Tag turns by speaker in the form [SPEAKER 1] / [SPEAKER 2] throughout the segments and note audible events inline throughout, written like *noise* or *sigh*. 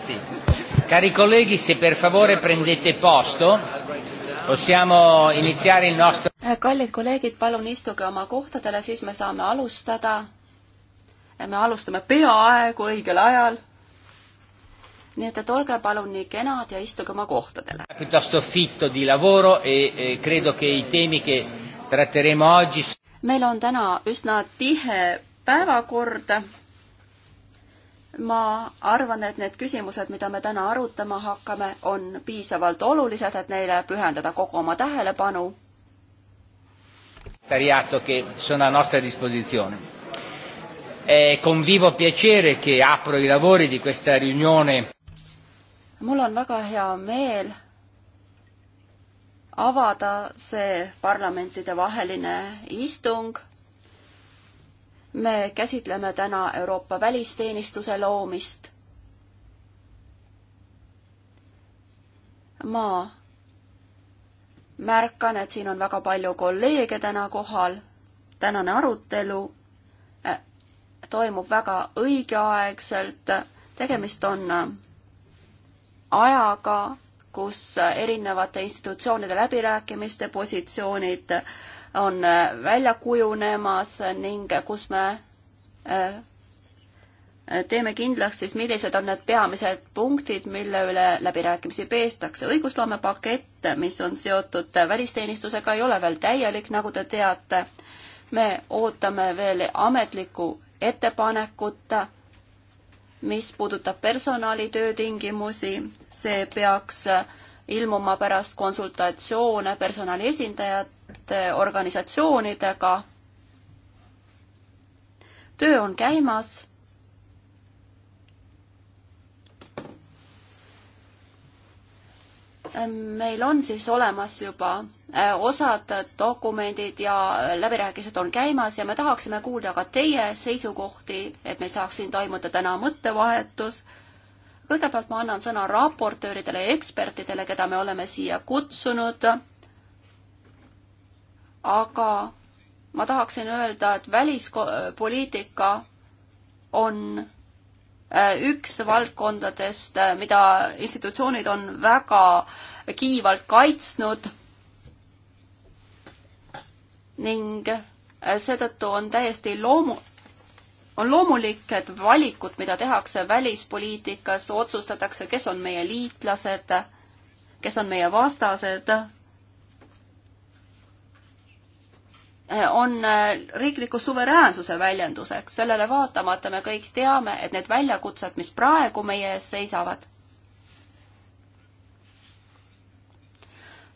[SPEAKER 1] Sì. Cari colleghi, se per favore prendete posto, possiamo iniziare il nostro...
[SPEAKER 2] Eh, kallid kolleegid, palun istuge oma kohtadele, siis me saame alustada. Eh, me alustame peaaegu õigel ajal. nii et, et olge palun nii kenad ja istuge oma kohtadele.
[SPEAKER 1] piuttosto fitto di lavoro e, e credo che i temi che tratteremo oggi
[SPEAKER 2] meil on täna üsna tihe päevakord ma arvan, et need küsimused, mida me täna arutama hakkame, on piisavalt olulised, et neile pühendada kogu oma tähelepanu.
[SPEAKER 1] che sono a nostra disposizione. È con vivo piacere che apro i lavori di questa riunione.
[SPEAKER 2] mul on väga hea meel avada see parlamentidevaheline istung me käsitleme täna Euroopa välisteenistuse loomist. ma märkan, et siin on väga palju kolleege täna kohal. tänane arutelu äh, toimub väga õigeaegselt. tegemist on äh, ajaga, kus äh, erinevate institutsioonide läbirääkimiste positsioonid äh, on äh, välja kujunemas ning kus me äh, teeme kindlaks siis, millised on need peamised punktid, mille üle läbirääkimisi peestakse. õigusloomepakett, mis on seotud välisteenistusega, ei ole veel täielik, nagu te teate. me ootame veel ametlikku ettepanekut, mis puudutab personali töötingimusi, see peaks äh, ilmuma pärast konsultatsioone personali esindajate erinevate organisatsioonidega. töö on käimas. meil on siis olemas juba äh, osad dokumendid ja läbirääkimised on käimas ja me tahaksime kuulda ka teie seisukohti, et meil saaks siin toimuda täna mõttevahetus. kõigepealt ma annan sõna raportööridele ja ekspertidele, keda me oleme siia kutsunud aga ma tahaksin öelda, et välispoliitika on äh, üks valdkondadest, äh, mida institutsioonid on väga kiivalt kaitsnud ning äh, seetõttu on täiesti loomu-, on loomulik, et valikud, mida tehakse välispoliitikas, otsustatakse, kes on meie liitlased, kes on meie vastased on äh, riikliku suveräänsuse väljenduseks. sellele vaatamata me kõik teame, et need väljakutsed, mis praegu meie ees seisavad,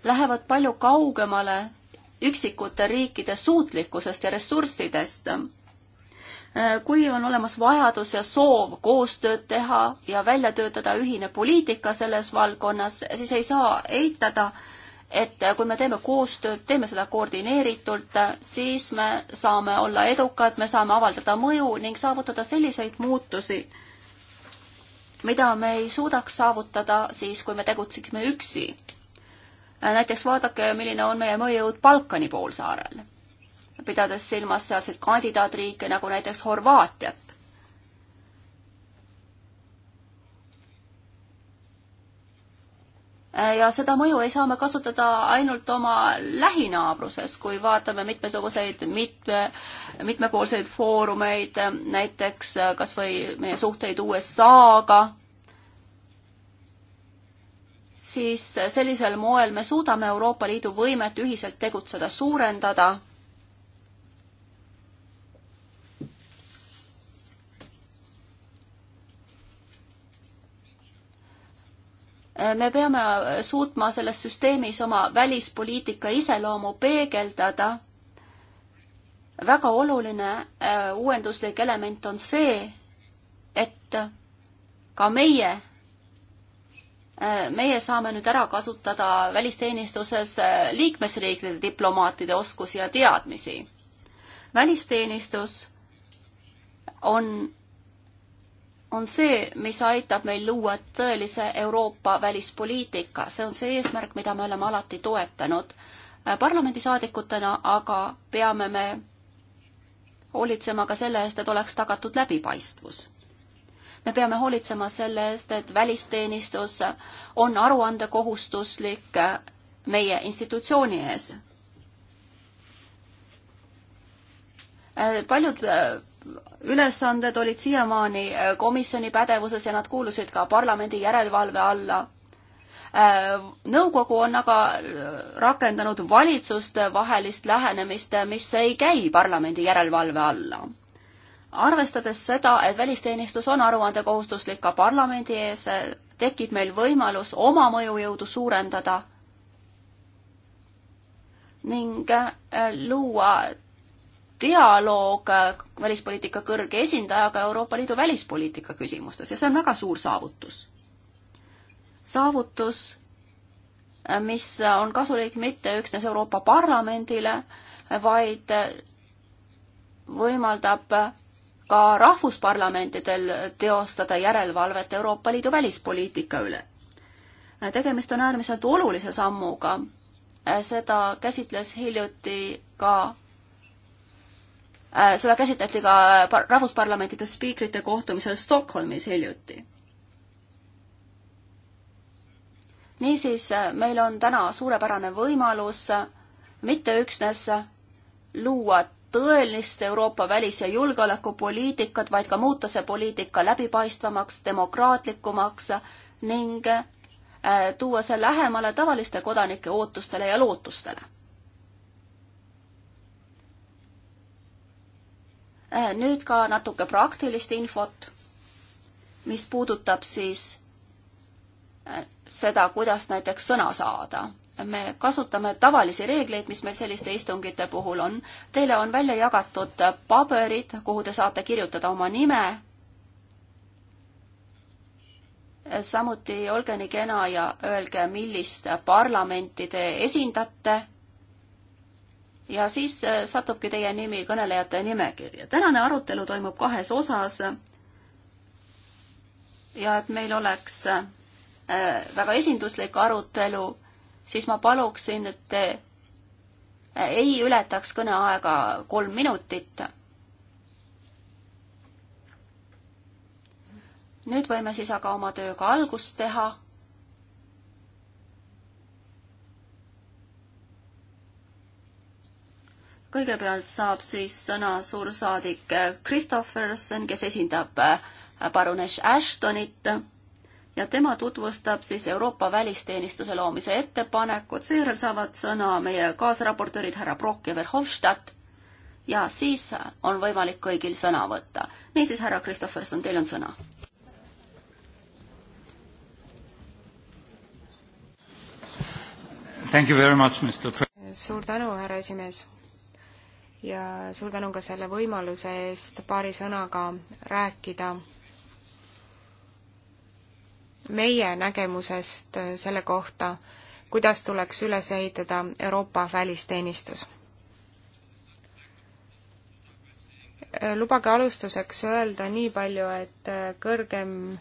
[SPEAKER 2] lähevad palju kaugemale üksikute riikide suutlikkusest ja ressurssidest. Äh, kui on olemas vajadus ja soov koostööd teha ja välja töötada ühine poliitika selles valdkonnas, siis ei saa eitada, et kui me teeme koostööd, teeme seda koordineeritult, siis me saame olla edukad, me saame avaldada mõju ning saavutada selliseid muutusi, mida me ei suudaks saavutada siis, kui me tegutseksime üksi. näiteks vaadake, milline on meie mõjujõud Balkani poolsaarel, pidades silmas sealseid kandidaatriike nagu näiteks Horvaatiat Äh, ja seda mõju ei saa me kasutada ainult oma lähinaabruses, kui vaatame mitmesuguseid mitme, mitmepoolseid foorumeid, äh, näiteks äh, kas või meie suhteid USA-ga, siis sellisel moel me suudame Euroopa Liidu võimet ühiselt tegutseda suurendada me peame suutma selles süsteemis oma välispoliitika iseloomu peegeldada. väga oluline äh, uuenduslik element on see, et ka meie, äh, meie saame nüüd ära kasutada välisteenistuses äh, liikmesriikide diplomaatide oskusi ja teadmisi. välisteenistus on on see, mis aitab meil luua tõelise Euroopa välispoliitika. see on see eesmärk, mida me oleme alati toetanud. Äh, parlamendisaadikutena aga peame me hoolitsema ka selle eest, et oleks tagatud läbipaistvus. me peame hoolitsema selle eest, et välisteenistus on aruandekohustuslik äh, meie institutsiooni ees. Äh, paljud ülesanded olid siiamaani äh, komisjoni pädevuses ja nad kuulusid ka parlamendi järelevalve alla. Äh, nõukogu on aga äh, rakendanud valitsustevahelist lähenemist, mis ei käi parlamendi järelevalve alla. arvestades seda, et välisteenistus on aruandekohustuslik ka parlamendi ees, tekib meil võimalus oma mõjujõudu suurendada ning luua dialoog äh, välispoliitika kõrge esindajaga Euroopa Liidu välispoliitika küsimustes ja see on väga suur saavutus. saavutus, äh, mis on kasulik mitte üksnes Euroopa Parlamendile, vaid äh, võimaldab ka rahvusparlamentidel teostada järelevalvet Euroopa Liidu välispoliitika üle. tegemist on äärmiselt olulise sammuga, seda käsitles hiljuti ka Äh, seda käsitleti ka rahvusparlamentide spiikrite kohtumisel Stockholmis hiljuti. niisiis, äh, meil on täna suurepärane võimalus äh, mitte üksnes luua tõelist Euroopa välis- ja julgeolekupoliitikat, vaid ka muuta see poliitika läbipaistvamaks, demokraatlikumaks ning tuua see lähemale tavaliste kodanike ootustele ja lootustele Äh, nüüd ka natuke praktilist infot, mis puudutab siis äh, seda, kuidas näiteks sõna saada. me kasutame tavalisi reegleid, mis meil selliste istungite puhul on. Teile on välja jagatud paberid, kuhu te saate kirjutada oma nime. Äh, samuti olge nii kena ja öelge, millist parlamenti te esindate ja siis äh, satubki teie nimi kõnelejate nimekirja. tänane arutelu toimub kahes osas. ja et meil oleks äh, väga esinduslik arutelu, siis ma paluksin, et te äh, ei ületaks kõneaega kolm minutit. nüüd võime siis aga oma tööga algust teha kõigepealt saab siis sõna suursaadik Christopherson, kes esindab parunes äh, Ashtonit ja tema tutvustab siis Euroopa välisteenistuse loomise ettepanekut, seejärel saavad sõna meie kaasraportöörid härra Brock ja Verhofstadt ja siis on võimalik kõigil sõna võtta. niisiis, härra Christopherson, teil on sõna.
[SPEAKER 1] suur tänu, härra esimees ja suur tänu ka selle võimaluse eest paari sõnaga rääkida meie nägemusest selle kohta, kuidas tuleks üles ehitada Euroopa välisteenistus. lubage alustuseks öelda nii palju, et kõrgem äh,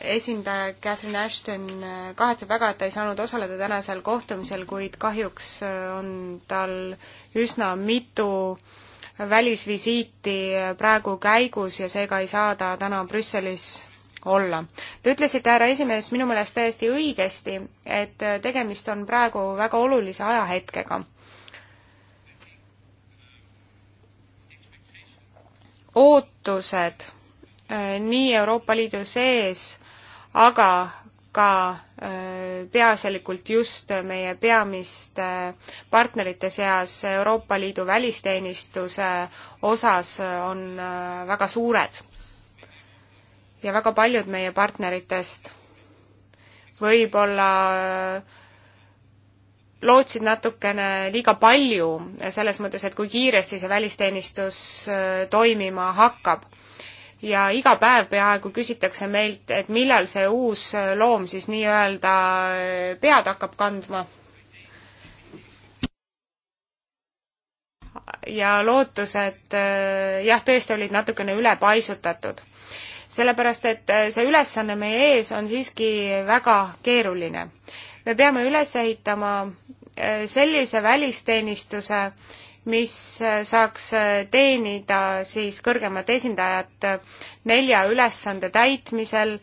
[SPEAKER 1] esindaja Catherine Ashton äh, kahetseb väga, et ta ei saanud osaleda tänasel kohtumisel, kuid kahjuks äh, on tal üsna mitu välisvisiiti äh, praegu käigus ja seega ei saa ta täna Brüsselis olla. Te ütlesite, härra esimees, minu meelest täiesti õigesti, et tegemist on praegu väga olulise ajahetkega. ootused nii Euroopa Liidu sees aga ka äh, peaasjalikult just meie peamiste äh, partnerite seas Euroopa Liidu välisteenistuse osas äh, on väga suured. ja väga paljud meie partneritest võib-olla lootsid natukene liiga palju, selles mõttes, et kui kiiresti see välisteenistus toimima hakkab ja iga päev peaaegu küsitakse meilt, et millal see uus loom siis nii-öelda pead hakkab kandma. ja lootused äh, jah, tõesti olid natukene ülepaisutatud. sellepärast, et äh, see ülesanne meie ees on siiski väga keeruline. me peame üles ehitama äh, sellise välisteenistuse, mis äh, saaks äh, teenida siis kõrgemat esindajat äh, nelja ülesande täitmisel,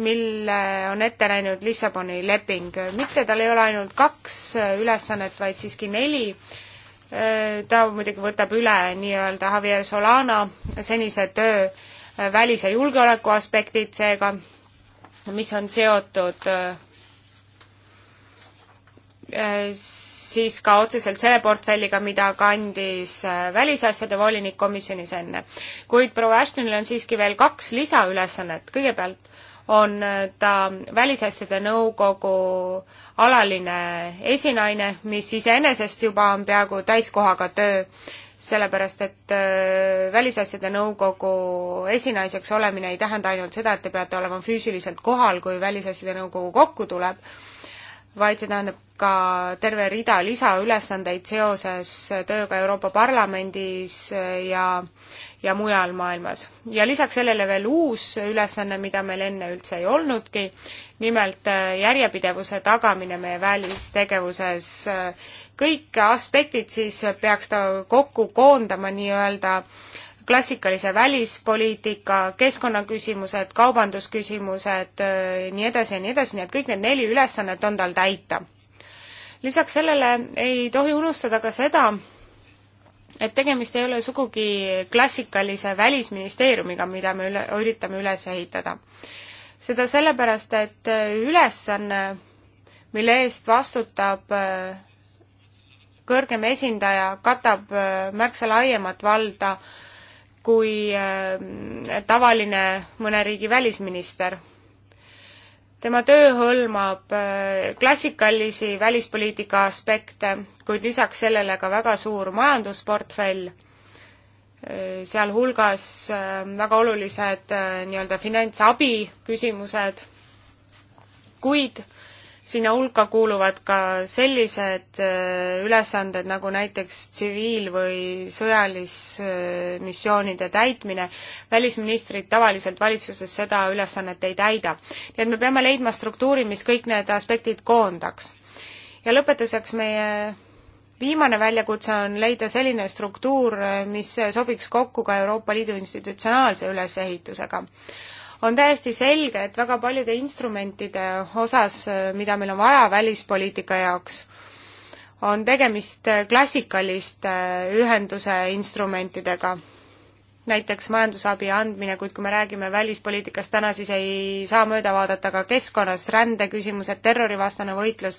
[SPEAKER 1] mille on ette näinud Lissaboni leping. mitte tal ei ole ainult kaks ülesannet, vaid siiski neli. ta muidugi võtab üle nii-öelda Javier Solana senise töö välis- ja julgeoleku aspektid seega, mis on seotud Äh, siis ka otseselt selle portfelliga, mida kandis äh, välisasjade volinik komisjonis enne. kuid proua Ashtonil on siiski veel kaks lisaülesannet, kõigepealt on äh, ta Välisasjade Nõukogu alaline esinaine, mis iseenesest juba on peaaegu täiskohaga töö, sellepärast et Välisasjade Nõukogu esinaiseks olemine ei tähenda ainult seda, et te peate olema füüsiliselt kohal, kui Välisasjade Nõukogu kokku tuleb vaid see tähendab ka terve rida lisaülesandeid seoses tööga Euroopa Parlamendis eh, ja, ja mujal maailmas. ja lisaks sellele veel uus ülesanne, mida meil enne üldse ei olnudki, nimelt eh, järjepidevuse tagamine meie välistegevuses. Eh, kõik aspektid siis peaks ta kokku koondama nii-öelda äh, klassikalise välispoliitika, keskkonnaküsimused, kaubandusküsimused, äh, nii edasi ja nii edasi, nii et kõik need neli ülesannet on tal täita. lisaks sellele ei tohi unustada ka seda, et tegemist ei ole sugugi klassikalise välisministeeriumiga, mida me üle, üritame üles ehitada. seda sellepärast, et äh, ülesanne, mille eest vastutab äh, kõrgem esindaja, katab märksa laiemat valda kui äh, tavaline mõne riigi välisminister. tema töö hõlmab äh, klassikalisi välispoliitika aspekte, kuid lisaks sellele ka väga suur majandusportfell, äh, sealhulgas väga olulised nii-öelda finantsabi küsimused, kuid sinna hulka kuuluvad ka sellised äh, ülesanded nagu näiteks tsiviil- või sõjalismissioonide täitmine. välisministrid tavaliselt valitsuses seda ülesannet ei täida. nii et me peame leidma struktuuri, mis kõik need aspektid koondaks. ja lõpetuseks meie viimane väljakutse on leida selline struktuur, mis sobiks kokku ka Euroopa Liidu institutsionaalse ülesehitusega on täiesti selge, et väga paljude instrumentide osas, mida meil on vaja välispoliitika jaoks, on tegemist klassikaliste ühenduse instrumentidega, näiteks majandusabi andmine, kuid kui me räägime välispoliitikast täna, siis ei saa mööda vaadata ka keskkonnas, rändeküsimused, terrorivastane võitlus,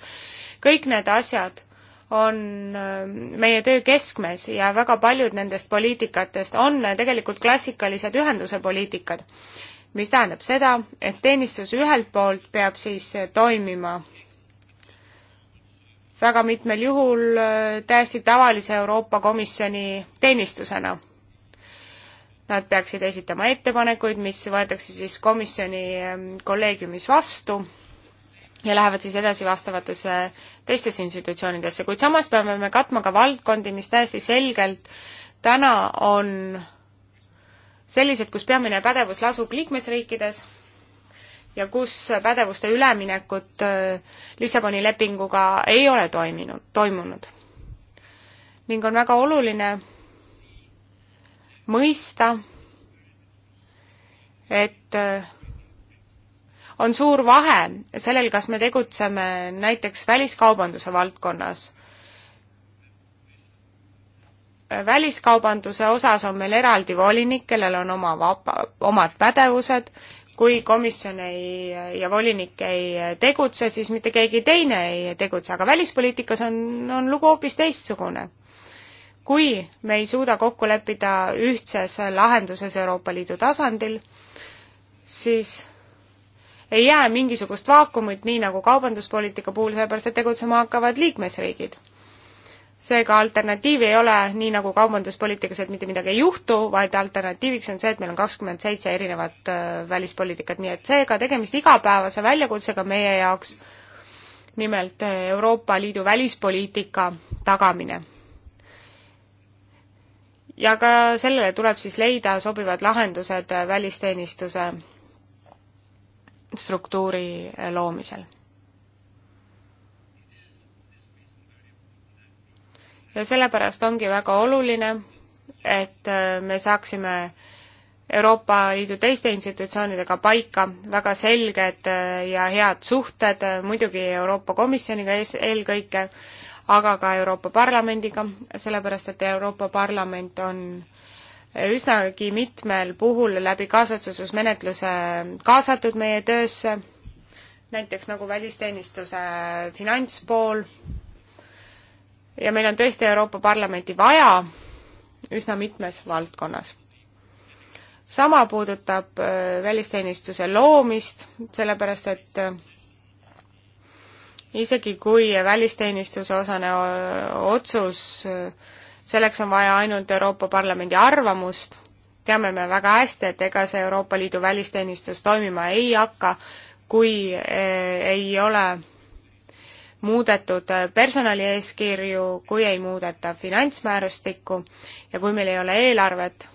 [SPEAKER 1] kõik need asjad on ähm, meie töö keskmes ja väga paljud nendest poliitikatest on tegelikult klassikalised ühenduse poliitikad mis tähendab seda, et teenistus ühelt poolt peab siis toimima väga mitmel juhul äh, täiesti tavalise Euroopa Komisjoni teenistusena. Nad peaksid esitama ettepanekuid, mis võetakse siis komisjoni ähm, kolleegiumis vastu ja lähevad siis edasi vastavatesse teistesse institutsioonidesse, kuid samas peame me katma ka valdkondi, mis täiesti selgelt täna on äh, sellised, kus peamine pädevus lasub liikmesriikides ja kus pädevuste üleminekut äh, Lissaboni lepinguga ei ole toiminud, toimunud. ning on väga oluline mõista, et äh, on suur vahe sellel, kas me tegutseme näiteks väliskaubanduse valdkonnas väliskaubanduse osas on meil eraldi volinik, kellel on oma vaba, omad pädevused, kui komisjon ei ja volinik ei tegutse, siis mitte keegi teine ei tegutse, aga välispoliitikas on, on lugu hoopis teistsugune. kui me ei suuda kokku leppida ühtses lahenduses Euroopa Liidu tasandil, siis ei jää mingisugust vaakumit, nii nagu kaubanduspoliitika puhul, sellepärast et tegutsema hakkavad liikmesriigid seega alternatiivi ei ole nii nagu kaubanduspoliitikas, et mitte midagi ei juhtu, vaid alternatiiviks on see, et meil on kakskümmend seitse erinevat äh, välispoliitikat, nii et seega tegemist igapäevase väljakutsega meie jaoks, nimelt äh, Euroopa Liidu välispoliitika tagamine ja ka sellele tuleb siis leida sobivad lahendused äh, välisteenistuse struktuuri loomisel ja sellepärast ongi väga oluline, et äh, me saaksime Euroopa Liidu teiste institutsioonidega paika väga selged äh, ja head suhted, äh, muidugi Euroopa Komisjoniga ees, eelkõige, aga ka Euroopa Parlamendiga, sellepärast et Euroopa Parlament on üsnagi mitmel puhul läbi kaasotsustusmenetluse kaasatud meie töösse, näiteks nagu välisteenistuse finantspool ja meil on tõesti Euroopa Parlamenti vaja üsna mitmes valdkonnas. sama puudutab äh, välisteenistuse loomist, sellepärast et äh, isegi kui välisteenistuse osane äh, otsus, selleks on vaja ainult Euroopa Parlamendi arvamust, teame me väga hästi, et ega see Euroopa Liidu välisteenistus toimima ei hakka, kui ei ole muudetud äh, personalieeskirju, kui ei muudeta finantsmäärustikku ja kui meil ei ole eelarvet,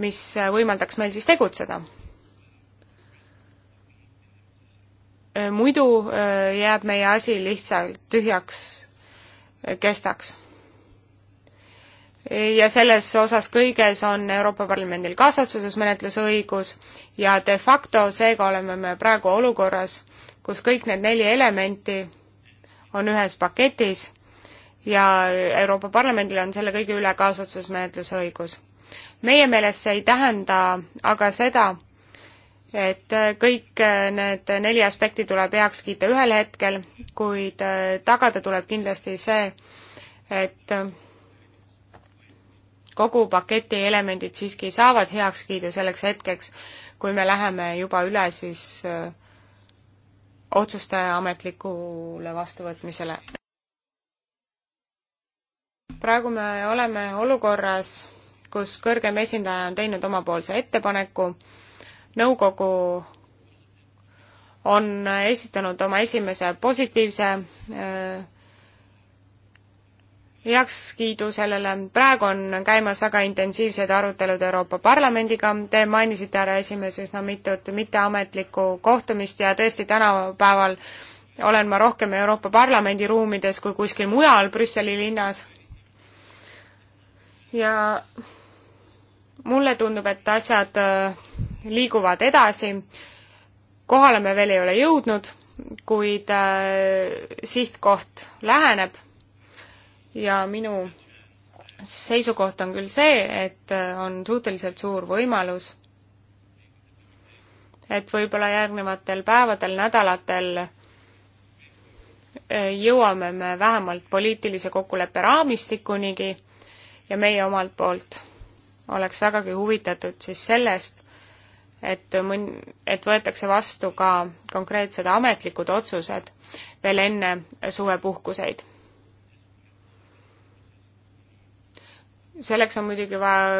[SPEAKER 1] mis äh, võimaldaks meil siis tegutseda. Äh, muidu jääb meie asi lihtsalt tühjaks kestaks ja selles osas kõiges on Euroopa Parlamendil kaasotsustusmenetluse õigus ja de facto seega oleme me praegu olukorras, kus kõik need neli elementi on ühes paketis ja Euroopa Parlamendil on selle kõige üle kaasotsusmenetluse õigus. meie meelest see ei tähenda aga seda, et kõik need neli aspekti tuleb heaks kiita ühel hetkel, kuid äh, tagada tuleb kindlasti see, et kogu paketi elemendid siiski saavad heakskiidu selleks hetkeks, kui me läheme juba üle siis äh, otsuste ametlikule vastuvõtmisele. praegu me oleme olukorras, kus kõrgem esindaja on teinud omapoolse ettepaneku, nõukogu on esitanud oma esimese positiivse äh, heakskiidu sellele, praegu on käimas väga intensiivsed arutelud Euroopa Parlamendiga, te mainisite, härra esimees, üsna mitut mitteametlikku kohtumist ja tõesti tänapäeval olen ma rohkem Euroopa Parlamendi ruumides kui kuskil mujal Brüsseli linnas. ja mulle tundub, et asjad äh, liiguvad edasi, kohale me veel ei ole jõudnud, kuid äh, sihtkoht läheneb ja minu seisukoht on küll see, et äh, on suhteliselt suur võimalus, et võib-olla järgnevatel päevadel, nädalatel äh, jõuame me vähemalt poliitilise kokkuleppe raamistikunigi ja meie omalt poolt oleks vägagi huvitatud siis sellest, et mõn-, et võetakse vastu ka konkreetsed ametlikud otsused veel enne suvepuhkuseid selleks on muidugi vaja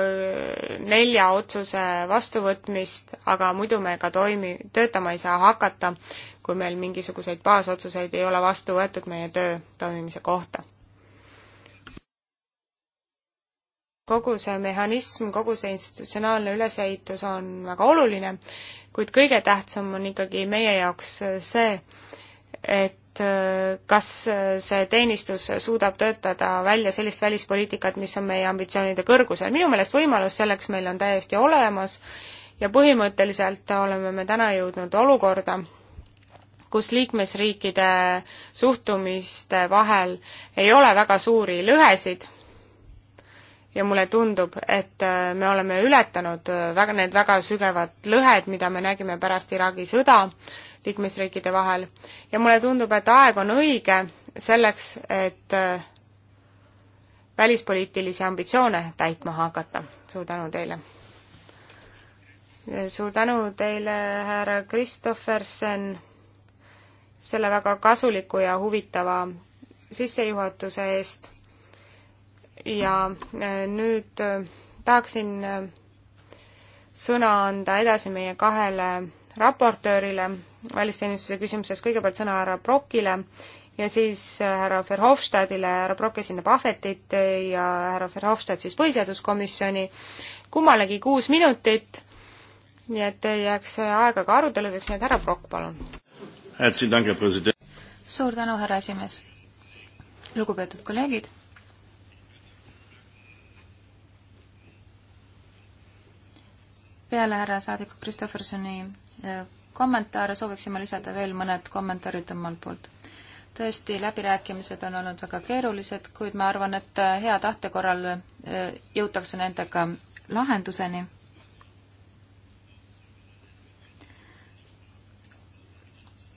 [SPEAKER 1] nelja otsuse vastuvõtmist, aga muidu me ka toimi, töötama ei saa hakata, kui meil mingisuguseid baasotsuseid ei ole vastu võetud meie töö toimimise kohta. kogu see mehhanism, kogu see institutsionaalne ülesehitus on väga oluline, kuid kõige tähtsam on ikkagi meie jaoks see, et Äh, kas äh, see teenistus suudab töötada välja sellist välispoliitikat, mis on meie ambitsioonide kõrgusel. minu meelest võimalus selleks meil on täiesti olemas ja põhimõtteliselt oleme me täna jõudnud olukorda, kus liikmesriikide suhtumiste vahel ei ole väga suuri lõhesid ja mulle tundub, et äh, me oleme ületanud väga, need väga sügavad lõhed, mida me nägime pärast Iraagi sõda, liikmesriikide vahel ja mulle tundub, et aeg on õige selleks, et äh, välispoliitilisi ambitsioone täitma hakata. suur tänu teile! suur tänu teile, härra Kristoffersen, selle väga kasuliku ja huvitava sissejuhatuse eest ja äh, nüüd äh, tahaksin sõna anda edasi meie kahele raportöörile, välisteenistuse küsimuses kõigepealt sõna härra Brokile ja siis äh, härra Verhofstadile, härra Brok esindab Ahvetit äh, ja härra Verhofstad siis põhiseaduskomisjoni, kummalegi kuus minutit, nii et äh, jääks aega ka aruteludeks, nii et härra Brok, palun. suur tänu, härra esimees.
[SPEAKER 3] lugupeetud kolleegid peale härra saadiku Kristoffersoni kommentaare, sooviksime lisada veel mõned kommentaarid omalt poolt. tõesti, läbirääkimised on olnud väga keerulised, kuid ma arvan, et hea tahte korral e, jõutakse nendega lahenduseni.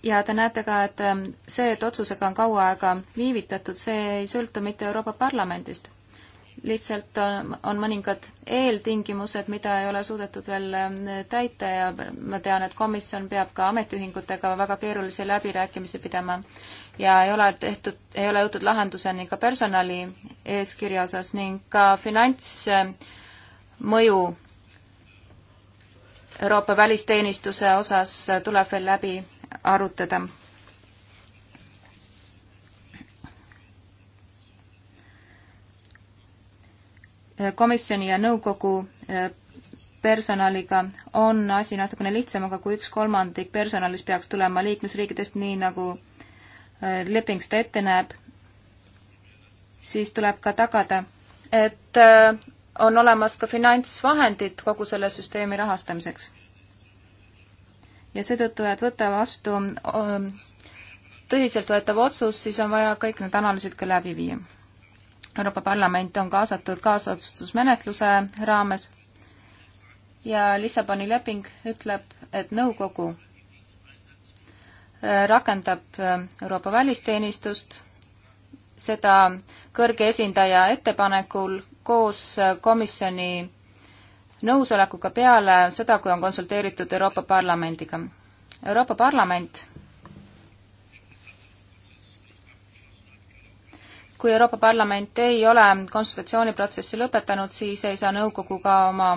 [SPEAKER 3] ja te näete ka, et e, see, et otsusega on kaua aega viivitatud, see ei sõltu mitte Euroopa Parlamendist lihtsalt on, on mõningad eeltingimused, mida ei ole suudetud veel äh, täita ja ma tean, et komisjon peab ka ametiühingutega väga keerulisi läbirääkimisi pidama ja ei ole tehtud, ei ole jõutud lahenduseni ka personali eeskirja osas ning ka finantsmõju Euroopa välisteenistuse osas tuleb veel läbi arutada Äh, komisjoni ja nõukogu äh, personaliga on asi natukene lihtsam, aga kui üks kolmandik personalist peaks tulema liikmesriikidest, nii nagu äh, leping seda ette näeb, siis tuleb ka tagada, et on olemas ka finantsvahendid kogu selle süsteemi rahastamiseks. ja seetõttu, et võtta vastu tõsiseltvõetav otsus, siis on vaja kõik need analüüsid ka läbi viia Euroopa Parlament on kaasatud kaasotsustusmenetluse raames ja Lissaboni leping ütleb, et nõukogu äh, rakendab äh, Euroopa välisteenistust, seda kõrge esindaja ettepanekul koos äh, komisjoni nõusolekuga peale seda, kui on konsulteeritud Euroopa Parlamendiga. Euroopa Parlament kui Euroopa Parlament ei ole konsultatsiooniprotsessi lõpetanud, siis ei saa nõukogu ka oma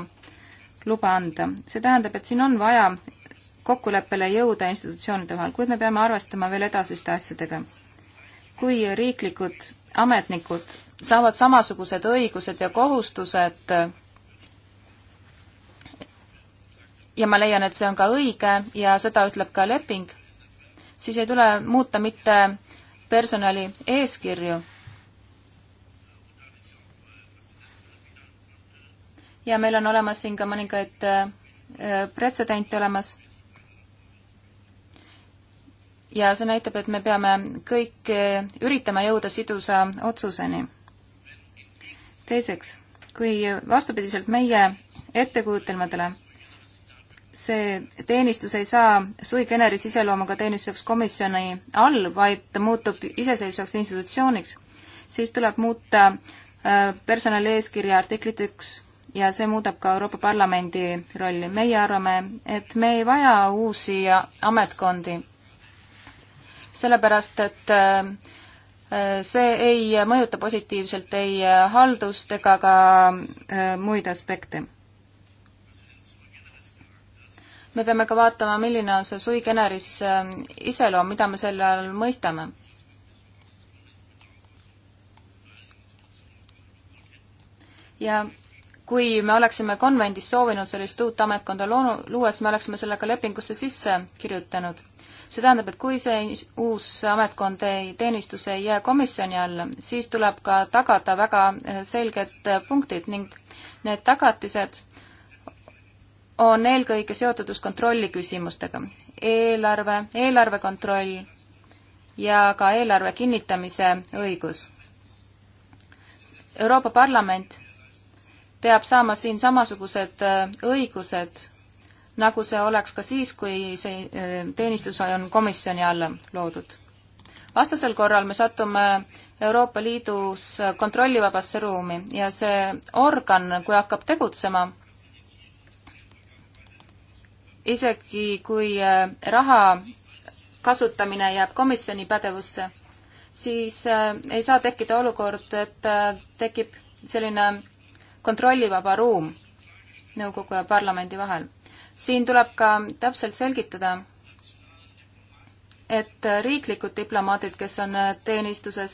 [SPEAKER 3] luba anda. see tähendab, et siin on vaja kokkuleppele jõuda institutsioonide vahel, kuid me peame arvestama veel edasiste asjadega. kui riiklikud ametnikud saavad samasugused õigused ja kohustused ja ma leian, et see on ka õige ja seda ütleb ka leping, siis ei tule muuta mitte personali eeskirju ja meil on olemas siin ka mõningaid äh, äh, pretsedente olemas. ja see näitab, et me peame kõik äh, üritama jõuda sidusa otsuseni. teiseks, kui vastupidiselt meie ettekujutelmadele see teenistus ei saa sui generis iseloomuga teenistuseks komisjoni all, vaid ta muutub iseseisvaks institutsiooniks, siis tuleb muuta personali eeskirja artiklit üks ja see muudab ka Euroopa Parlamendi rolli. meie arvame, et me ei vaja uusi ametkondi, sellepärast et äh, see ei mõjuta positiivselt ei haldust ega ka äh, muid aspekte. me peame ka vaatama, milline on see sui generis äh, iseloom, mida me selle all mõistame ja kui me oleksime konvendis soovinud sellist uut ametkonda luua, siis me oleksime selle ka lepingusse sisse kirjutanud. see tähendab, et kui see uus ametkond ei, teenistus ei jää komisjoni alla, siis tuleb ka tagada väga eh, selged eh, punktid ning need tagatised on eelkõige seotud just kontrolli küsimustega. eelarve, eelarve kontroll ja ka eelarve kinnitamise õigus. Euroopa Parlament peab saama siin samasugused äh, õigused, nagu see oleks ka siis, kui see äh, teenistus on komisjoni alla loodud. vastasel korral me satume Euroopa Liidus kontrollivabasse ruumi ja see organ, kui hakkab tegutsema, isegi kui äh, raha kasutamine jääb komisjoni pädevusse, siis ei saa tekkida olukord, et tekib selline kontrollivaba ruum nõukogu ja parlamendi vahel. siin tuleb ka täpselt selgitada, et riiklikud diplomaadid, kes on teenistuses,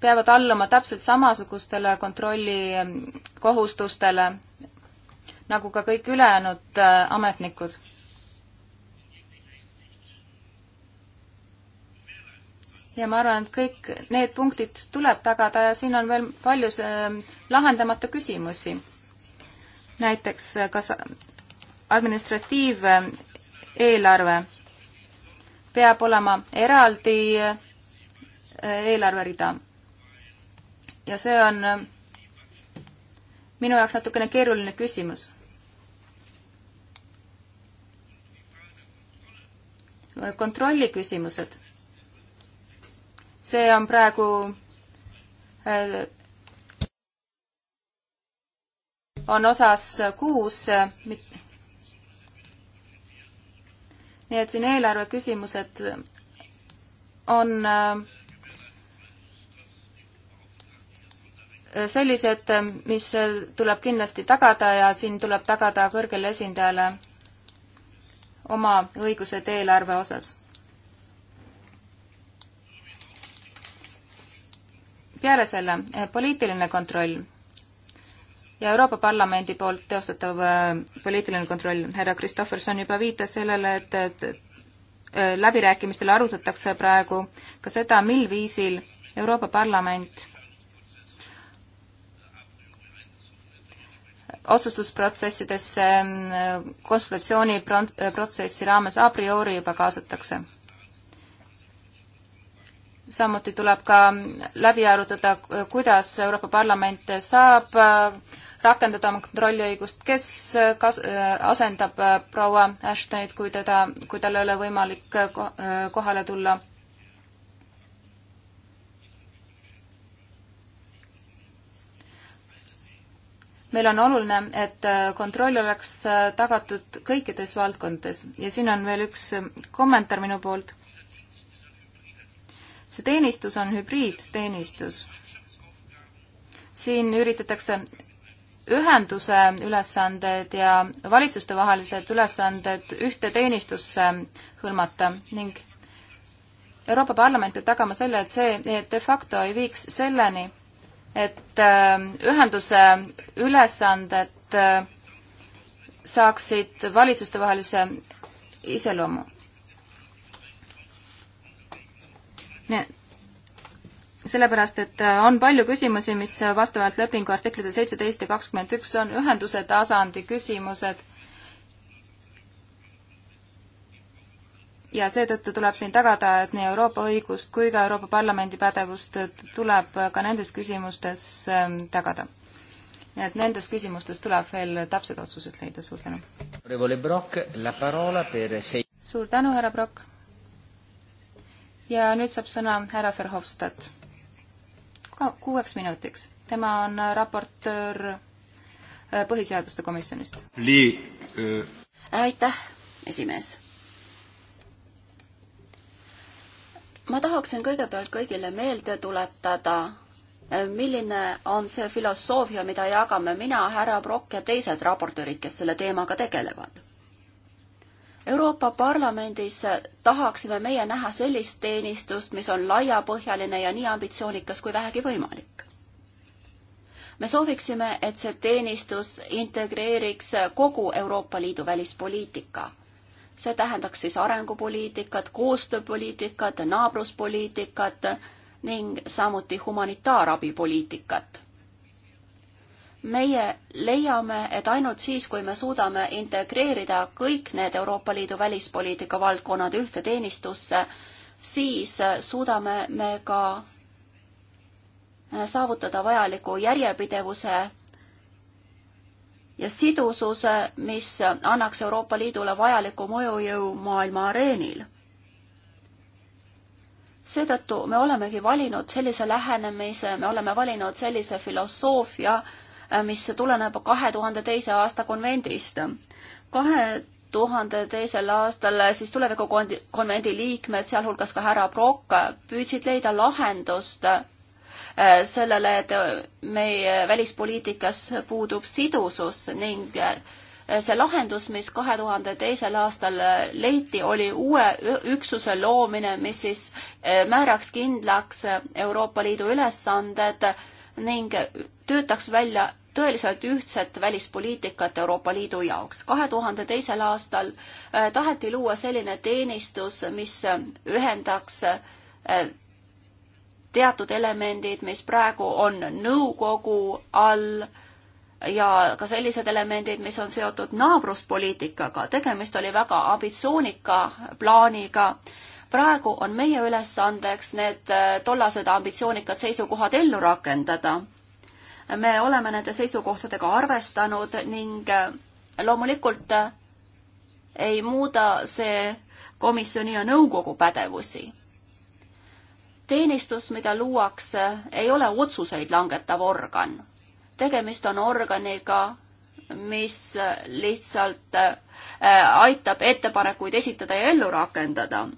[SPEAKER 3] peavad alluma täpselt samasugustele kontrollikohustustele nagu ka kõik ülejäänud äh, ametnikud ja ma arvan, et kõik need punktid tuleb tagada ja siin on veel palju ähm, lahendamata küsimusi. näiteks äh, kas administratiiveelarve ähm, peab olema eraldi äh, eelarverida. ja see on ähm, minu jaoks natukene keeruline küsimus. kontrolli küsimused see on praegu äh, on osas kuus. nii et siin eelarve küsimused on äh, sellised, mis tuleb kindlasti tagada ja siin tuleb tagada kõrgele esindajale oma õigused eelarve osas peale selle eh, poliitiline kontroll ja Euroopa Parlamendi poolt teostatav eh, poliitiline kontroll, härra Kristofferson juba viitas sellele, et, et eh, läbirääkimistel arutatakse praegu ka seda, mil viisil Euroopa Parlament otsustusprotsessidesse konsultatsiooniprotsessi raames a priori juba kaasatakse samuti tuleb ka läbi arutada, kuidas Euroopa Parlament saab äh, rakendada oma kontrolliõigust, kes äh, kas-, äh, asendab proua Ashtonit, kui teda, kui tal ei ole võimalik kohale tulla. meil on oluline, et kontroll oleks tagatud kõikides valdkondades ja siin on veel üks kommentaar minu poolt see teenistus on hübriidteenistus. siin üritatakse ühenduse ülesanded ja valitsustevahelised ülesanded ühte teenistusse hõlmata ning Euroopa Parlament peab tagama selle, et see de facto ei viiks selleni, et äh, ühenduse ülesanded äh, saaksid valitsustevahelise iseloomu. sellepärast, et äh, on palju küsimusi, mis vastavalt lepingu artiklile seitseteist ja kakskümmend üks on ühenduse tasandi küsimused. ja seetõttu tuleb siin tagada, et nii Euroopa õigust kui ka Euroopa Parlamendi pädevust tuleb ka nendes küsimustes ähm, tagada. nii et nendes küsimustes tuleb veel täpsed otsused leida, suur tänu. suur tänu, härra Brock ja nüüd saab sõna härra Verhofstadt. kuueks minutiks. tema on raportöör äh, põhiseaduste komisjonist.
[SPEAKER 2] Äh,
[SPEAKER 3] aitäh, esimees.
[SPEAKER 2] ma tahaksin kõigepealt kõigile meelde tuletada, äh, milline on see filosoofia, mida jagame mina, härra Brock ja teised raportöörid, kes selle teemaga tegelevad Euroopa Parlamendis tahaksime meie näha sellist teenistust, mis on laiapõhjaline ja nii ambitsioonikas kui vähegi võimalik. me sooviksime, et see teenistus integreeriks kogu Euroopa Liidu välispoliitika. see tähendaks siis arengupoliitikat, koostööpoliitikat, naabruspoliitikat ning samuti humanitaarabipoliitikat meie leiame, et ainult siis, kui me suudame integreerida kõik need Euroopa Liidu välispoliitika valdkonnad ühte teenistusse, siis suudame me ka saavutada vajaliku järjepidevuse ja sidususe, mis annaks Euroopa Liidule vajaliku mõjujõu maailma areenil. seetõttu me olemegi valinud sellise lähenemise, me oleme valinud sellise filosoofia, mis tuleneb kahe tuhande teise aasta konvendist. kahe tuhande teisel aastal siis tulevikukonvendi liikmed, sealhulgas ka härra Brock, püüdsid leida lahendust äh, sellele, et äh, meie välispoliitikas puudub sidusus ning äh, see lahendus, mis kahe tuhande teisel aastal leiti, oli uue üksuse loomine, mis siis määraks kindlaks Euroopa Liidu ülesanded ning töötaks välja tõeliselt ühtset välispoliitikat Euroopa Liidu jaoks. kahe tuhande teisel aastal äh, taheti luua selline teenistus, mis äh, ühendaks äh, teatud elemendid, mis praegu on nõukogu all ja ka sellised elemendid, mis on seotud naabruspoliitikaga. tegemist oli väga ambitsioonika plaaniga. praegu on meie ülesandeks need tollased ambitsioonikad seisukohad ellu rakendada me oleme nende seisukohtadega arvestanud ning äh, loomulikult äh, ei muuda see komisjoni ja nõukogu pädevusi. teenistus, mida luuakse, ei ole otsuseid langetav organ. tegemist on organiga, mis lihtsalt äh, aitab ettepanekuid esitada ja ellu rakendada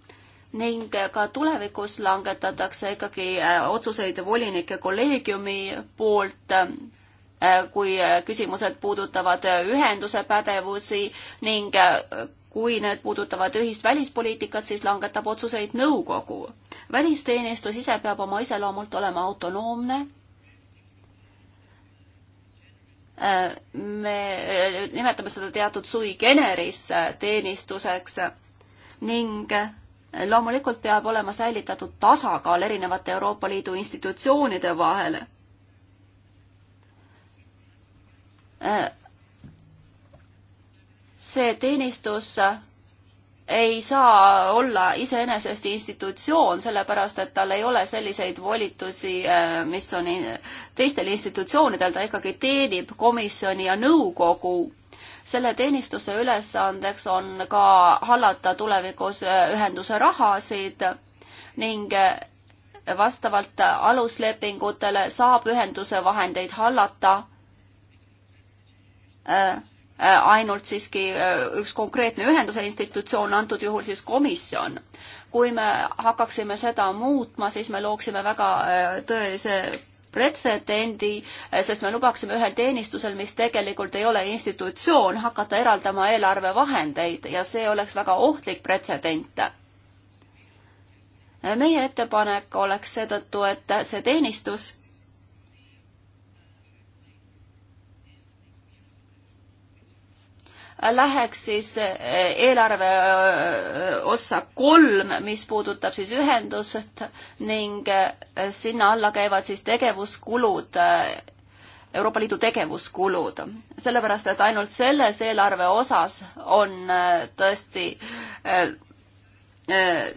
[SPEAKER 2] ning ka tulevikus langetatakse ikkagi äh, otsuseid volinike kolleegiumi poolt, äh, kui äh, küsimused puudutavad ühenduse pädevusi ning kui need puudutavad ühist välispoliitikat, siis langetab otsuseid nõukogu. välisteenistus ise peab oma iseloomult olema autonoomne. me nimetame seda teatud sui generis teenistuseks ning loomulikult peab olema säilitatud tasakaal erinevate Euroopa Liidu institutsioonide vahel. see teenistus ei saa olla iseenesest institutsioon, sellepärast et tal ei ole selliseid volitusi, mis on teistel institutsioonidel, ta ikkagi teenib komisjoni ja nõukogu selle teenistuse ülesandeks on ka hallata tulevikus äh, ühenduse rahasid ning äh, vastavalt aluslepingutele saab ühenduse vahendeid hallata äh, ainult siiski üks konkreetne ühenduse institutsioon, antud juhul siis komisjon. kui me hakkaksime seda muutma, siis me looksime väga tõelise pretsedendi, sest me lubaksime ühel teenistusel, mis tegelikult ei ole institutsioon, hakata eraldama eelarvevahendeid ja see oleks väga ohtlik pretsedent meie ettepanek oleks seetõttu, et see teenistus läheks siis eh, eelarve eh, ossa kolm, mis puudutab siis ühendust ning eh, sinna alla käivad siis tegevuskulud, Euroopa Liidu tegevuskulud. sellepärast, et ainult selles eelarve osas on tõesti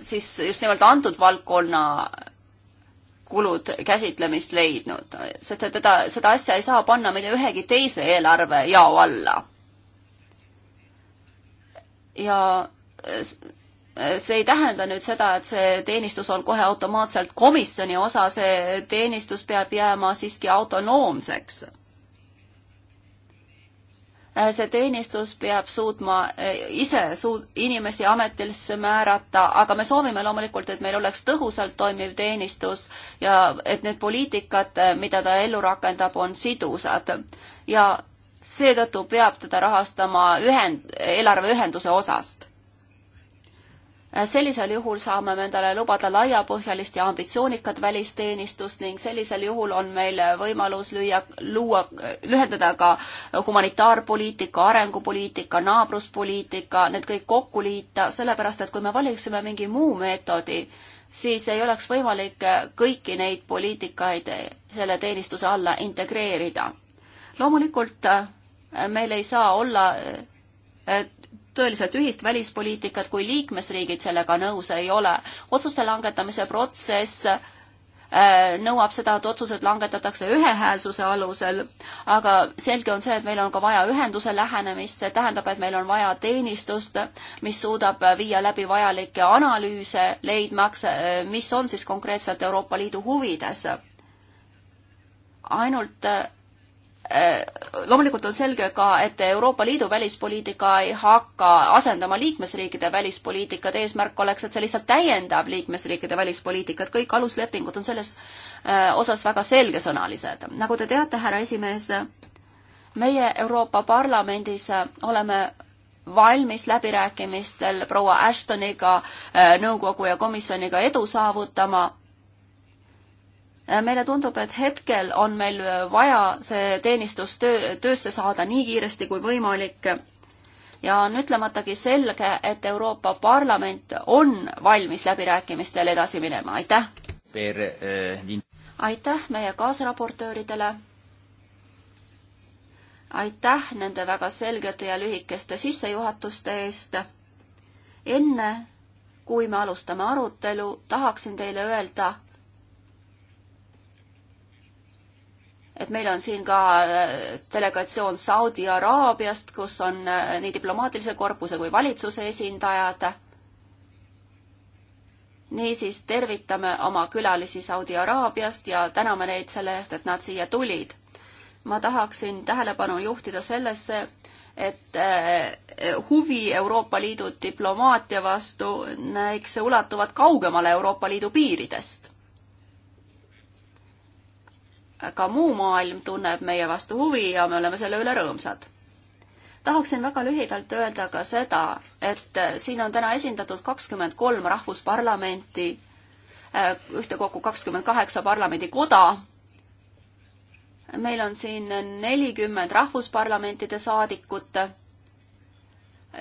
[SPEAKER 2] siis just nimelt antud valdkonna kulud käsitlemist leidnud, sest et teda, seda asja ei saa panna mitte ühegi teise eelarvejao alla ja see ei tähenda nüüd seda, et see teenistus on kohe automaatselt komisjoni osa, see teenistus peab jääma siiski autonoomseks. see teenistus peab suutma eh, ise suud-, inimesi ametisse määrata, aga me soovime loomulikult, et meil oleks tõhusalt toimiv teenistus ja et need poliitikad, eh, mida ta ellu rakendab, on sidusad ja seetõttu peab teda rahastama ühend, eelarveühenduse osast. sellisel juhul saame me endale lubada laiapõhjalist ja ambitsioonikat välisteenistust ning sellisel juhul on meil võimalus lüüa, luua, lühendada ka humanitaarpoliitika, arengupoliitika, naabruspoliitika, need kõik kokku liita, sellepärast et kui me valiksime mingi muu meetodi, siis ei oleks võimalik kõiki neid poliitikaid selle teenistuse alla integreerida. loomulikult meil ei saa olla eh, tõeliselt ühist välispoliitikat, kui liikmesriigid sellega nõus ei ole. otsuste langetamise protsess eh, nõuab seda, et otsused langetatakse ühehäälsuse alusel, aga selge on see, et meil on ka vaja ühenduse lähenemist, see tähendab, et meil on vaja teenistust, mis suudab viia läbi vajalikke analüüse, leidmaks, eh, mis on siis konkreetselt Euroopa Liidu huvides. ainult Äh, loomulikult on selge ka, et Euroopa Liidu välispoliitika ei hakka asendama liikmesriikide välispoliitikat, eesmärk oleks, et see lihtsalt täiendab liikmesriikide välispoliitikat, kõik aluslepingud on selles äh, osas väga selgesõnalised. nagu te teate, härra esimees, meie Euroopa Parlamendis äh, oleme valmis läbirääkimistel proua Ashtoniga, nõukogu ja komisjoniga edu saavutama Äh, meile tundub, et hetkel on meil äh, vaja see teenistus töö, töösse saada nii kiiresti kui võimalik. ja on ütlematagi selge, et Euroopa Parlament on valmis läbirääkimistel edasi minema, aitäh! Äh, aitäh meie kaasraportööridele, aitäh nende väga selgete ja lühikeste sissejuhatuste eest, enne kui me alustame arutelu, tahaksin teile öelda, et meil on siin ka äh, delegatsioon Saudi Araabiast, kus on äh, nii diplomaatilise korpuse kui valitsuse esindajad. niisiis tervitame oma külalisi Saudi Araabiast ja täname neid selle eest, et nad siia tulid. ma tahaksin tähelepanu juhtida sellesse, et äh, huvi Euroopa Liidu diplomaatia vastu, eks see ulatuvad kaugemale Euroopa Liidu piiridest ka muu maailm tunneb meie vastu huvi ja me oleme selle üle rõõmsad. tahaksin väga lühidalt öelda ka seda, et äh, siin on täna esindatud kakskümmend kolm rahvusparlamenti, äh, ühtekokku kakskümmend kaheksa parlamendikoda. meil on siin nelikümmend rahvusparlamentide saadikut,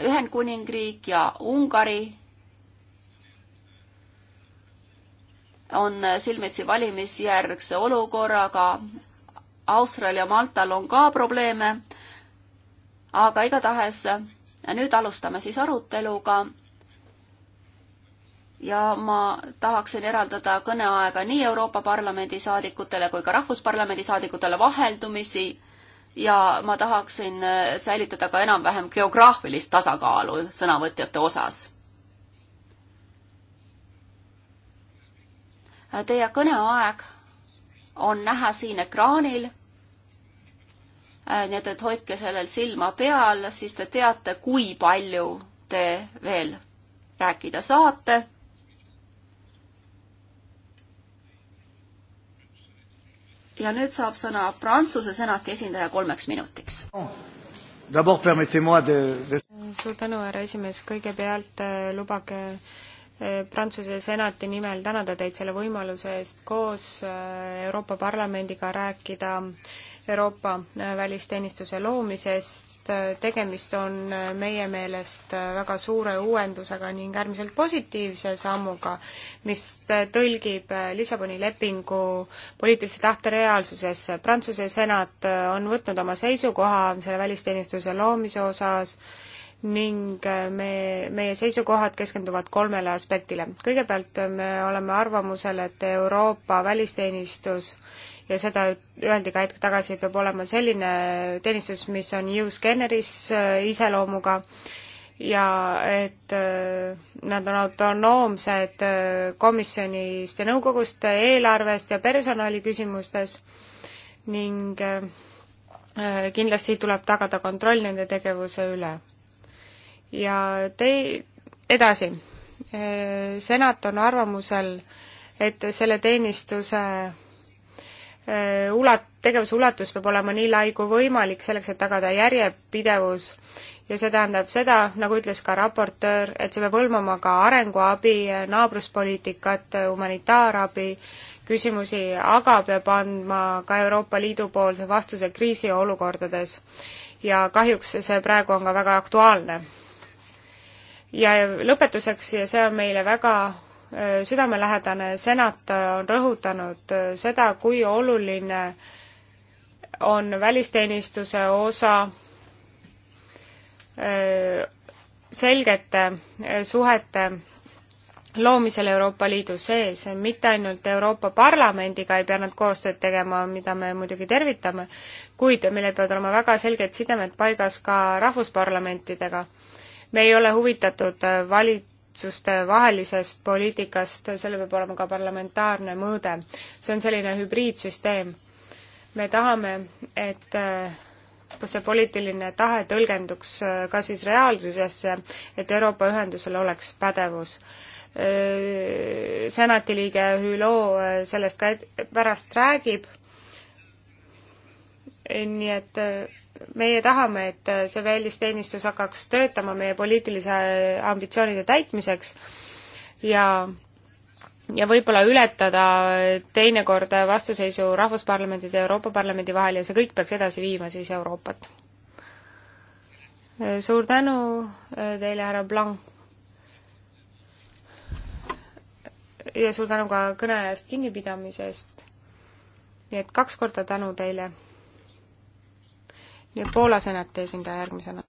[SPEAKER 2] Ühendkuningriik ja Ungari on silmitsi valimisjärgse olukorraga. Austraalial ja Maltal on ka probleeme. aga igatahes nüüd alustame siis aruteluga. ja ma tahaksin eraldada kõneaega nii Euroopa Parlamendi saadikutele kui ka Rahvusparlamendi saadikutele vaheldumisi ja ma tahaksin säilitada ka enam-vähem geograafilist tasakaalu sõnavõtjate osas Teie kõneaeg on näha siin ekraanil. nii et, et hoidke sellel silma peal, siis te teate, kui palju te veel rääkida saate. ja nüüd saab sõna Prantsuse senati esindaja kolmeks minutiks oh..
[SPEAKER 3] D'abord permettez-moi de, de...
[SPEAKER 1] suur tänu, härra esimees, kõigepealt eh, lubage äh, Prantsuse senati nimel tänada teid selle võimaluse eest koos äh, Euroopa Parlamendiga rääkida Euroopa äh, välisteenistuse loomisest. Äh, tegemist on meie meelest väga suure uuendusega ning äärmiselt positiivse sammuga, mis tõlgib Lissaboni lepingu poliitilise tahte reaalsusesse. Prantsuse senat on võtnud oma seisukoha selle välisteenistuse loomise osas ning äh, me, meie seisukohad keskenduvad kolmele aspektile. kõigepealt äh, me oleme arvamusel, et Euroopa välisteenistus ja seda öeldi ka hetk tagasi, peab olema selline teenistus, mis on use generis äh, iseloomuga ja et nad on autonoomsed komisjonist ja nõukogust, eelarvest ja personaliküsimustes ning kindlasti tuleb tagada kontroll nende tegevuse üle ja tei-, edasi, senat on arvamusel, et selle teenistuse ulat-, tegevuse ulatus peab olema nii lai kui võimalik, selleks et tagada järjepidevus ja see tähendab seda, nagu ütles ka raportöör, et see peab hõlmama ka arenguabi, naabruspoliitikat, humanitaarabi, küsimusi, aga peab andma ka Euroopa Liidu poolse vastuse kriisiolukordades. ja kahjuks see praegu on ka väga aktuaalne ja lõpetuseks, ja see on meile väga äh, südamelähedane, senat äh, on rõhutanud äh, seda, kui oluline on välisteenistuse osa selgete suhete loomisel Euroopa Liidu sees, mitte ainult Euroopa Parlamendiga ei pea nad koostööd tegema, mida me muidugi tervitame, kuid meil peavad olema väga selged sidemed paigas ka rahvusparlamentidega me ei ole huvitatud äh, valitsuste vahelisest poliitikast, sellel peab olema ka parlamentaarne mõõde. see on selline hübriidsüsteem. me tahame, et äh, see poliitiline tahe tõlgenduks äh, ka siis reaalsusesse, et Euroopa Ühendusel oleks pädevus. Senati liige Hülo sellest ka pärast räägib, nii et meie tahame, et see välisteenistus hakkaks töötama meie poliitilise ambitsioonide täitmiseks ja ja võib-olla ületada teinekord vastuseisu Rahvusparlamendide ja Euroopa Parlamendi vahel ja see kõik peaks edasi viima siis Euroopat. suur tänu teile, härra Blanc. ja suur tänu ka kõne ajast kinnipidamisest. nii et kaks korda tänu teile ja Poola senati esindaja järgmisena.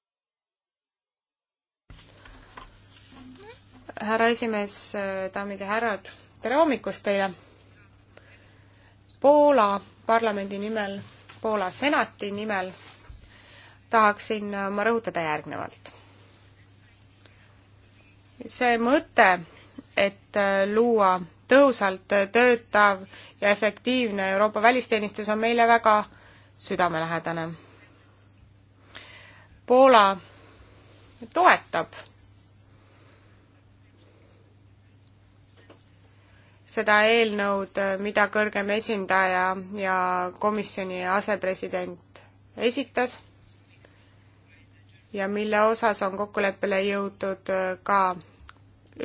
[SPEAKER 1] härra esimees, daamid ja härrad, tere hommikust teile! Poola parlamendi nimel, Poola senati nimel tahaksin ma rõhutada järgnevalt. see mõte, et luua tõhusalt töötav ja efektiivne Euroopa välisteenistus on meile väga südamelähedane Poola toetab seda eelnõud, mida kõrgem esindaja ja komisjoni asepresident esitas ja mille osas on kokkuleppele jõutud ka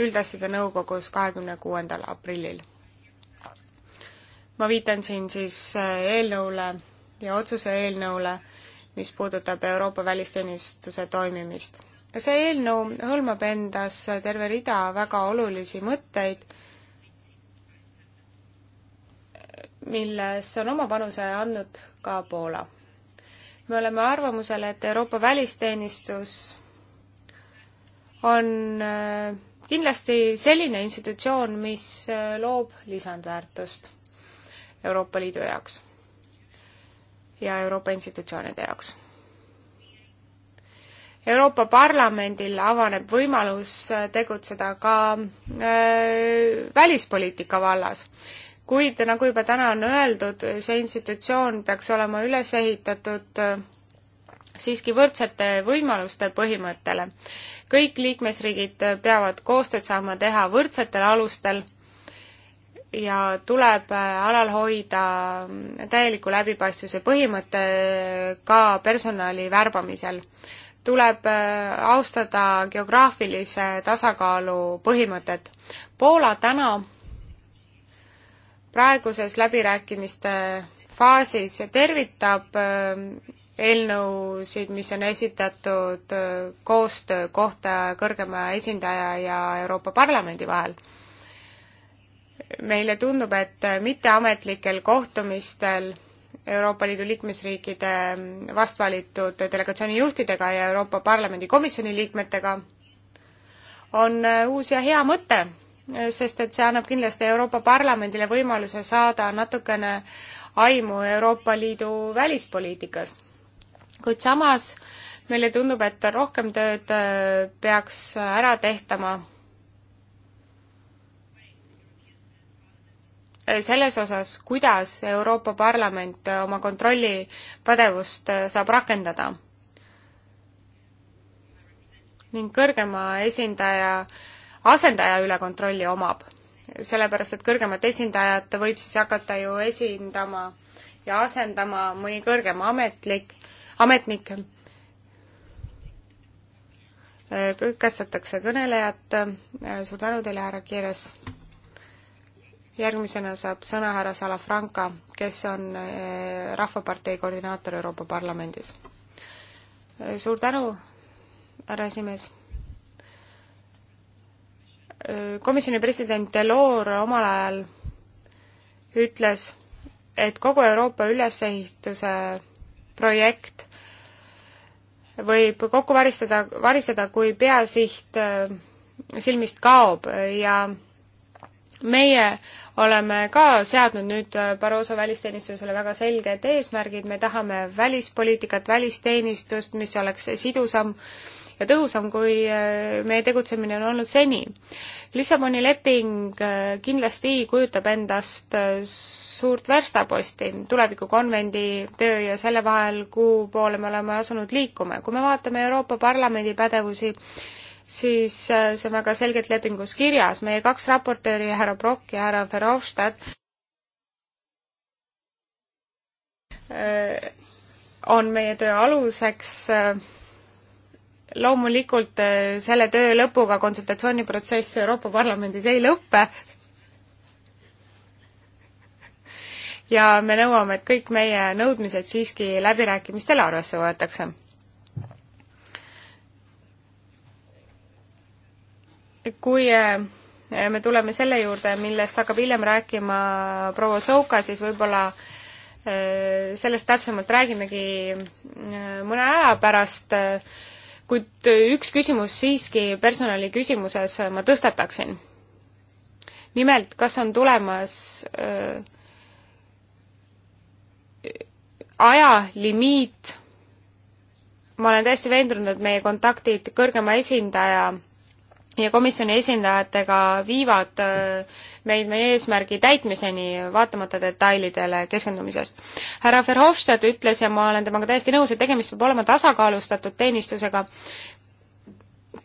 [SPEAKER 1] üldasjade nõukogus kahekümne kuuendal aprillil. ma viitan siin siis eelnõule ja otsuse eelnõule, mis puudutab Euroopa välisteenistuse toimimist. see eelnõu hõlmab endas terve rida väga olulisi mõtteid, milles on oma panuse andnud ka Poola. me oleme arvamusel, et Euroopa välisteenistus on äh, kindlasti selline institutsioon, mis äh, loob lisandväärtust Euroopa Liidu jaoks ja Euroopa institutsioonide jaoks. Euroopa Parlamendil avaneb võimalus tegutseda ka äh, välispoliitika vallas, kuid nagu juba täna on öeldud, see institutsioon peaks olema üles ehitatud äh, siiski võrdsete võimaluste põhimõttele. kõik liikmesriigid peavad koostööd saama teha võrdsetel alustel ja tuleb äh, alal hoida mm, täieliku läbipaistvuse põhimõte äh, ka personali värbamisel. tuleb äh, austada geograafilise tasakaalu põhimõtet. Poola täna praeguses läbirääkimiste faasis tervitab eelnõusid, mis on esitatud koostöö kohta kõrgema esindaja ja Euroopa Parlamendi vahel meile tundub, et mitteametlikel kohtumistel Euroopa Liidu liikmesriikide vastvalitud delegatsiooni juhtidega ja Euroopa Parlamendi komisjoni liikmetega on äh, uus ja hea mõte, sest et see annab kindlasti Euroopa Parlamendile võimaluse saada natukene aimu Euroopa Liidu välispoliitikast. kuid samas meile tundub, et rohkem tööd äh, peaks ära tehtama Äh, selles osas, kuidas Euroopa Parlament äh, oma kontrollipädevust äh, saab rakendada. ning kõrgema esindaja, asendaja üle kontrolli omab. sellepärast, et kõrgemat esindajat võib siis hakata ju esindama ja asendama mõni kõrgem ametlik, ametnik. katsetatakse kõnelejat, suur tänu teile, härra Kires! järgmisena saab sõna härra Salafranca, kes on eh, Rahvapartei koordinaator Euroopa Parlamendis. Eh, suur tänu, härra esimees. Eh, komisjoni president Delors omal ajal ütles, et kogu Euroopa ülesehituse projekt võib kokku varistada, variseda, kui peasiht silmist kaob ja meie oleme ka seadnud nüüd äh, Barroso välisteenistusele väga selged eesmärgid, me tahame välispoliitikat, välisteenistust, mis oleks sidusam ja tõhusam, kui äh, meie tegutsemine on olnud seni. Lissaboni leping äh, kindlasti kujutab endast suurt verstaposti tulevikukonvendi töö ja selle vahel, kuhu poole me oleme asunud liikuma. kui me vaatame Euroopa Parlamendi pädevusi, siis äh, see on väga selgelt lepingus kirjas. meie kaks raportööri, härra Brock ja härra Verhofstadt, äh, on meie töö aluseks. Äh, loomulikult selle töö lõpuga konsultatsiooniprotsess Euroopa Parlamendis ei lõpe. ja me nõuame, et kõik meie nõudmised siiski läbirääkimistel arvesse võetakse kui eh, me tuleme selle juurde, millest hakkab hiljem rääkima proua Souka, siis võib-olla eh, sellest täpsemalt räägimegi eh, mõne aja pärast, kuid üks küsimus siiski personali küsimuses ma tõstataksin. nimelt, kas on tulemas ajalimiit, ma olen täiesti veendunud, et meie kontaktid kõrgema esindaja ja komisjoni esindajatega viivad äh, meid meie eesmärgi täitmiseni, vaatamata detailidele keskendumisest. härra Verhofstadt ütles ja ma olen temaga täiesti nõus, et tegemist peab olema tasakaalustatud teenistusega,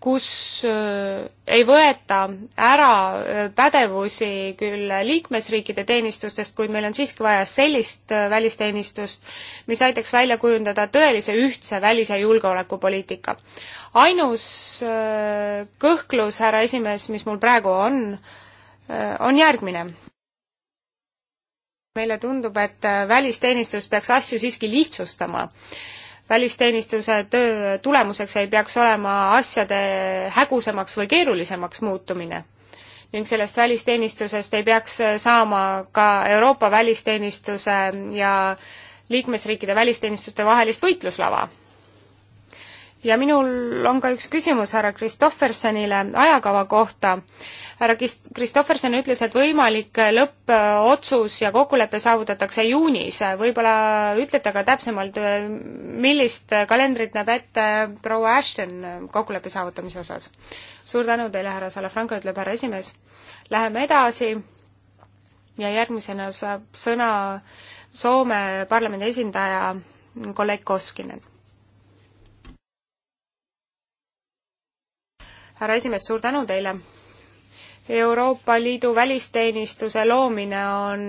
[SPEAKER 1] kus äh, ei võeta ära äh, pädevusi küll liikmesriikide teenistustest, kuid meil on siiski vaja sellist äh, välisteenistust, mis aitaks välja kujundada tõelise ühtse välis- ja julgeolekupoliitika. ainus kõhklus, härra esimees, mis mul praegu on, on järgmine. meile tundub, et välisteenistus peaks asju siiski lihtsustama välisteenistuse töö tulemuseks ei peaks olema asjade hägusamaks või keerulisemaks muutumine ning sellest välisteenistusest ei peaks saama ka Euroopa välisteenistuse ja liikmesriikide välisteenistuste vahelist võitluslava ja minul on ka üks küsimus härra Kristoffersonile ajakava kohta. härra Krist-, Kristofferson ütles, et võimalik lõppotsus ja kokkulepe saavutatakse juunis, võib-olla ütlete aga täpsemalt, millist kalendrit näeb ette proua Ashton kokkuleppe saavutamise osas? suur tänu teile, härra Salafranco, ütleb härra esimees. Läheme edasi ja järgmisena saab sõna Soome parlamendi esindaja kolleeg Koskinen härra esimees, suur tänu teile! Euroopa Liidu välisteenistuse loomine on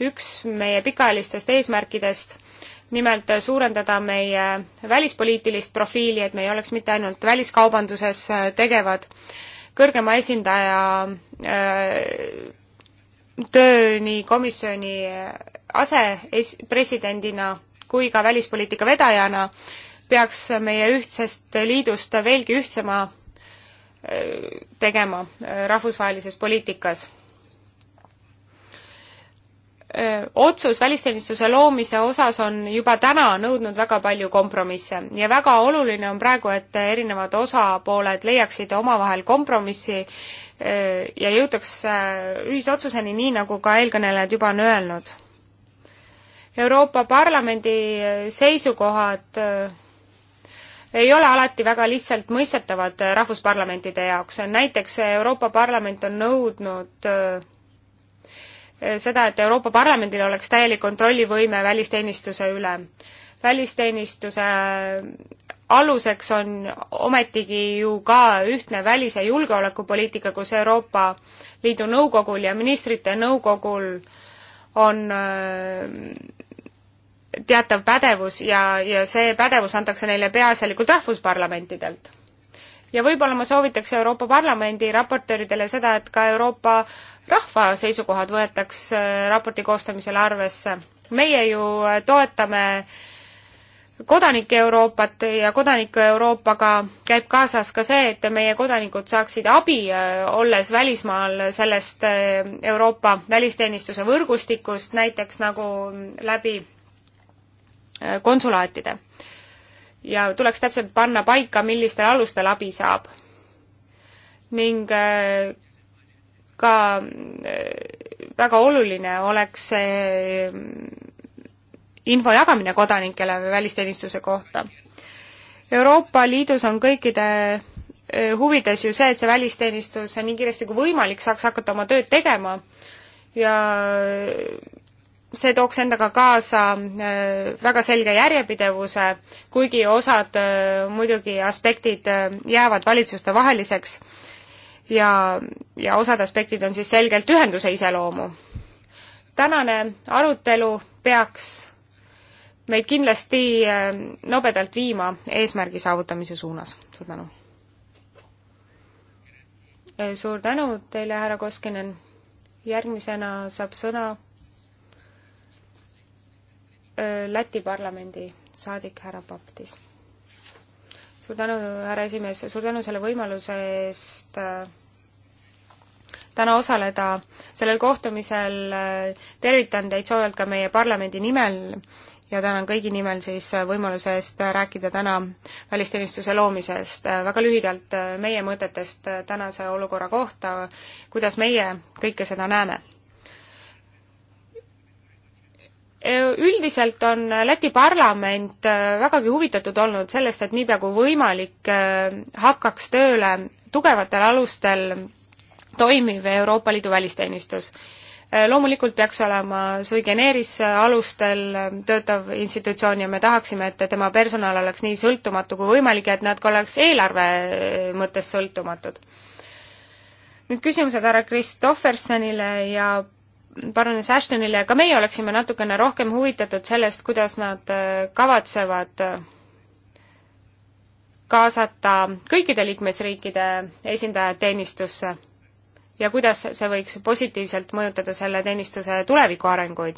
[SPEAKER 1] üks meie pikaajalistest eesmärkidest, nimelt suurendada meie välispoliitilist profiili, et me ei oleks mitte ainult väliskaubanduses tegevad kõrgema esindaja äh, töö nii komisjoni äh, asepresidendina kui ka välispoliitika vedajana, peaks meie ühtsest liidust veelgi ühtsema tegema rahvusvahelises poliitikas. otsus välisteenistuse loomise osas on juba täna nõudnud väga palju kompromisse ja väga oluline on praegu, et erinevad osapooled leiaksid omavahel kompromissi äh, ja jõutaks äh, ühisotsuseni, nii nagu ka eelkõnelejad juba on öelnud. Euroopa Parlamendi äh, seisukohad ei ole alati väga lihtsalt mõistetavad äh, rahvusparlamentide jaoks. näiteks Euroopa Parlament on nõudnud äh, äh, seda, et Euroopa Parlamendil oleks täielik kontrollivõime välisteenistuse üle. välisteenistuse aluseks on ometigi ju ka ühtne välis- ja julgeolekupoliitika, kus Euroopa Liidu Nõukogul ja ministrite nõukogul on teatav pädevus ja, ja see pädevus antakse neile peaasjalikult rahvusparlamentidelt. ja võib-olla ma soovitaks Euroopa Parlamendi raportööridele seda, et ka Euroopa rahva seisukohad võetaks äh, raporti koostamisel arvesse. meie ju äh, toetame kodanike Euroopat ja kodaniku Euroopaga käib kaasas ka see, et meie kodanikud saaksid abi, äh, olles välismaal sellest Euroopa välisteenistuse võrgustikust, näiteks nagu läbi konsulaatide. ja tuleks täpselt panna paika, millistel alustel abi saab. ning äh, ka äh, väga oluline oleks see äh, info jagamine kodanikele või välisteenistuse kohta. Euroopa Liidus on kõikide huvides ju see, et see välisteenistus nii kiiresti kui võimalik saaks hakata oma tööd tegema ja see tooks endaga kaasa äh, väga selge järjepidevuse, kuigi osad äh, muidugi aspektid äh, jäävad valitsuste vaheliseks ja, ja osad aspektid on siis selgelt ühenduse iseloomu. tänane arutelu peaks meid kindlasti nobedalt viima eesmärgi saavutamise suunas. suur tänu! suur tänu teile, härra Koskinen! järgmisena saab sõna Äh, Läti parlamendi saadik härra Baptis. suur tänu, härra esimees, suur tänu selle võimaluse eest äh, täna osaleda sellel kohtumisel. Äh, tervitan teid soojalt ka meie parlamendi nimel ja tänan kõigi nimel siis võimaluse eest rääkida täna välisteenistuse loomisest. väga lühidalt meie mõtetest tänase olukorra kohta, kuidas meie kõike seda näeme üldiselt on Läti parlament äh, vägagi huvitatud olnud sellest, et niipea kui võimalik, äh, hakkaks tööle tugevatel alustel toimiv Euroopa Liidu välisteenistus. Äh, loomulikult peaks olema sui generis alustel töötav institutsioon ja me tahaksime, et tema personal oleks nii sõltumatu kui võimalik ja et nad ka oleks eelarve mõttes sõltumatud nüüd küsimused härra Kristofersonile ja paranes Ashtonile ja ka meie oleksime natukene rohkem huvitatud sellest, kuidas nad äh, kavatsevad äh, kaasata kõikide liikmesriikide esindajad teenistusse ja kuidas see võiks positiivselt mõjutada selle teenistuse tuleviku arenguid.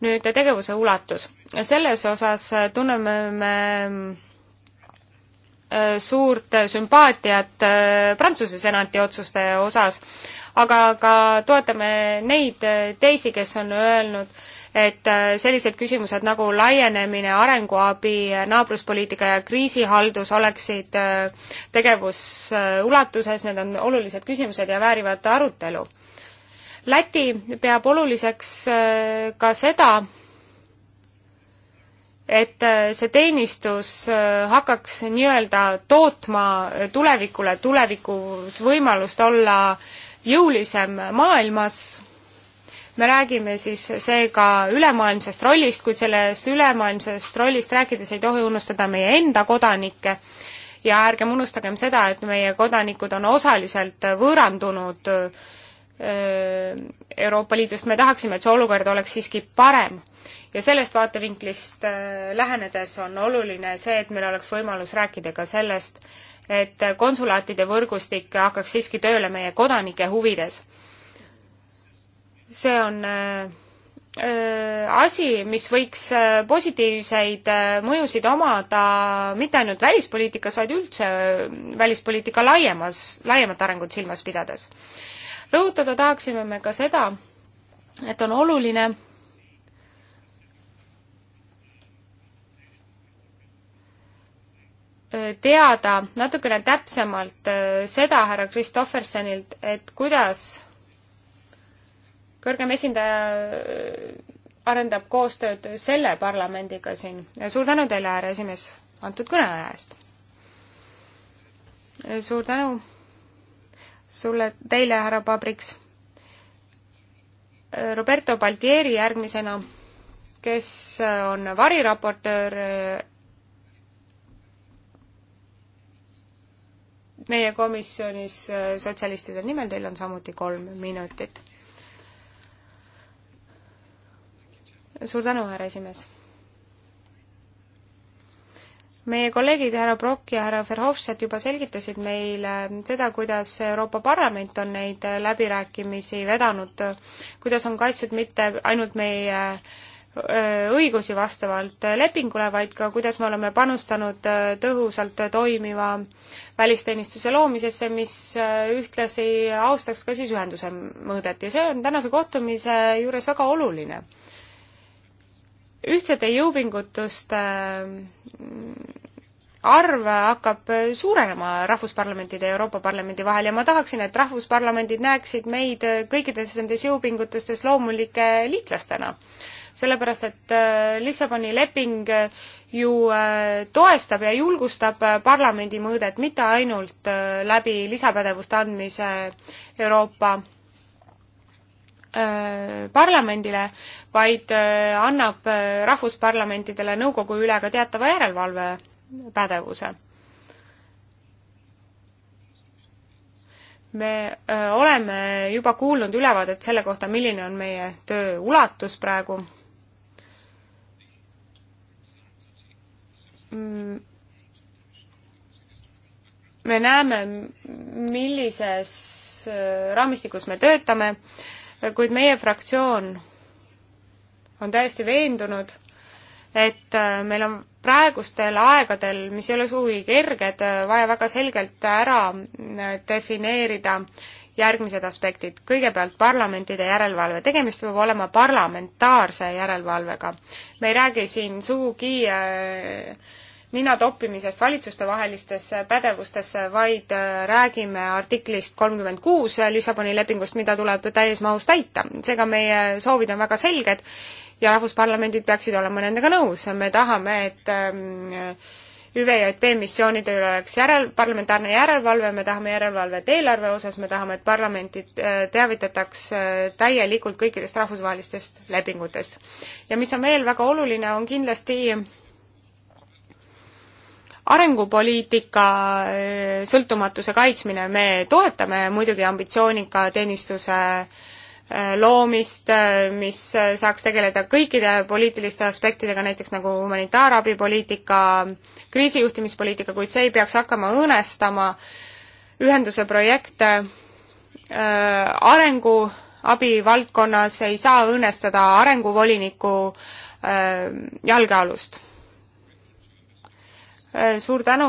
[SPEAKER 1] nüüd tegevuse ulatus. selles osas äh, tunneme me suurt sümpaatiat Prantsuse senati otsuste osas, aga ka toetame neid teisi, kes on öelnud, et äh, sellised küsimused nagu laienemine, arenguabi, äh, naabruspoliitika ja kriisihaldus oleksid äh, tegevusulatuses, need on olulised küsimused ja väärivad arutelu. Läti peab oluliseks ka seda, et see teenistus hakkaks nii-öelda tootma tulevikule tulevikus võimalust olla äh, jõulisem maailmas. me räägime siis seega ülemaailmsest rollist, kuid sellest ülemaailmsest rollist rääkides ei tohi unustada meie enda kodanikke ja ärgem unustagem seda, et meie kodanikud on osaliselt võõrandunud äh, Euroopa Liidust, me tahaksime, et see olukord oleks siiski parem. ja sellest vaatevinklist äh, lähenedes on oluline see, et meil oleks võimalus rääkida ka sellest, et konsulaatide võrgustik hakkaks siiski tööle meie kodanike huvides. see on äh, äh, asi, mis võiks äh, positiivseid mõjusid omada mitte ainult välispoliitikas, vaid üldse välispoliitika laiemas, laiemat arengut silmas pidades. rõhutada tahaksime me ka seda, et on oluline teada natukene täpsemalt äh, seda härra Kristoffersenilt, et kuidas kõrgem esindaja äh, arendab koostööd selle parlamendiga siin. suur tänu teile, härra esimees, antud kõneaja eest! suur tänu sulle, teile, härra Pabriks! Äh, Roberto Baltieri järgmisena, kes on variraportöör meie komisjonis äh, sotsialistide nimel, teil on samuti kolm minutit. suur tänu, härra esimees! meie kolleegid härra Brock ja härra Verhofstadt juba selgitasid meile seda, kuidas Euroopa Parlament on neid läbirääkimisi vedanud, kuidas on kaitstud mitte ainult meie äh, Äh, õigusi vastavalt lepingule, vaid ka kuidas me oleme panustanud äh, tõhusalt toimiva välisteenistuse loomisesse, mis äh, ühtlasi austaks ka siis ühenduse mõõdet ja see on tänase kohtumise juures väga oluline. ühtsete jõupingutuste arv hakkab suurenema Rahvusparlamentide ja Euroopa Parlamendi vahel ja ma tahaksin, et Rahvusparlamendid näeksid meid kõikides nendes jõupingutustes loomulike liitlastena sellepärast et äh, Lissaboni leping äh, ju äh, toestab ja julgustab parlamendi mõõdet mitte ainult läbi lisapädevuste andmise Euroopa parlamendile, vaid annab rahvusparlamentidele nõukogu üle ka teatava järelevalvepädevuse me öö, oleme juba kuulnud ülevaadet selle kohta, milline on meie töö ulatus praegu. Mm. me näeme, millises äh, raamistikus me töötame, kuid meie fraktsioon on täiesti veendunud, et äh, meil on praegustel aegadel, mis ei ole sugugi kerged, äh, vaja väga selgelt ära defineerida äh, järgmised aspektid. kõigepealt parlamentide järelevalve. tegemist peab olema parlamentaarse järelevalvega. me ei räägi siin sugugi äh, nina toppimisest valitsustevahelistesse pädevustesse, vaid äh, räägime artiklist kolmkümmend kuus Lissaboni lepingust, mida tuleb täies mahus täita. seega meie soovid on väga selged ja rahvusparlamendid peaksid olema nendega nõus. me tahame, et ähm, ÜVJP missioonide üle oleks järel, parlamentaarne järelevalve, me tahame järelevalvet eelarve osas, me tahame, et parlamenti äh, teavitataks äh, täielikult kõikidest rahvusvahelistest lepingutest. ja mis on veel väga oluline, on kindlasti arengupoliitika äh, sõltumatuse kaitsmine, me toetame muidugi ambitsioonika teenistuse äh, Äh, loomist, äh, mis äh, saaks tegeleda kõikide poliitiliste aspektidega, näiteks nagu humanitaarabipoliitika, kriisijuhtimispoliitika, kuid see ei peaks hakkama õõnestama ühenduse projekte arenguabi valdkonnas, ei saa õõnestada arenguvoliniku jalgealust suur tänu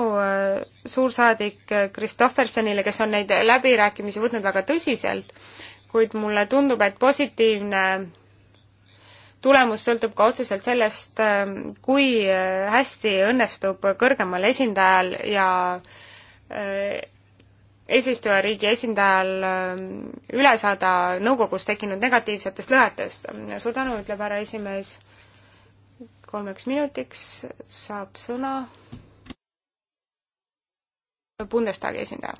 [SPEAKER 1] suursaadik Kristoffersonile, kes on neid läbirääkimisi võtnud väga tõsiselt kuid mulle tundub, et positiivne tulemus sõltub ka otseselt sellest, ähm, kui äh, hästi õnnestub kõrgemal esindajal ja äh, eesistujariigi esindajal ähm, üle saada nõukogus tekkinud negatiivsetest lõhetest. suur tänu, ütleb härra esimees. kolmeks minutiks saab sõna Bundestagi esindaja.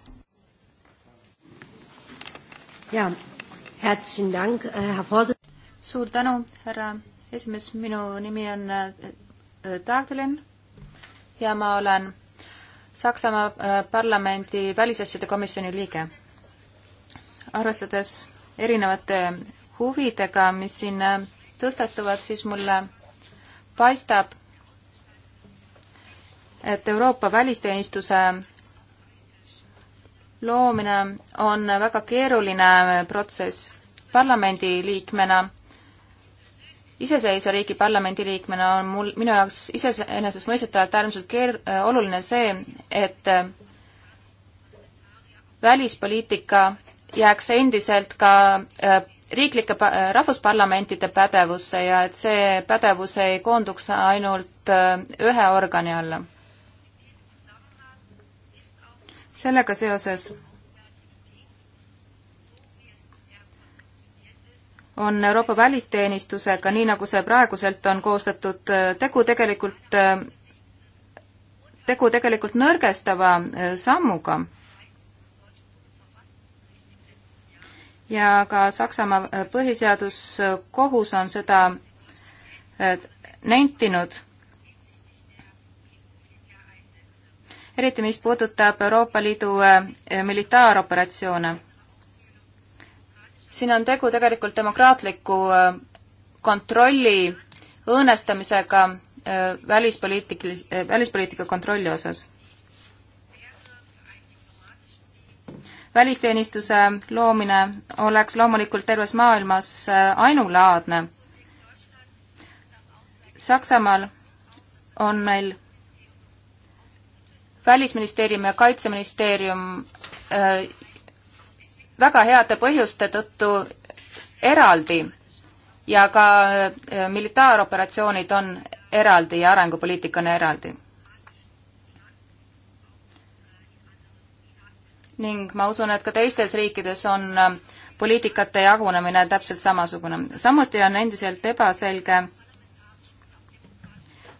[SPEAKER 1] jaa, Äh,
[SPEAKER 3] suur tänu,
[SPEAKER 1] härra esimees,
[SPEAKER 3] minu nimi on äh, äh, Daglin ja ma olen Saksamaa parlamendi välisasjade komisjoni liige. arvestades erinevate huvidega, mis siin tõstatuvad, siis mulle paistab, et Euroopa välisteenistuse loomine on väga keeruline protsess. parlamendiliikmena, iseseisva riigi parlamendiliikmena on mul, minu jaoks iseenesestmõistetavalt äärmiselt keer-, äh, oluline see, et välispoliitika jääks endiselt ka äh, riiklike äh, rahvusparlamentide pädevusse ja et see pädevus ei koonduks ainult ühe organi alla sellega seoses on Euroopa välisteenistusega, nii nagu see praeguselt on koostatud, tegu tegelikult, tegu tegelikult nõrgestava e, sammuga. ja ka Saksamaa e, põhiseaduskohus on seda e, nentinud eriti mis puudutab Euroopa Liidu eh, militaaroperatsioone. siin on tegu tegelikult demokraatliku eh, kontrolli õõnestamisega eh, välispoliitilis-, välispoliitika kontrolli osas. välisteenistuse loomine oleks loomulikult terves maailmas ainulaadne. Saksamaal on meil välisministeerium ja kaitseministeerium äh, väga heade põhjuste tõttu eraldi ja ka äh, militaaroperatsioonid on eraldi ja arengupoliitika on eraldi. ning ma usun, et ka teistes riikides on äh, poliitikate jagunemine täpselt samasugune. samuti on endiselt ebaselge,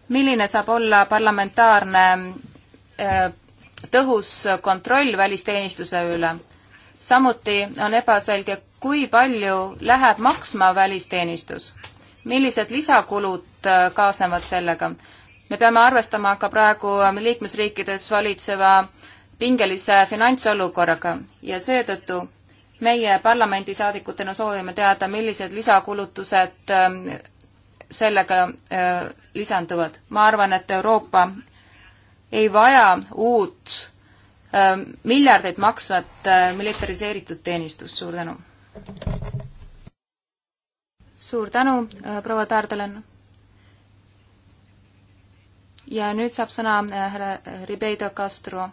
[SPEAKER 3] milline saab olla parlamentaarne Äh, tõhus kontroll välisteenistuse üle. samuti on ebaselge, kui palju läheb maksma välisteenistus, millised lisakulud äh, kaasnevad sellega. me peame arvestama ka praegu liikmesriikides valitseva pingelise finantsolukorraga ja seetõttu meie parlamendisaadikutena soovime teada, millised lisakulutused ähm, sellega äh, lisanduvad. ma arvan, et Euroopa ei vaja uut äh, miljardeid maksvat äh, militariseeritud teenistust, suur tänu! suur tänu äh,, proua Taardelen! ja nüüd saab sõna äh, härra äh, Ribeiro Castro.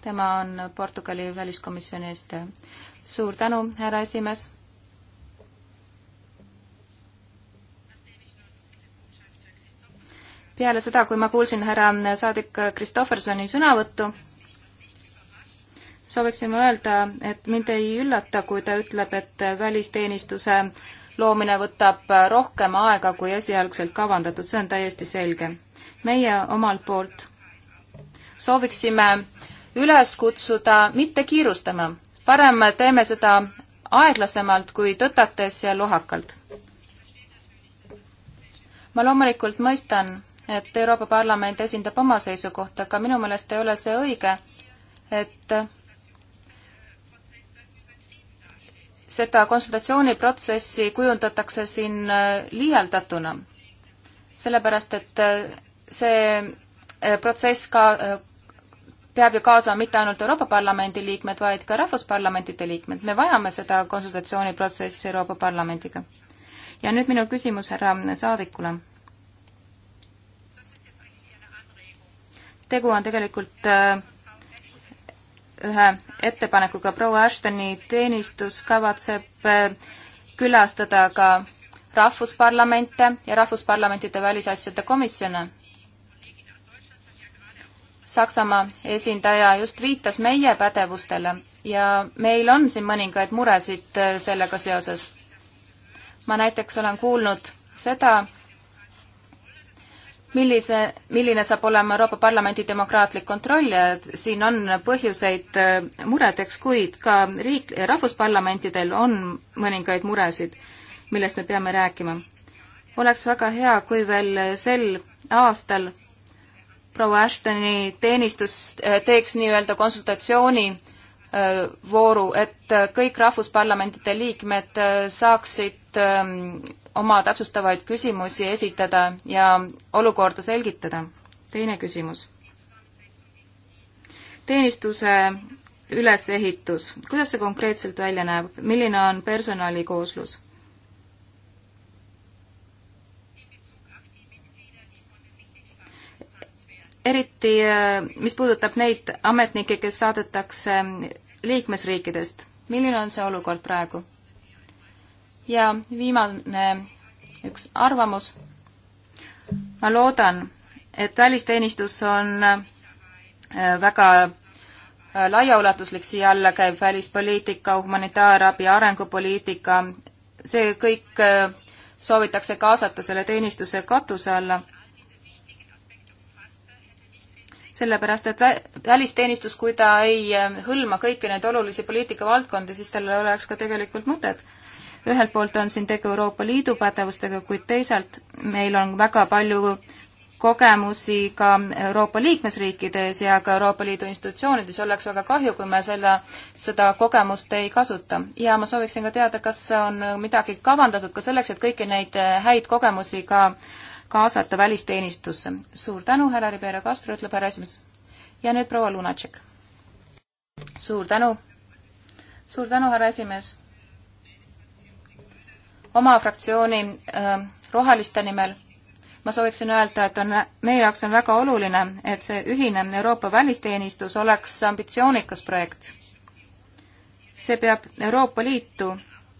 [SPEAKER 3] tema on Portugali väliskomisjoni eest. suur tänu, härra esimees peale seda, kui ma kuulsin härra saadik Kristoffersoni sõnavõttu, sooviksin ma öelda, et mind ei üllata, kui ta ütleb, et välisteenistuse loomine võtab rohkem aega, kui esialgselt kavandatud, see on täiesti selge. meie omalt poolt sooviksime üles kutsuda mitte kiirustama, parem teeme seda aeglasemalt kui tõtates ja lohakalt. ma loomulikult mõistan, et Euroopa Parlament esindab oma seisukohta, aga minu meelest ei ole see õige, et seda konsultatsiooniprotsessi kujundatakse siin äh, liialdatuna, sellepärast et äh, see äh, protsess ka peab ju kaasa mitte ainult Euroopa Parlamendi liikmed, vaid ka rahvusparlamentide liikmed. me vajame seda konsultatsiooniprotsessi Euroopa Parlamendiga. ja nüüd minu küsimus härra saadikule tegu on tegelikult äh, ühe ettepanekuga, proua Ashtoni teenistus kavatseb äh, külastada ka rahvusparlamente ja rahvusparlamentide välisasjade komisjone. Saksamaa esindaja just viitas meie pädevustele ja meil on siin mõningaid muresid äh, sellega seoses. ma näiteks olen kuulnud seda, millise, milline saab olema Euroopa Parlamendi demokraatlik kontroll ja siin on põhjuseid äh, muredeks, kuid ka riik, rahvusparlamentidel on mõningaid muresid, millest me peame rääkima. oleks väga hea, kui veel sel aastal proua Ashtoni teenistus äh, teeks nii-öelda konsultatsiooni äh, vooru, et kõik rahvusparlamentide liikmed saaksid ähm, oma täpsustavaid küsimusi esitada ja olukorda selgitada. teine küsimus. teenistuse ülesehitus, kuidas see konkreetselt välja näeb, milline on personali kooslus? eriti äh, mis puudutab neid ametnikke, kes saadetakse liikmesriikidest, milline on see olukord praegu? ja viimane üks arvamus. ma loodan, et välisteenistus on äh, väga äh, laiaulatuslik, siia alla käib välispoliitika, humanitaarabi, arengupoliitika, see kõik äh, soovitakse kaasata selle teenistuse katuse alla. sellepärast, et välisteenistus, kui ta ei hõlma kõiki neid olulisi poliitikavaldkondi, siis tal ei oleks ka tegelikult mõtet ühelt poolt on siin tegu Euroopa Liidu pädevustega, kuid teisalt meil on väga palju kogemusi ka Euroopa liikmesriikides ja ka Euroopa Liidu institutsioonides, oleks väga kahju, kui me selle, seda kogemust ei kasuta. ja ma sooviksin ka teada, kas on midagi kavandatud ka selleks, et kõiki neid häid kogemusi ka kaasata välisteenistusse. suur tänu, härra Ribeiro Castro, ütleb härra esimees. ja nüüd proua Lunatšik. suur tänu. suur tänu, härra esimees oma fraktsiooni äh, roheliste nimel ma sooviksin öelda, et on, meie jaoks on väga oluline, et see ühine Euroopa välisteenistus oleks ambitsioonikas projekt. see peab Euroopa Liitu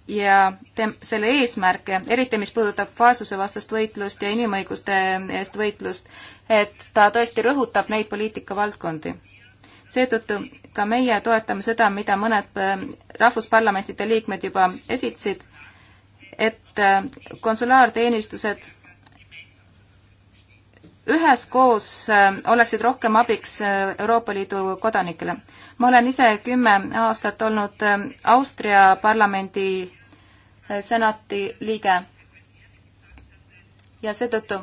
[SPEAKER 3] ja tem-, selle eesmärke, eriti mis puudutab vaesusevastast võitlust ja inimõiguste eest võitlust, et ta tõesti rõhutab neid poliitikavaldkondi. seetõttu ka meie toetame seda, mida mõned äh, rahvusparlamentide liikmed juba esitasid, et äh, konsulaarteenistused üheskoos äh, oleksid rohkem abiks äh, Euroopa Liidu kodanikele. ma olen ise kümme aastat olnud Austria parlamendi senati liige ja seetõttu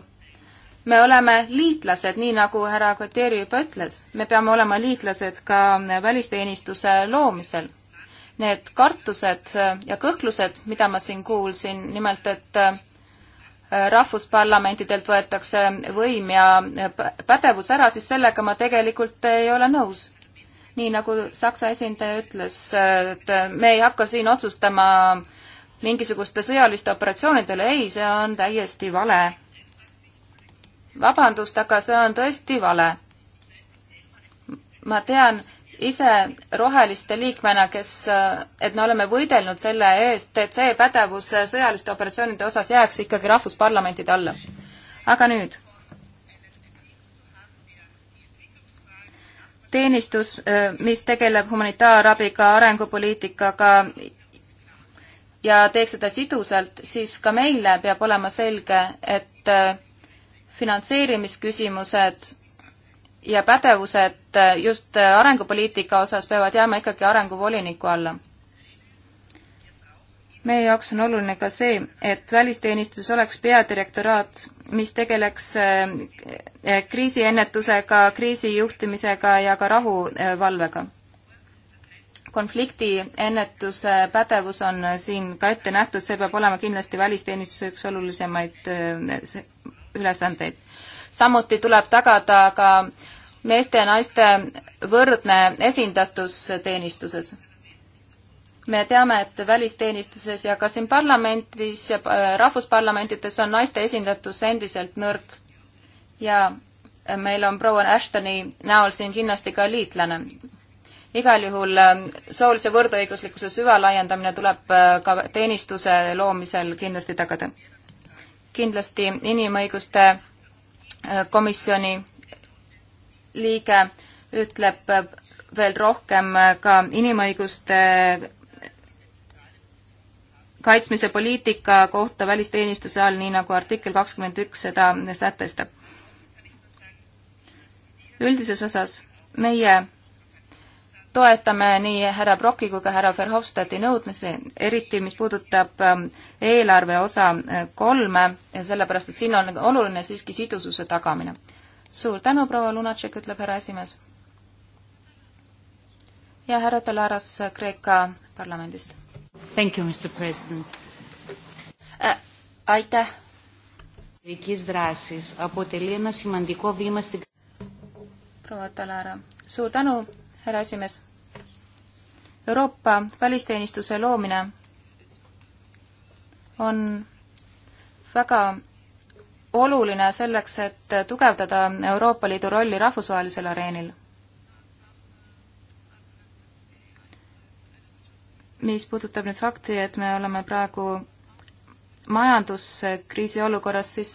[SPEAKER 3] me oleme liitlased, nii nagu härra Koteri juba ütles, me peame olema liitlased ka välisteenistuse loomisel need kartused äh, ja kõhklused, mida ma siin kuulsin, nimelt et äh, rahvusparlamentidelt võetakse võim ja äh, pädevus ära, siis sellega ma tegelikult ei ole nõus. nii nagu Saksa esindaja ütles, et me ei hakka siin otsustama mingisuguste sõjaliste operatsioonidele, ei, see on täiesti vale. vabandust, aga see on tõesti vale. ma tean, ise roheliste liikmena, kes, et me oleme võidelnud selle eest, et see pädevus sõjaliste operatsioonide osas jääks ikkagi rahvusparlamentide alla. aga nüüd. teenistus, mis tegeleb humanitaarabiga, arengupoliitikaga ja teeks seda sidusalt, siis ka meile peab olema selge, et eh, finantseerimisküsimused ja pädevused just arengupoliitika osas peavad jääma ikkagi arenguvoliniku alla. meie jaoks on oluline ka see, et välisteenistus oleks peadirektoraat, mis tegeleks eh, kriisiennetusega, kriisijuhtimisega ja ka rahuvalvega konfliktiennetuse pädevus on siin ka ette nähtud, see peab olema kindlasti välisteenistuse üks olulisemaid eh, ülesandeid. samuti tuleb tagada ka meeste ja naiste võrdne esindatus teenistuses. me teame, et välisteenistuses ja ka siin parlamendis ja äh, rahvusparlamentides on naiste esindatus endiselt nõrk ja meil on proua Ashtoni näol siin kindlasti ka liitlane. igal juhul äh, soolise võrdõiguslikkuse süvalaiendamine tuleb äh, ka teenistuse loomisel kindlasti tagada. kindlasti inimõiguste komisjoni liige ütleb veel rohkem ka inimõiguste kaitsmise poliitika kohta välisteenistuse all, nii nagu artikkel kakskümmend üks seda sätestab. üldises osas meie toetame nii härra Brocki kui ka härra Verhofstadti nõudmisi, eriti mis puudutab ähm, eelarve osa äh, kolme, sellepärast et siin on oluline siiski sidususe tagamine suur tänu, proua Lunatšek, ütleb härra esimees. ja härra Talaras Kreeka parlamendist.
[SPEAKER 1] Thank you, Mr President
[SPEAKER 3] äh,. aitäh. proua Talara, suur tänu, härra esimees. Euroopa välisteenistuse loomine on väga oluline selleks, et tugevdada Euroopa Liidu rolli rahvusvahelisel areenil. mis puudutab nüüd fakti, et me oleme praegu majanduskriisi olukorras, siis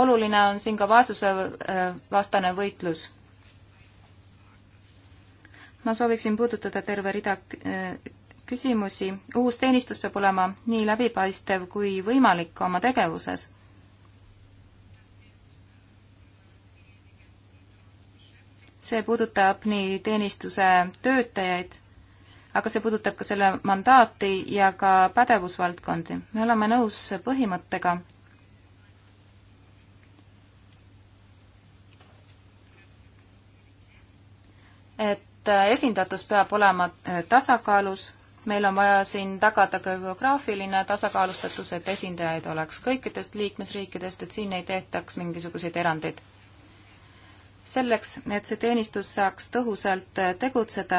[SPEAKER 3] oluline on siin ka vaesusevastane äh, võitlus. ma sooviksin puudutada terve rida äh, küsimusi. uus teenistus peab olema nii läbipaistev kui võimalik oma tegevuses see puudutab nii teenistuse töötajaid, aga see puudutab ka selle mandaati ja ka pädevusvaldkondi. me oleme nõus põhimõttega, et esindatus peab olema tasakaalus, meil on vaja siin tagada ka geograafiline tasakaalustatus, et esindajaid oleks kõikidest liikmesriikidest, et siin ei tehtaks mingisuguseid erandeid selleks, et see teenistus saaks tõhusalt äh, tegutseda,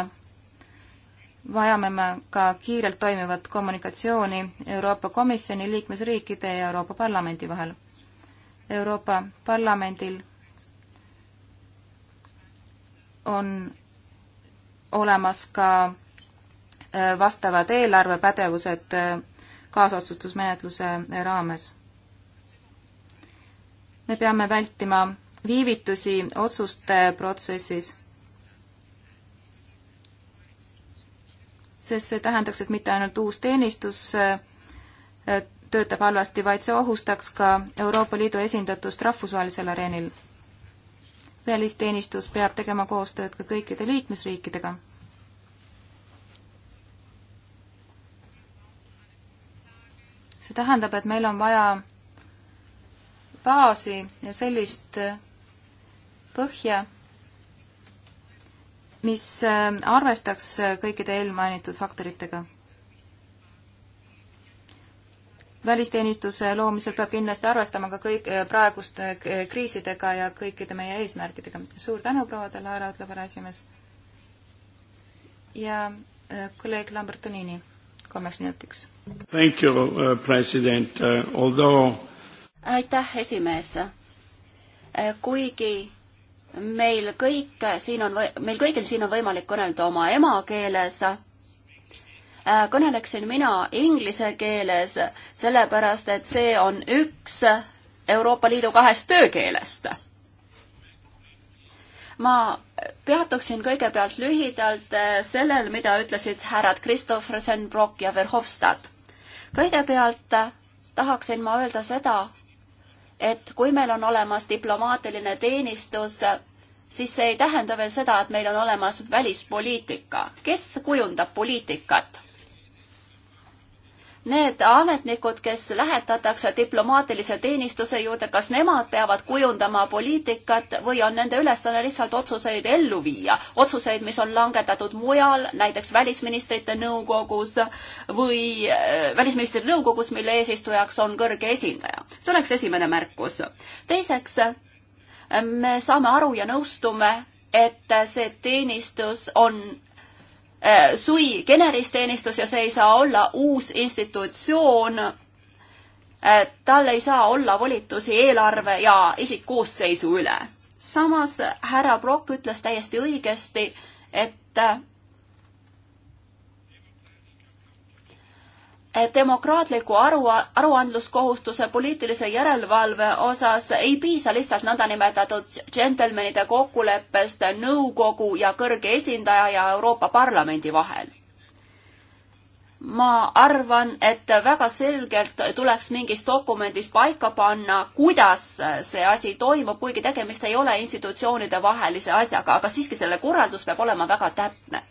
[SPEAKER 3] vajame me ka kiirelt toimivat kommunikatsiooni Euroopa Komisjoni liikmesriikide ja Euroopa Parlamendi vahel. Euroopa Parlamendil on olemas ka äh, vastavad eelarvepädevused äh, kaasotsustusmenetluse raames. me peame vältima viivitusi otsuste protsessis. sest see tähendaks, et mitte ainult uus teenistus äh, töötab halvasti, vaid see ohustaks ka Euroopa Liidu esindatust rahvusvahelisel areenil. välisteenistus peab tegema koostööd ka kõikide liikmesriikidega see tähendab, et meil on vaja baasi ja sellist põhja, mis äh, arvestaks äh, kõikide eelmainitud faktoritega. välisteenistuse loomisel peab kindlasti arvestama ka kõik äh, praeguste kriisidega ja kõikide meie eesmärkidega. suur tänu, proua Delaara, ütleb härra esimees. ja kolleeg Lambertonini kolmeks minutiks.
[SPEAKER 1] Thank you, uh, president, uh, although
[SPEAKER 3] aitäh, esimees!
[SPEAKER 2] kuigi meil kõik siin on, meil kõigil siin on võimalik kõnelda oma emakeeles. Äh, kõneleksin mina inglise keeles, sellepärast et see on üks Euroopa Liidu kahest töökeelest. ma peatuksin kõigepealt lühidalt äh, sellel, mida ütlesid härrad Christophersen, Brock ja Verhofstadt. kõigepealt äh, tahaksin ma öelda seda, et kui meil on olemas diplomaatiline teenistus, siis see ei tähenda veel seda, et meil on olemas välispoliitika. kes kujundab poliitikat? need ametnikud, kes lähetatakse diplomaatilise teenistuse juurde, kas nemad peavad kujundama poliitikat või on nende ülesanne lihtsalt otsuseid ellu viia, otsuseid, mis on langetatud mujal, näiteks välisministrite nõukogus või äh, välisministrite nõukogus, mille eesistujaks on kõrge esindaja. see oleks esimene märkus. teiseks, äh, me saame aru ja nõustume, et see teenistus on Äh, sui generis teenistus ja see ei saa olla uus institutsioon. Äh, tal ei saa olla volitusi eelarve ja isikkoosseisu üle. samas härra Brock ütles täiesti õigesti, et äh, demokraatliku aru, aruandluskohustuse poliitilise järelevalve osas ei piisa lihtsalt nõndanimetatud džentelmenide kokkuleppest nõukogu ja kõrge esindaja ja Euroopa Parlamendi vahel. ma arvan, et väga selgelt tuleks mingis dokumendis paika panna, kuidas see asi toimub, kuigi tegemist ei ole institutsioonide vahelise asjaga, aga siiski selle korraldus peab olema väga täpne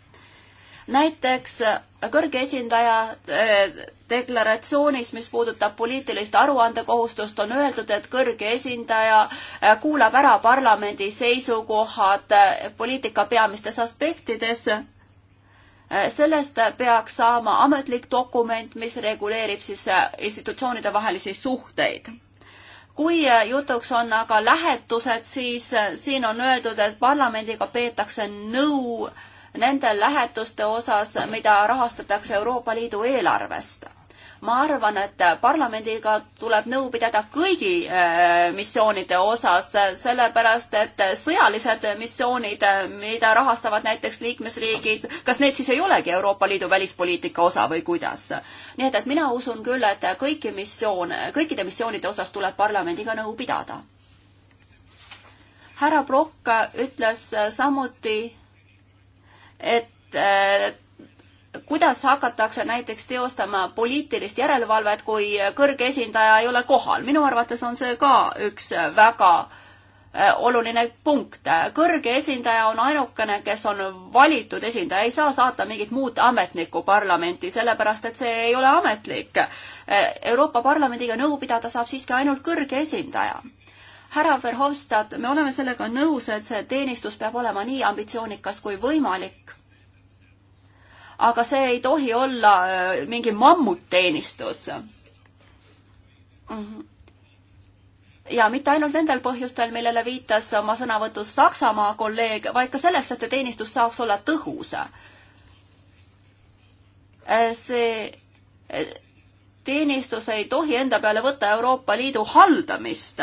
[SPEAKER 2] näiteks äh, kõrge esindaja äh, deklaratsioonis, mis puudutab poliitilist aruandekohustust, on öeldud, et kõrge esindaja äh, kuulab ära parlamendi seisukohad poliitika peamistes aspektides. sellest peaks saama ametlik dokument, mis reguleerib siis institutsioonide vahelisi suhteid kui jutuks on aga lähetused, siis siin on öeldud, et parlamendiga peetakse nõu äh, nende lähetuste osas, mida rahastatakse Euroopa Liidu eelarvest. ma arvan, et parlamendiga tuleb nõu pidada kõigi äh, missioonide osas, sellepärast et sõjalised missioonid, mida rahastavad näiteks liikmesriigid, kas need siis ei olegi Euroopa Liidu välispoliitika osa või kuidas? nii et, et mina usun küll, et kõiki missioone, kõikide missioonide osas tuleb parlamendiga nõu pidada härra Prokk ütles samuti, et äh, kuidas hakatakse näiteks teostama poliitilist järelevalvet, kui kõrge esindaja ei ole kohal. minu arvates on see ka üks väga äh, oluline punkt. kõrge esindaja on ainukene, kes on valitud esindaja, ei saa saata mingit muud ametnikku parlamenti, sellepärast et see ei ole ametlik. Äh, Euroopa Parlamendiga nõu pidada saab siiski ainult kõrge esindaja härra Verhofstadt, me oleme sellega nõus, et see teenistus peab olema nii ambitsioonikas kui võimalik. aga see ei tohi olla äh, mingi mammutteenistus mm. -hmm ja mitte ainult nendel põhjustel, millele viitas oma sõnavõtus Saksamaa kolleeg, vaid ka selleks, et see teenistus saaks olla tõhus. Äh, see äh, teenistus ei tohi enda peale võtta Euroopa Liidu haldamist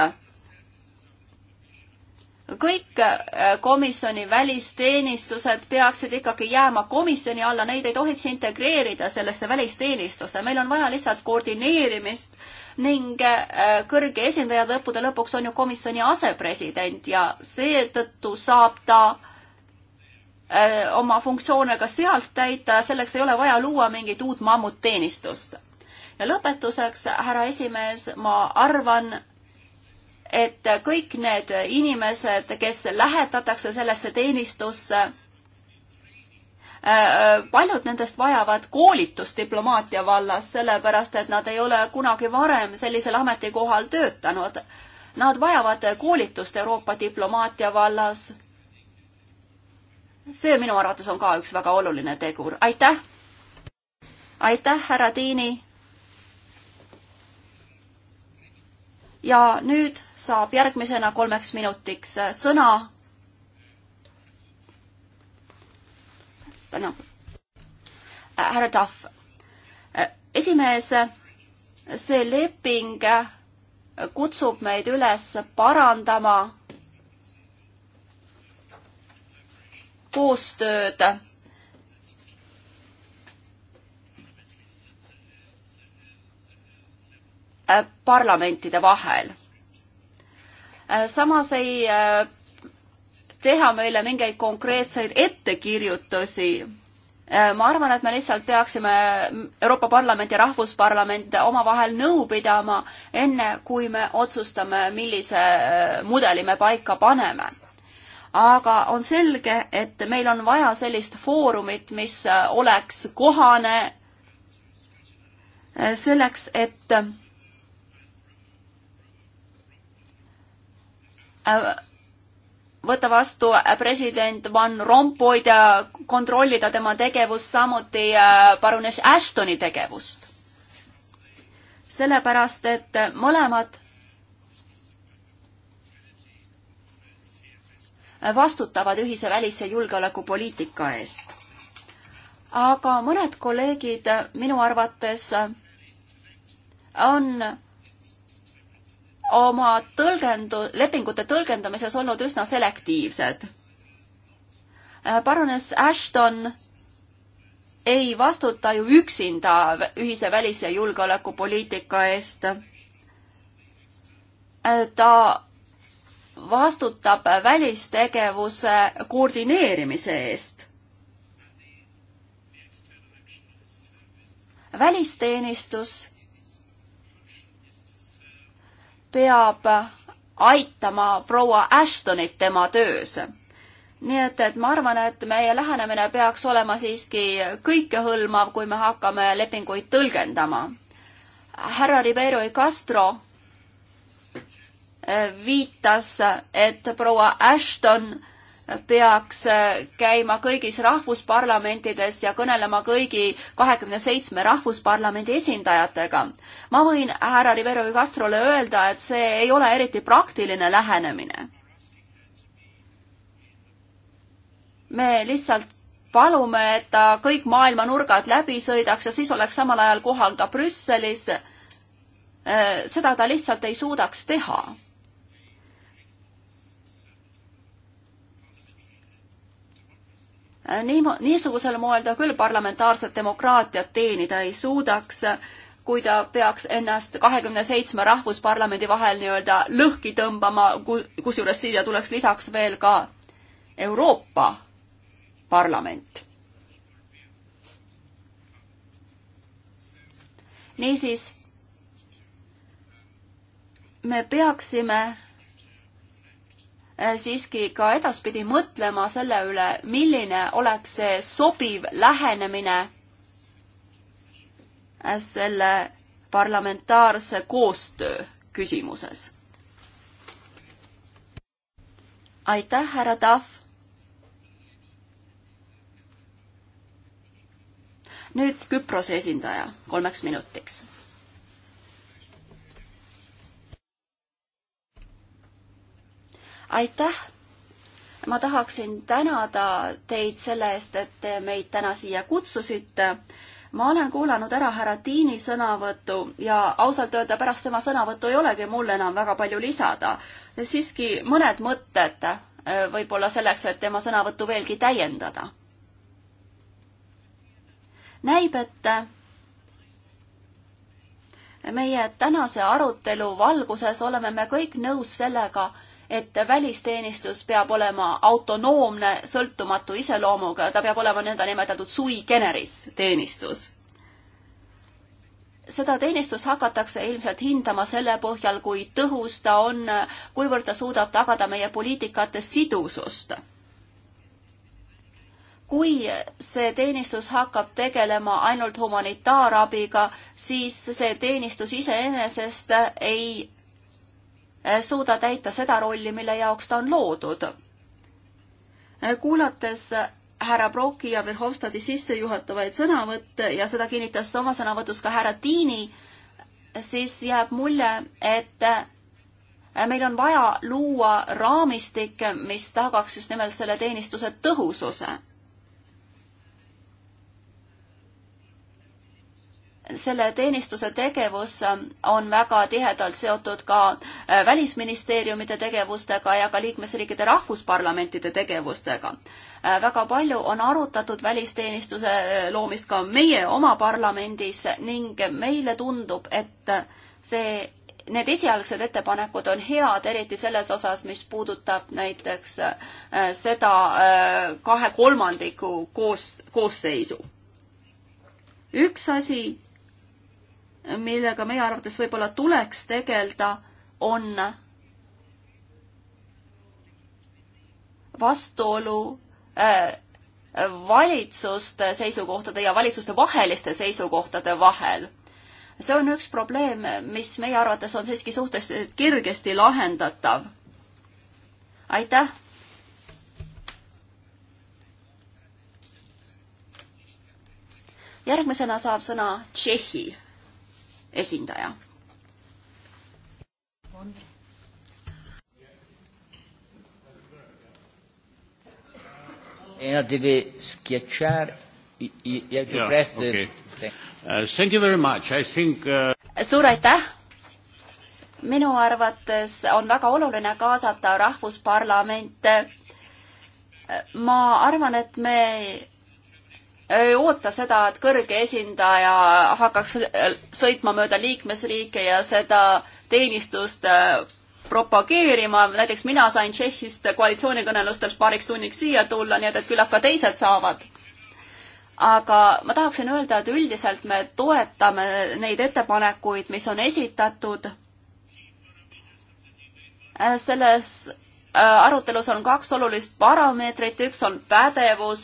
[SPEAKER 2] kõik äh, komisjoni välisteenistused peaksid ikkagi jääma komisjoni alla, neid ei tohiks integreerida sellesse välisteenistusse, meil on vaja lihtsalt koordineerimist ning äh, kõrge esindaja lõppude lõpuks on ju komisjoni asepresident ja seetõttu saab ta äh, oma funktsioone ka sealt täita, selleks ei ole vaja luua mingit uut mammutteenistust. ja lõpetuseks, härra esimees, ma arvan, et kõik need inimesed, kes lähetatakse sellesse teenistusse, äh, äh, paljud nendest vajavad koolitust diplomaatia vallas, sellepärast et nad ei ole kunagi varem sellisel ametikohal töötanud. Nad vajavad koolitust Euroopa diplomaatia vallas. see minu arvates on ka üks väga oluline tegur. aitäh! aitäh, härra Tiini! ja nüüd saab järgmisena kolmeks minutiks äh, sõna. tänan. Äh, härra Tahv. Äh, esimees, see leping kutsub meid üles parandama koostööd Äh, parlamentide vahel. Äh, samas ei äh, teha meile mingeid konkreetseid ettekirjutusi. ma arvan, et me lihtsalt peaksime Euroopa Parlament ja Rahvusparlament omavahel nõu pidama, enne kui me otsustame, millise mudeli me paika paneme aga on selge, et meil on vaja sellist foorumit, mis oleks kohane selleks, et Äh, võtta vastu äh, president Van Rompuyd ja kontrollida tema tegevust, samuti äh, parunes Ashtoni tegevust. sellepärast, et mõlemad vastutavad ühise välis- ja julgeolekupoliitika eest. aga mõned kolleegid minu arvates on oma tõlgendu-, lepingute tõlgendamises olnud üsna selektiivsed. paranes äh, Ashton ei vastuta ju üksinda ühise välis- ja julgeolekupoliitika eest. Äh, ta vastutab välistegevuse koordineerimise eest. välisteenistus peab aitama proua Ashtonit tema töös. nii et, et ma arvan, et meie lähenemine peaks olema siiski kõikehõlmav, kui me hakkame lepinguid tõlgendama. härra Ribeiro y Castro eh, viitas, et proua Ashton peaks äh, käima kõigis rahvusparlamentides ja kõnelema kõigi kahekümne seitsme rahvusparlamendi esindajatega. ma võin härra Rivero Castrole öelda, et see ei ole eriti praktiline lähenemine. me lihtsalt palume, et ta kõik maailma nurgad läbi sõidaks ja siis oleks samal ajal kohal ka Brüsselis. Äh, seda ta lihtsalt ei suudaks teha nii, niisugusel moel ta küll parlamentaarset demokraatiat teenida ei suudaks, kui ta peaks ennast kahekümne seitsme rahvusparlamendi vahel nii-öelda lõhki tõmbama, kusjuures siia tuleks lisaks veel ka Euroopa Parlament. niisiis, me peaksime Äh, siiski ka edaspidi mõtlema selle üle, milline oleks see sobiv lähenemine äh, selle parlamentaarse koostöö küsimuses. aitäh, härra Tahv. nüüd Küprose esindaja kolmeks minutiks aitäh! ma tahaksin tänada teid selle eest, et te meid täna siia kutsusite. ma olen kuulanud ära härra Tiini sõnavõtu ja ausalt öelda pärast tema sõnavõttu ei olegi mul enam väga palju lisada. siiski mõned mõtted äh, võib-olla selleks, et tema sõnavõttu veelgi täiendada. näib, et äh, meie tänase arutelu valguses oleme me kõik nõus sellega, et välisteenistus peab olema autonoomne, sõltumatu iseloomuga, ta peab olema nõndanimetatud sui generis teenistus. seda teenistust hakatakse ilmselt hindama selle põhjal, kui tõhus ta on, kuivõrd ta suudab tagada meie poliitikate sidusust kui see teenistus hakkab tegelema ainult humanitaarabiga, siis see teenistus iseenesest ei Eh, suuda täita seda rolli, mille jaoks ta on loodud. Eh, kuulates eh, härra Broki ja Verhofstadti sissejuhatavaid sõnavõtte ja seda kinnitas oma sõnavõtus ka härra Tiini, siis jääb mulje, et meil on vaja luua raamistik, mis tagaks just nimelt selle teenistuse tõhususe selle teenistuse tegevus on väga tihedalt seotud ka äh, välisministeeriumide tegevustega ja ka liikmesriikide rahvusparlamentide tegevustega. Äh, väga palju on arutatud välisteenistuse äh, loomist ka meie oma parlamendis ning meile tundub, et see need esialgsed ettepanekud on head, eriti selles osas, mis puudutab näiteks seda kahe kolmandiku koos, koosseisu. üks asi, millega meie arvates võib-olla tuleks tegeleda, on vastuolu äh, valitsuste seisukohtade ja valitsuste vaheliste seisukohtade vahel. see on üks probleem, mis meie arvates on siiski suhteliselt kergesti lahendatav. aitäh! järgmisena saab sõna Tšehhi esindaja.
[SPEAKER 3] Elena deve
[SPEAKER 1] schiacciare. You have to yeah, press the. Okay. Uh, eh, eh, thank you very much. I think. Uh... suur
[SPEAKER 2] aitäh. minu arvates on väga oluline kaasata rahvusparlamente. ma arvan, et me ei oota seda, et kõrge esindaja hakkaks sõitma mööda liikmesriike ja seda teenistust äh, propageerima, näiteks mina sain Tšehhist koalitsioonikõnelustel paariks tunniks siia tulla, nii et, et küllap ka teised saavad. aga ma tahaksin öelda, et üldiselt me toetame neid ettepanekuid, mis on esitatud äh, selles Äh, arutelus on kaks olulist parameetrit, üks on pädevus,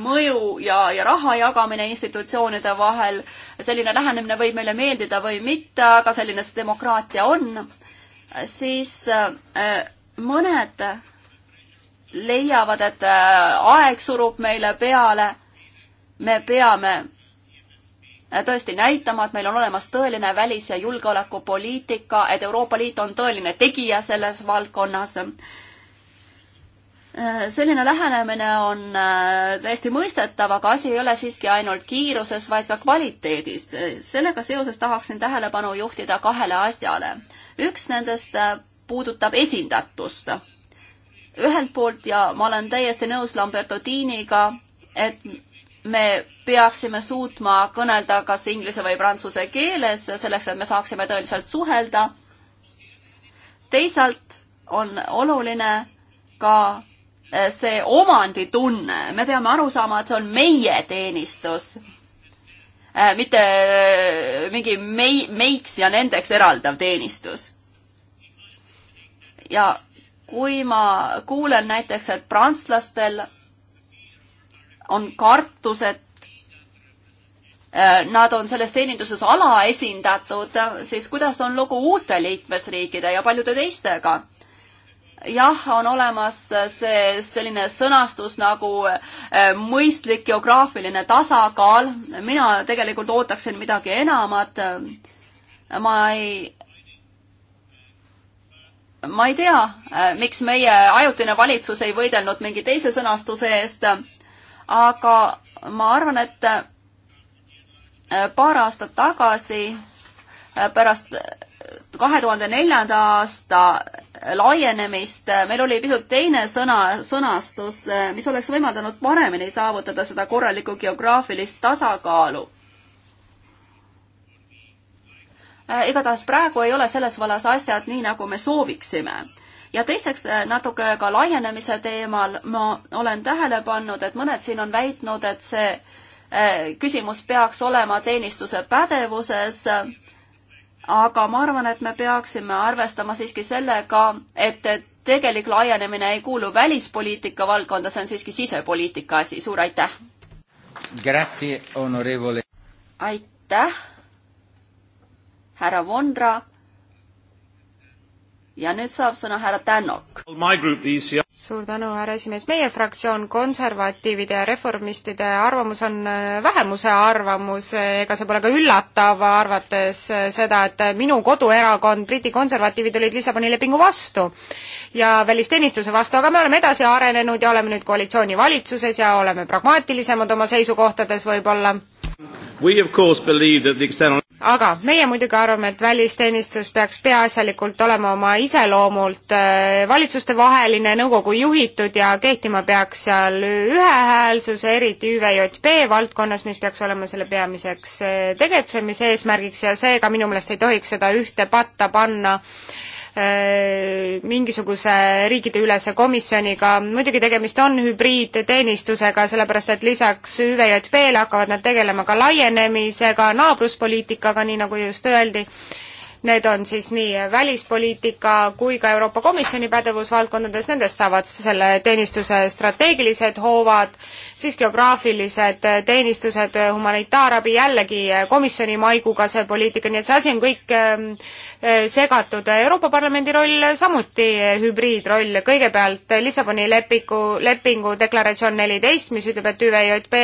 [SPEAKER 2] mõju ja, ja raha jagamine institutsioonide vahel. selline lähenemine võib meile meeldida või mitte, aga selline see demokraatia on. siis äh, mõned leiavad, et äh, aeg surub meile peale. me peame tõesti näitama, et meil on olemas tõeline välis- ja julgeolekupoliitika, et Euroopa Liit on tõeline tegija selles valdkonnas Äh, selline lähenemine on äh, täiesti mõistetav, aga asi ei ole siiski ainult kiiruses, vaid ka kvaliteedis. sellega seoses tahaksin tähelepanu juhtida kahele asjale. üks nendest äh, puudutab esindatust. ühelt poolt ja ma olen täiesti nõus Lamberto Tiiniga, et me peaksime suutma kõnelda kas inglise või prantsuse keeles, selleks et me saaksime tõeliselt suhelda. teisalt on oluline ka Äh, see omanditunne, me peame aru saama, et see on meie teenistus, äh, mitte äh, mingi mei-, meiks ja nendeks eraldav teenistus. ja kui ma kuulen näiteks, et prantslastel on kartus, et nad on selles teeninduses alaesindatud, siis kuidas on lugu uute liikmesriikide ja paljude teistega? jah, on olemas see selline sõnastus nagu eh, mõistlik geograafiline tasakaal. mina tegelikult ootaksin midagi enamat. ma ei, ma ei tea, eh, miks meie ajutine valitsus ei võidelnud mingi teise sõnastuse eest, aga ma arvan, et eh, paar aastat tagasi pärast kahe tuhande neljanda aasta laienemist, meil oli pisut teine sõna, sõnastus, mis oleks võimaldanud paremini saavutada seda korralikku geograafilist tasakaalu. igatahes praegu ei ole selles vallas asjad nii, nagu me sooviksime ja teiseks natuke ka laienemise teemal ma olen tähele pannud, et mõned siin on väitnud, et see eh, küsimus peaks olema teenistuse pädevuses aga ma arvan, et me peaksime arvestama siiski sellega, et tegelik laienemine ei kuulu välispoliitika valdkonda, see on siiski sisepoliitika asi, suur aitäh! aitäh,
[SPEAKER 1] härra Vondra. ja nüüd saab sõna härra Tänok suur tänu, härra esimees, meie fraktsioon, konservatiivide ja reformistide arvamus on äh, vähemuse arvamus, ega see pole ka üllatav, arvates äh, seda, et äh, minu koduerakond, Briti konservatiivid, olid Lissaboni lepingu vastu ja välisteenistuse vastu, aga me oleme edasi arenenud ja oleme nüüd koalitsioonivalitsuses ja oleme pragmaatilisemad oma seisukohtades võib-olla.
[SPEAKER 3] External
[SPEAKER 1] aga meie muidugi arvame, et välisteenistus peaks peaasjalikult olema oma iseloomult äh, valitsustevaheline, nõukogu juhitud ja kehtima peaks seal ühehäälsuse, eriti ÜVJP valdkonnas, mis peaks olema selle peamiseks äh, tegutsemise eesmärgiks ja seega minu meelest ei tohiks seda ühte patta panna äh, Äh, mingisuguse riikideülese komisjoniga, muidugi tegemist on hübriidteenistusega, sellepärast et lisaks ÜVJP-le hakkavad nad tegelema ka laienemisega, naabruspoliitikaga, nii nagu just öeldi, Need on siis nii välispoliitika kui ka Euroopa Komisjoni pädevusvaldkondades, nendest saavad selle teenistuse strateegilised hoovad, siis geograafilised teenistused, humanitaarabi, jällegi komisjoni maiguga see poliitika, nii et see asi on kõik ähm, äh, segatud. Euroopa Parlamendi roll samuti hübriidroll, kõigepealt Lissaboni lepiku, lepingu deklaratsioon neliteist, mis ütleb, et ÜVJP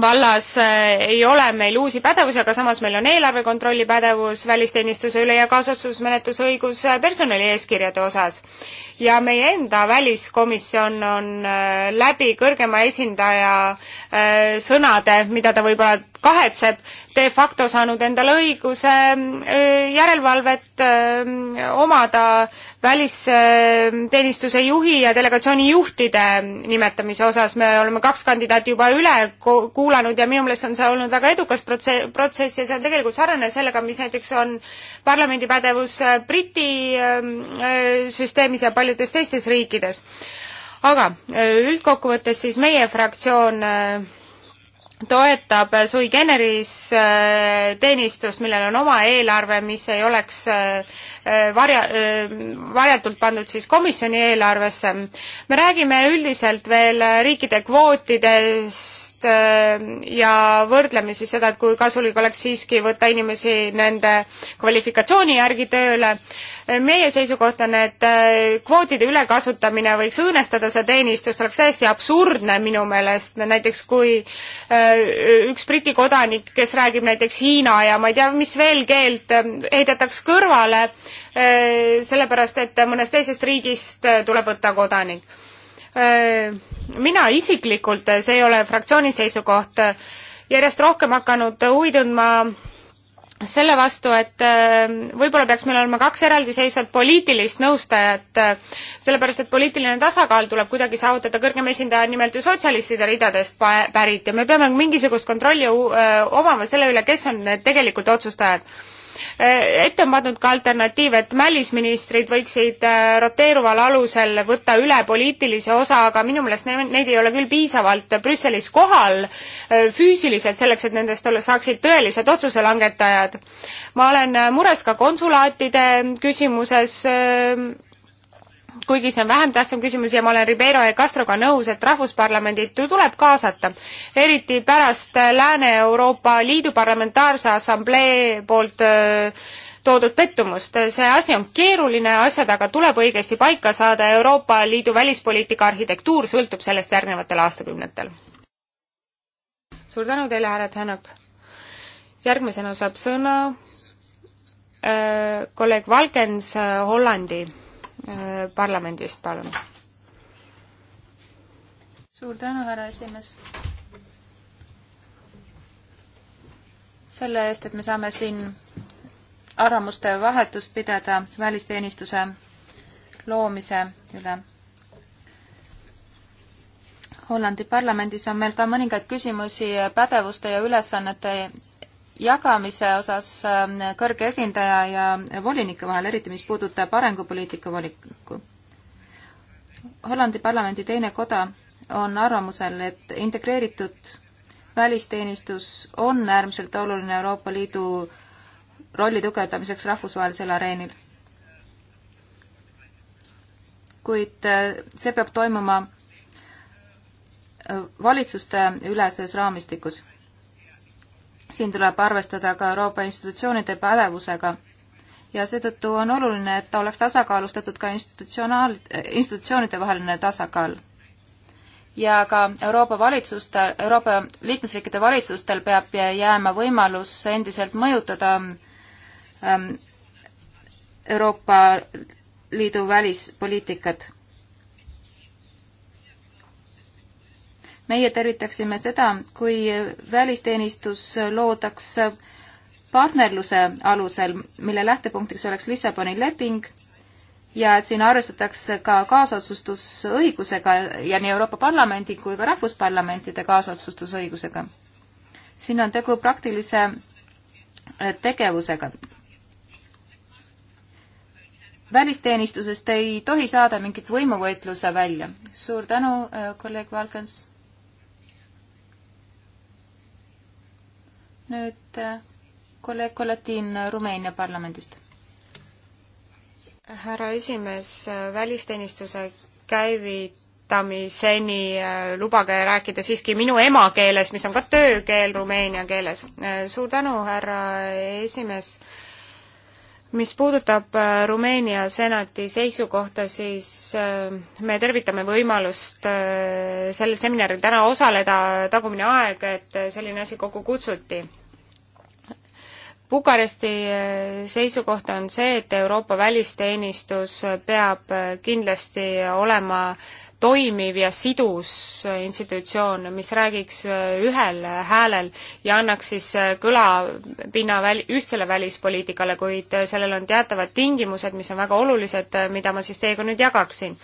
[SPEAKER 1] vallas äh, ei ole meil uusi pädevusi, aga samas meil on eelarve kontrolli pädevus välisteenistuse üle ja kaasotsusmenetluse õigus äh, personalieeskirjade osas. ja meie enda väliskomisjon on äh, läbi kõrgema esindaja sõnade, mida ta võib-olla kahetseb de facto saanud endale õiguse äh, järelevalvet äh, omada välisteenistuse juhi ja delegatsiooni juhtide nimetamise osas. me oleme kaks kandidaati juba üle kuulanud ja minu meelest on see olnud väga edukas protse-, protsess ja see on tegelikult sarnane sellega, mis näiteks on parlamendi pädevus äh, Briti süsteemis ja paljudes teistes riikides. aga üldkokkuvõttes siis meie fraktsioon toetab sui generis äh, teenistust, millel on oma eelarve, mis ei oleks äh, äh, varja, varjatult pandud siis komisjoni eelarvesse. me räägime üldiselt veel riikide kvootidest, tegemist äh, ja võrdleme siis seda, et kui kasulik oleks siiski võtta inimesi nende kvalifikatsiooni järgi tööle. meie seisukoht on, et äh, kvootide ülekasutamine võiks õõnestada seda teenistust, oleks täiesti absurdne minu meelest, näiteks kui äh, üks Briti kodanik, kes räägib näiteks hiina ja ma ei tea, mis veel keelt, heidetaks kõrvale sellepärast, et mõnest teisest riigist tuleb võtta kodanik Äh, mina isiklikult, äh, see ei ole fraktsiooni seisukoht, äh, järjest rohkem hakanud huvi tundma selle vastu, et võib-olla peaks meil olema kaks eraldiseisvat poliitilist nõustajat, sellepärast et poliitiline tasakaal tuleb kuidagi saavutada, kõrgem esindaja on nimelt ju sotsialistide ridadest pärit ja me peame mingisugust kontrolli omama selle üle, kes on need tegelikult otsustajad Eh, ette on pandud ka alternatiiv, et välisministrid võiksid eh, roteeruval alusel võtta üle poliitilise osa, aga minu meelest neid ei ole küll piisavalt Brüsselis kohal eh, füüsiliselt, selleks et nendest ole, saaksid tõelised otsuse langetajad. ma olen mures ka konsulaatide küsimuses kuigi see on vähem tähtsam küsimus ja ma olen Ribeiro ja Castroga nõus, et rahvusparlamendid tuleb kaasata. eriti pärast äh, Lääne-Euroopa Liidu Parlamentaarse Assamblee poolt äh, toodud pettumust. see asi on keeruline, asjad aga tuleb õigesti paika saada, Euroopa Liidu välispoliitika arhitektuur sõltub sellest järgnevatel aastakümnetel. suur tänu teile, härra Tänak! järgmisena saab sõna äh, kolleeg Valgens Hollandi Äh, parlamendist, palun.
[SPEAKER 3] suur tänu, härra esimees.
[SPEAKER 1] selle eest, et me saame
[SPEAKER 3] siin arvamuste vahetust pidada välisteenistuse loomise üle. Hollandi parlamendis on meil ka mõningaid küsimusi pädevuste ja ülesannete jagamise osas ähm, kõrge esindaja ja volinike vahel, eriti mis puudutab arengupoliitika volinikku. Hollandi parlamendi teine koda on arvamusel, et integreeritud välisteenistus on äärmiselt oluline Euroopa Liidu rolli tugevdamiseks rahvusvahelisel areenil. kuid äh, see peab toimuma äh, valitsuste üleses raamistikus siin tuleb arvestada ka Euroopa institutsioonide pädevusega ja seetõttu on oluline, et oleks tasakaalustatud ka institutsionaal, institutsioonide vaheline tasakaal. ja ka Euroopa valitsuste, Euroopa liikmesriikide valitsustel peab jääma võimalus endiselt mõjutada ähm, Euroopa Liidu välispoliitikat meie tervitaksime seda, kui välisteenistus loodaks partnerluse alusel, mille lähtepunktiks oleks Lissaboni leping ja et siin arvestatakse ka kaasotsustusõigusega ja nii Euroopa Parlamendi kui ka rahvusparlamentide kaasotsustusõigusega. siin on tegu praktilise eh, tegevusega. välisteenistusest ei tohi saada mingit võimuvõitluse välja. suur tänu, eh, kolleeg Valkens nüüd eh, kolleeg Kollatiin Rumeenia
[SPEAKER 1] parlamendist. härra esimees, eh, välisteenistuse käivid kirjutamiseni, eh, lubage rääkida siiski minu emakeeles, mis on ka töökeel rumeenia keeles. suur tänu, härra esimees. mis puudutab Rumeenia senati seisukohta, siis me tervitame võimalust sellel seminaril täna osaleda, tagumine aeg, et selline asi kokku kutsuti. Bukaresti eh, seisukoht on see, et Euroopa välisteenistus peab eh, kindlasti olema toimiv ja sidus institutsioon, mis räägiks eh, ühel häälel ja annaks siis kõlapinna väl-, ühtsele välispoliitikale, kuid sellel on teatavad tingimused, mis on väga olulised, mida ma siis teiega nüüd jagaksin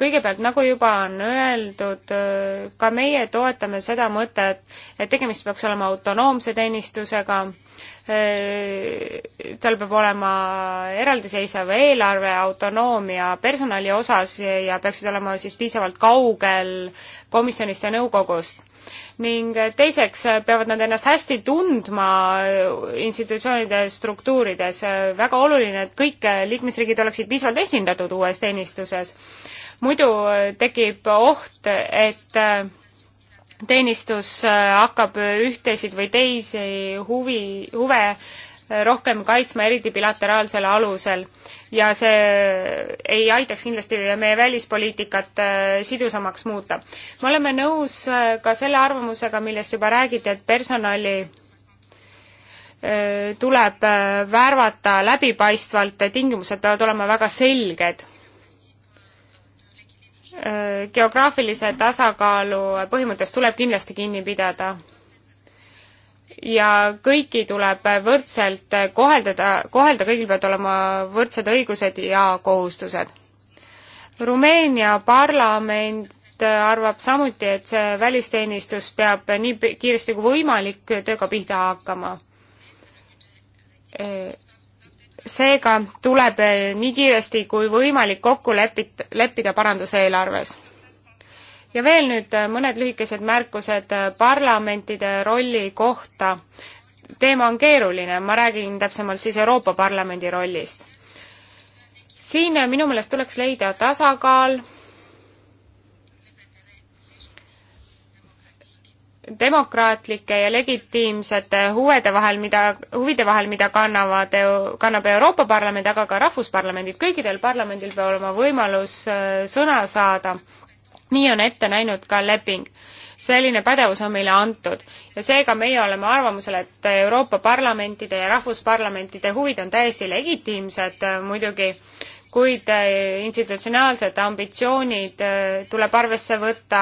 [SPEAKER 1] kõigepealt, nagu juba on öeldud, äh, ka meie toetame seda mõtet, et tegemist peaks olema autonoomse teenistusega, äh, tal peab olema eraldiseisev eelarve autonoomia personali osas ja peaksid olema siis piisavalt kaugel komisjonist ja nõukogust ning teiseks peavad nad ennast hästi tundma institutsioonide struktuurides. väga oluline, et kõik liikmesriigid oleksid piisavalt esindatud uues teenistuses. muidu tekib oht, et teenistus hakkab ühtesid või teisi huvi, huve rohkem kaitsma, eriti bilateraalsel alusel. ja see ei aitaks kindlasti meie välispoliitikat äh, sidusamaks muuta. me oleme nõus äh, ka selle arvamusega, millest juba räägiti, et personali äh, tuleb värvata läbipaistvalt, tingimused peavad olema väga selged geograafilise tasakaalu põhimõttest tuleb kindlasti kinni pidada ja kõiki tuleb võrdselt koheldada, kohelda, kõigil peavad olema võrdsed õigused ja kohustused. Rumeenia parlament arvab samuti, et see välisteenistus peab nii kiiresti kui võimalik tööga pihta hakkama. seega tuleb nii kiiresti kui võimalik kokku lepit-, leppida paranduseelarves ja veel nüüd äh, mõned lühikesed märkused äh, parlamentide rolli kohta. teema on keeruline, ma räägin täpsemalt siis Euroopa Parlamendi rollist. siin äh, minu meelest tuleks leida tasakaal demokraatlike ja legitiimsete huvide vahel, mida, huvide vahel, mida kannavad, kannab Euroopa Parlament, aga ka rahvusparlamendid, kõikidel parlamendil peab olema võimalus sõna saada nii on ette näinud ka leping. selline pädevus on meile antud ja seega meie oleme arvamusel, et Euroopa parlamentide ja rahvusparlamentide huvid on täiesti legitiimsed äh, muidugi, kuid äh, institutsionaalsed ambitsioonid äh, tuleb arvesse võtta,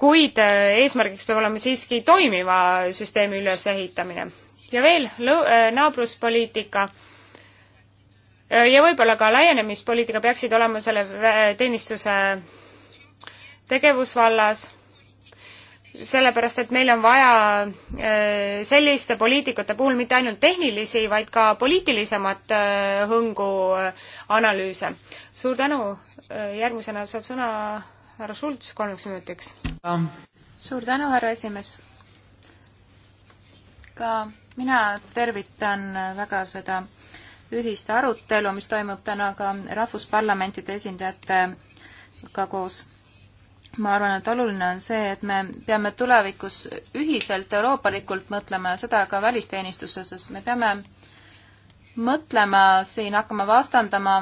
[SPEAKER 1] kuid eesmärgiks peab olema siiski toimiva süsteemi ülesehitamine. ja veel lõu-, naabruspoliitika Äh, ja võib-olla ka laienemispoliitika peaksid olema selle äh, teenistuse tegevusvallas, sellepärast et meil on vaja äh, selliste poliitikute puhul mitte ainult tehnilisi, vaid ka poliitilisemat hõngu analüüse. suur tänu, järgmisena saab sõna härra Schultz kolmeks minutiks. suur tänu, härra esimees. ka
[SPEAKER 3] mina tervitan väga seda ühist arutelu, mis toimub täna ka rahvusparlamentide esindajatega koos. ma arvan, et oluline on see, et me peame tulevikus ühiselt euroopalikult mõtlema ja seda ka välisteenistuse osas, me peame mõtlema siin, hakkama vastandama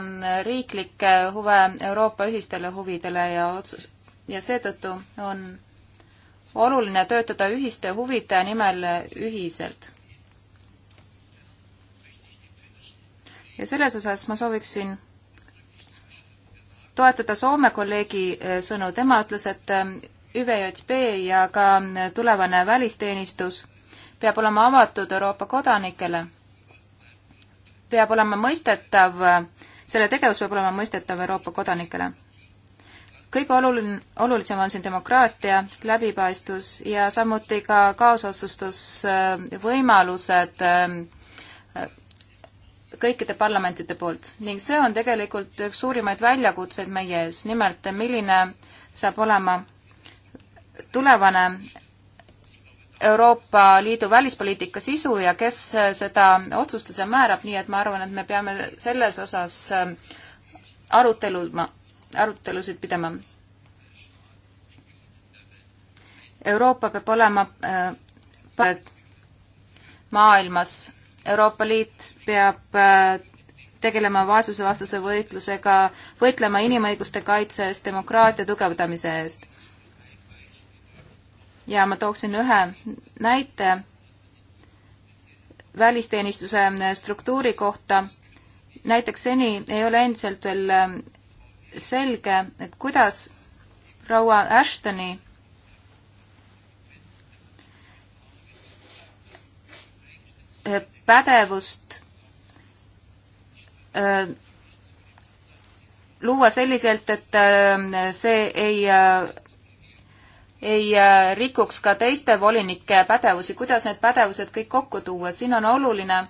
[SPEAKER 3] riiklikke huve Euroopa ühistele huvidele ja otsus, ja seetõttu on oluline töötada ühiste huvide nimel ühiselt ja selles osas ma sooviksin toetada Soome kolleegi eh, sõnu, tema ütles, et eh, ÜVJP ja ka tulevane välisteenistus peab olema avatud Euroopa kodanikele, peab olema mõistetav, selle tegevus peab olema mõistetav Euroopa kodanikele. kõige oluline, olulisem on siin demokraatia, läbipaistvus ja samuti ka kaasotsustusvõimalused eh, kõikide parlamentide poolt ning see on tegelikult üks suurimaid väljakutseid meie ees, nimelt milline saab olema tulevane Euroopa Liidu välispoliitika sisu ja kes seda otsustas ja määrab, nii et ma arvan, et me peame selles osas ähm, arutelu, arutelusid pidama. Euroopa peab olema äh, maailmas Euroopa Liit peab äh, tegelema vaesusevastase võitlusega, võitlema inimõiguste kaitse eest, demokraatia tugevdamise eest. ja ma tooksin ühe näite välisteenistuse äh, struktuuri kohta. näiteks seni ei ole endiselt veel äh, selge, et kuidas proua Ashtoni pädevust öö, luua selliselt, et öö, see ei öö, ei rikuks ka teiste volinike pädevusi, kuidas need pädevused kõik kokku tuua, siin on oluline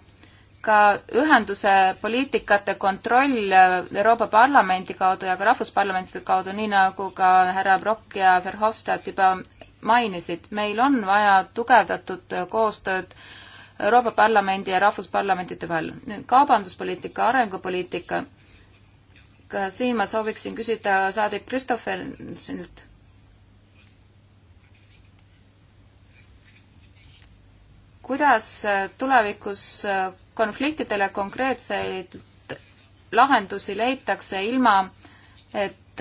[SPEAKER 3] ka ühenduse poliitikate kontroll Euroopa Parlamendi kaudu ja ka rahvusparlamentide kaudu, nii nagu ka härra Brock ja Verhofstadt juba mainisid, meil on vaja tugevdatud koostööd Euroopa Parlamendi ja rahvusparlamentide vahel. kaubanduspoliitika, arengupoliitika, ka siin ma sooviksin küsida saadik Kristofersilt. kuidas tulevikus konfliktidele konkreetseid lahendusi leitakse ilma, et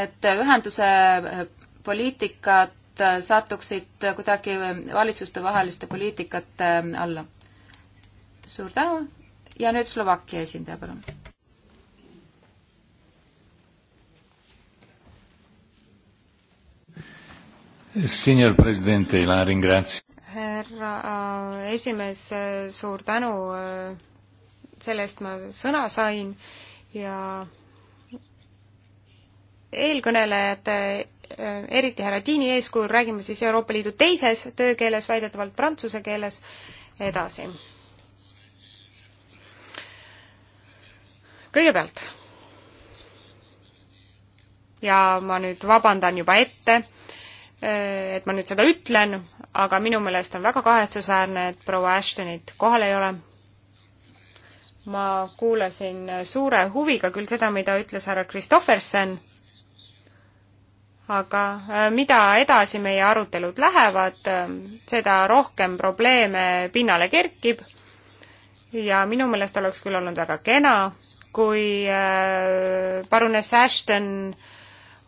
[SPEAKER 3] et ühenduse poliitikat nad äh, satuksid kuidagi valitsustevaheliste poliitikate äh, alla. suur tänu ja nüüd Slovakkia esindaja, palun. Signor Presidente, la ringrazio.
[SPEAKER 1] härra äh, esimees, suur tänu selle eest ma sõna sain ja eelkõnelejate Äh, eriti härra Tiini eeskujul räägime siis Euroopa Liidu teises töökeeles, väidetavalt prantsuse keeles, edasi. kõigepealt ja ma nüüd vabandan juba ette, äh, et ma nüüd seda ütlen, aga minu meelest on väga kahetsusväärne, et proua Ashtonit kohal ei ole. ma kuulasin suure huviga küll seda, mida ütles härra Christophersen aga äh, mida edasi meie arutelud lähevad, äh, seda rohkem probleeme pinnale kerkib ja minu meelest oleks küll olnud väga kena, kui äh, paruness Ashton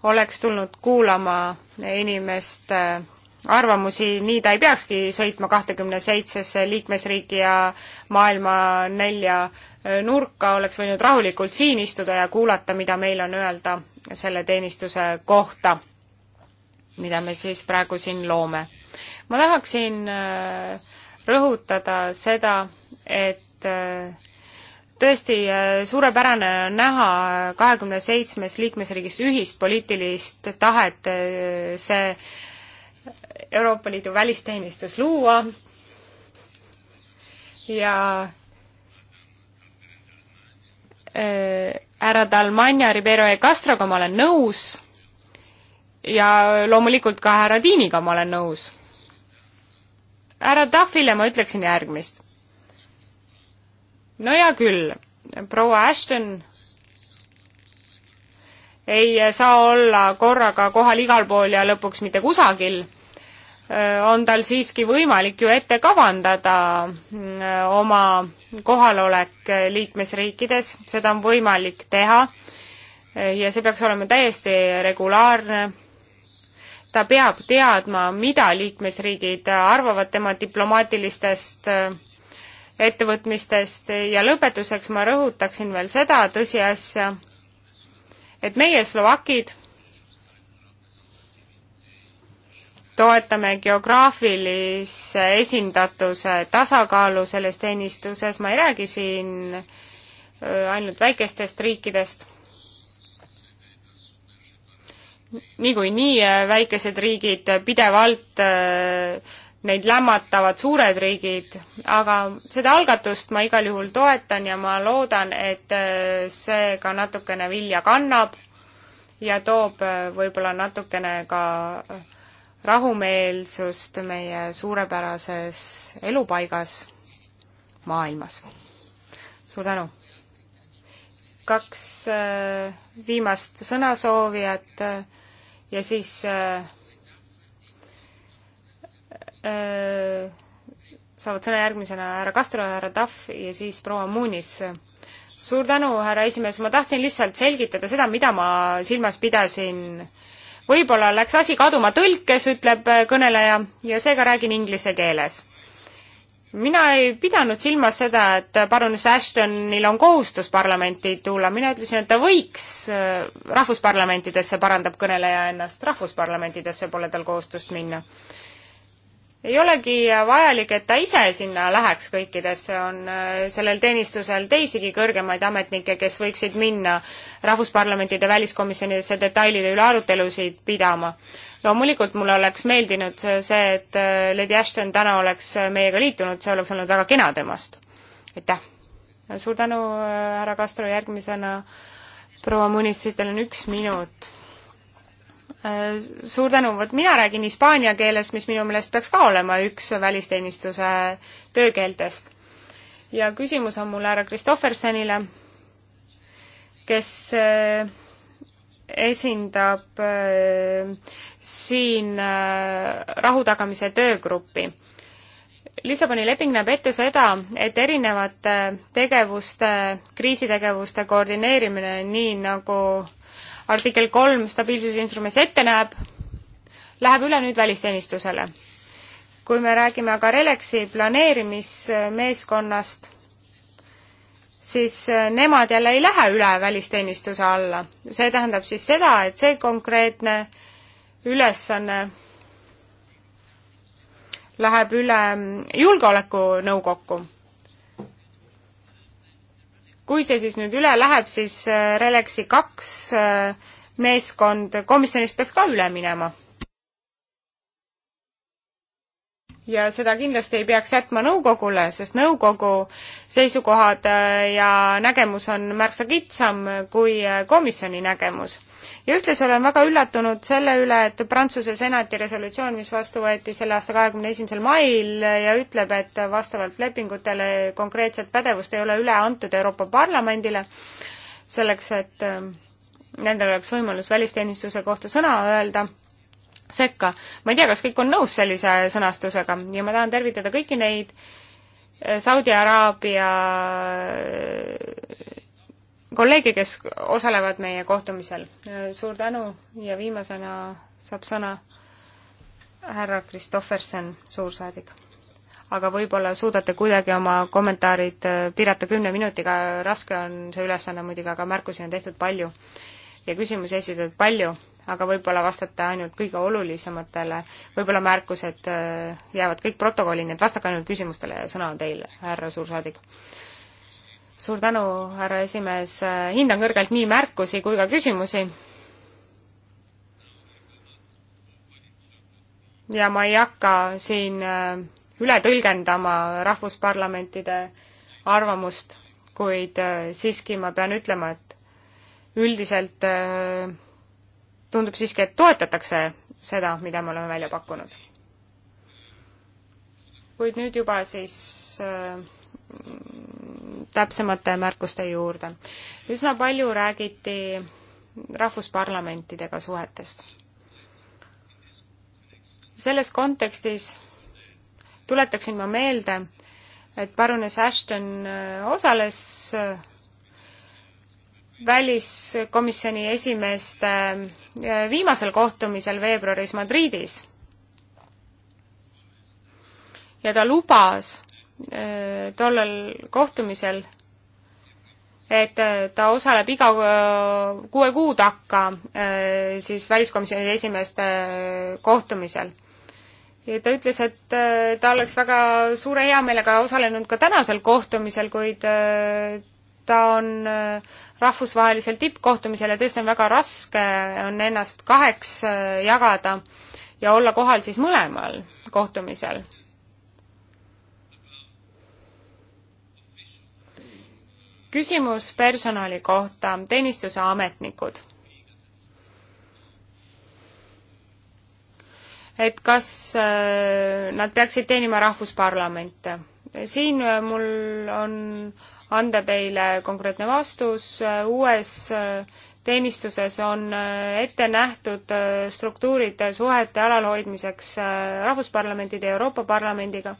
[SPEAKER 1] oleks tulnud kuulama inimeste arvamusi, nii ta ei peakski sõitma kahtekümne seitsesse liikmesriiki ja maailma nelja nurka, oleks võinud rahulikult siin istuda ja kuulata, mida meil on öelda selle teenistuse kohta, mida me siis praegu siin loome. ma tahaksin äh, rõhutada seda, et äh, tõesti äh, suurepärane on näha kahekümne seitsmes liikmesriigis ühist poliitilist tahet see Euroopa Liidu välisteenistus luua ja härra Dalmanja, Ribeiro ja Castroga ma olen nõus ja loomulikult ka härra Tiiniga ma olen nõus. härra Tahvile ma ütleksin järgmist. no hea küll, proua Ashton ei saa olla korraga kohal igal pool ja lõpuks mitte kusagil Äh, on tal siiski võimalik ju ette kavandada äh, oma kohalolek äh, liikmesriikides, seda on võimalik teha ja see peaks olema täiesti regulaarne. ta peab teadma, mida liikmesriigid arvavad tema diplomaatilistest ettevõtmistest ja lõpetuseks ma rõhutaksin veel seda tõsiasja, et meie slovakid toetame geograafilise esindatuse tasakaalu selles teenistuses, ma ei räägi siin äh, ainult väikestest riikidest, niikuinii äh, väikesed riigid äh, pidevalt neid lämmatavad suured riigid, aga seda algatust ma igal juhul toetan ja ma loodan, et see ka natukene vilja kannab ja toob võib-olla natukene ka äh, rahumeelsust meie suurepärases elupaigas maailmas. suur tänu! kaks äh, viimast sõnasoovijat äh, ja siis äh, saavad sõna järgmisena härra Castro, härra Tahv ja siis proua Muunis. suur tänu, härra esimees, ma tahtsin lihtsalt selgitada seda, mida ma silmas pidasin äh, võib-olla läks asi kaduma tõlkes, ütleb äh, kõneleja, ja seega räägin inglise keeles. mina ei pidanud silmas seda, et äh, parunes Ashtonil on kohustus parlamenti tulla, mina ütlesin, et ta võiks äh, rahvusparlamentidesse, parandab kõneleja ennast, rahvusparlamentidesse pole tal kohustust minna ei olegi vajalik, et ta ise sinna läheks kõikidesse, on äh, sellel teenistusel teisigi kõrgemaid ametnikke, kes võiksid minna rahvusparlamentide väliskomisjonidesse detailide üle arutelusid pidama. loomulikult mulle oleks meeldinud see, et äh, Lady Ashton täna oleks äh, meiega liitunud, see oleks olnud väga kena temast. aitäh! suur tänu, härra Castro, järgmisena proua Munitsitele on üks minut Äh, suur tänu, vot mina räägin hispaania keeles, mis minu meelest peaks ka olema üks välisteenistuse töökeeltest. ja küsimus on mul härra Kristoffersenile, kes äh, esindab äh, siin rahutagamise töögruppi. Lissaboni leping näeb ette seda, et erinevate tegevuste, kriisitegevuste koordineerimine, nii nagu äh, artikkel kolm stabiilsusinstrumendis ette näeb, läheb üle nüüd välisteenistusele. kui me räägime aga Relexi planeerimismeeskonnast, siis äh, nemad jälle ei lähe üle välisteenistuse alla. see tähendab siis seda, et see konkreetne ülesanne läheb üle mm, julgeolekunõukokku kui see siis nüüd üle läheb, siis äh, Relexi kaks äh, meeskond komisjonist peaks ka üle minema ja seda kindlasti ei peaks jätma nõukogule, sest nõukogu seisukohad äh, ja nägemus on märksa kitsam kui äh, komisjoni nägemus. ja ühtlasi olen väga üllatunud selle üle, et Prantsuse senati resolutsioon, mis vastu võeti selle aasta kahekümne esimesel mail äh, ja ütleb, et vastavalt lepingutele konkreetset pädevust ei ole üle antud Euroopa Parlamendile, selleks et nendel oleks võimalus välisteenistuse kohta sõna öelda sekka. ma ei tea, kas kõik on nõus sellise sõnastusega ja ma tahan tervitada kõiki neid eh, Saudi Araabia eh, kolleege, kes osalevad meie kohtumisel. Eh, suur tänu ja viimasena saab sõna härra Kristoffersen, suursaadik. aga võib-olla suudate kuidagi oma kommentaarid piirata kümne minutiga, raske on see ülesanne muidugi, aga märkusi on tehtud palju ja küsimusi esitatud palju aga võib-olla vastate ainult kõige olulisematele, võib-olla märkused äh, jäävad kõik protokolli, nii et vastake ainult küsimustele ja sõna on teil, härra suursaadik. suur tänu, härra esimees, äh, hindan kõrgelt nii märkusi kui ka küsimusi. ja ma ei hakka siin äh, üle tõlgendama rahvusparlamentide arvamust, kuid siiski ma pean ütlema, et üldiselt tundub siiski, et toetatakse seda, mida me oleme välja pakkunud. kuid nüüd juba siis äh, täpsemate märkuste juurde. üsna palju räägiti rahvusparlamentidega suhetest. selles kontekstis tuletaksin ma meelde, et parunes Ashton äh, osales äh, väliskomisjoni esimeeste äh, viimasel kohtumisel veebruaris Madridis. ja ta lubas äh, tollel kohtumisel, et äh, ta osaleb iga kuue kuu takka siis väliskomisjoni esimeeste kohtumisel. ja ta ütles, et ta oleks väga suure heameelega osalenud ka tänasel kohtumisel, kuid ta on äh, rahvusvahelisel tippkohtumisel ja tõesti on väga raske, on ennast kaheks äh, jagada ja olla kohal siis mõlemal kohtumisel. küsimus personali kohta, teenistuse ametnikud. et kas äh, nad peaksid teenima rahvusparlamente? siin mul on äh, anda teile konkreetne vastus, uues äh, teenistuses on äh, ette nähtud äh, struktuurid suhete alalhoidmiseks Rahvusparlamentide ja Euroopa Parlamendiga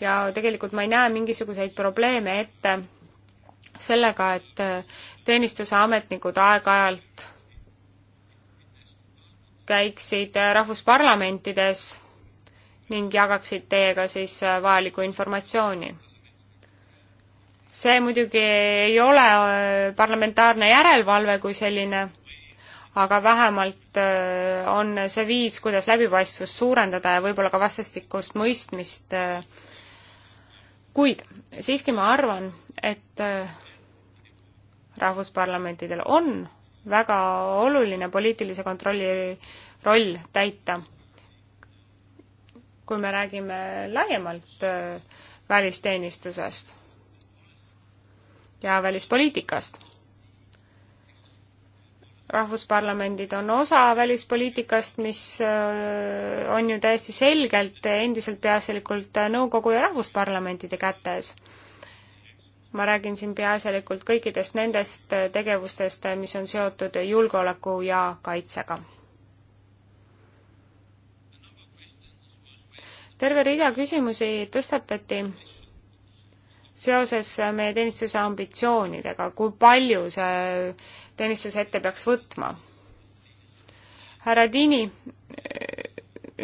[SPEAKER 1] ja tegelikult ma ei näe mingisuguseid probleeme ette sellega, et teenistuse ametnikud aeg-ajalt käiksid rahvusparlamentides ning jagaksid teiega siis vajalikku informatsiooni see muidugi ei ole äh, parlamentaarne järelevalve kui selline, aga vähemalt äh, on see viis, kuidas läbipaistvust suurendada ja võib-olla ka vastastikust mõistmist. Äh, kuid siiski ma arvan, et rahvusparlamentidel on väga oluline poliitilise kontrolli roll täita. kui me räägime laiemalt välisteenistusest ja välispoliitikast. rahvusparlamendid on osa välispoliitikast, mis äh, on ju täiesti selgelt endiselt peaasjalikult nõukogu ja rahvusparlamentide kätes ma räägin siin peaasjalikult kõikidest nendest tegevustest, mis on seotud julgeoleku ja kaitsega. terve rida küsimusi tõstatati seoses äh, meie teenistuse ambitsioonidega, kui palju see teenistus ette peaks võtma? härra Dini äh,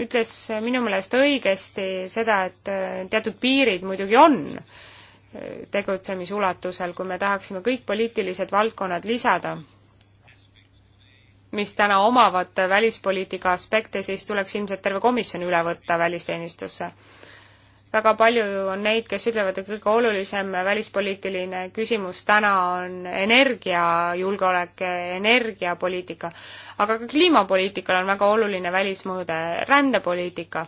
[SPEAKER 1] ütles minu meelest õigesti seda, et äh, teatud piirid muidugi on tegutsemisulatusel, kui me tahaksime kõik poliitilised valdkonnad lisada, mis täna omavad välispoliitika aspekte, siis tuleks ilmselt terve komisjon üle võtta välisteenistusse väga palju on neid, kes ütlevad, et kõige olulisem välispoliitiline küsimus täna on energiajulgeolek, energiapoliitika. aga ka kliimapoliitikal on väga oluline välismõõde, rändepoliitika.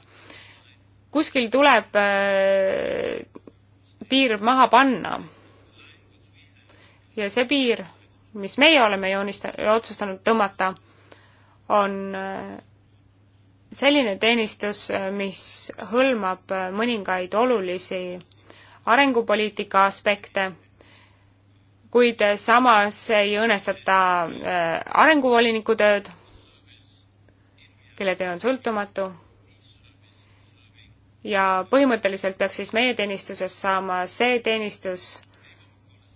[SPEAKER 1] kuskil tuleb äh, piir maha panna. ja see piir, mis meie oleme joonista-, otsustanud tõmmata, on äh, selline teenistus, mis hõlmab mõningaid olulisi arengupoliitika aspekte, kuid samas ei õõnestata äh, arenguvoliniku tööd, kelle töö on sõltumatu, ja põhimõtteliselt peaks siis meie teenistuses saama see teenistus,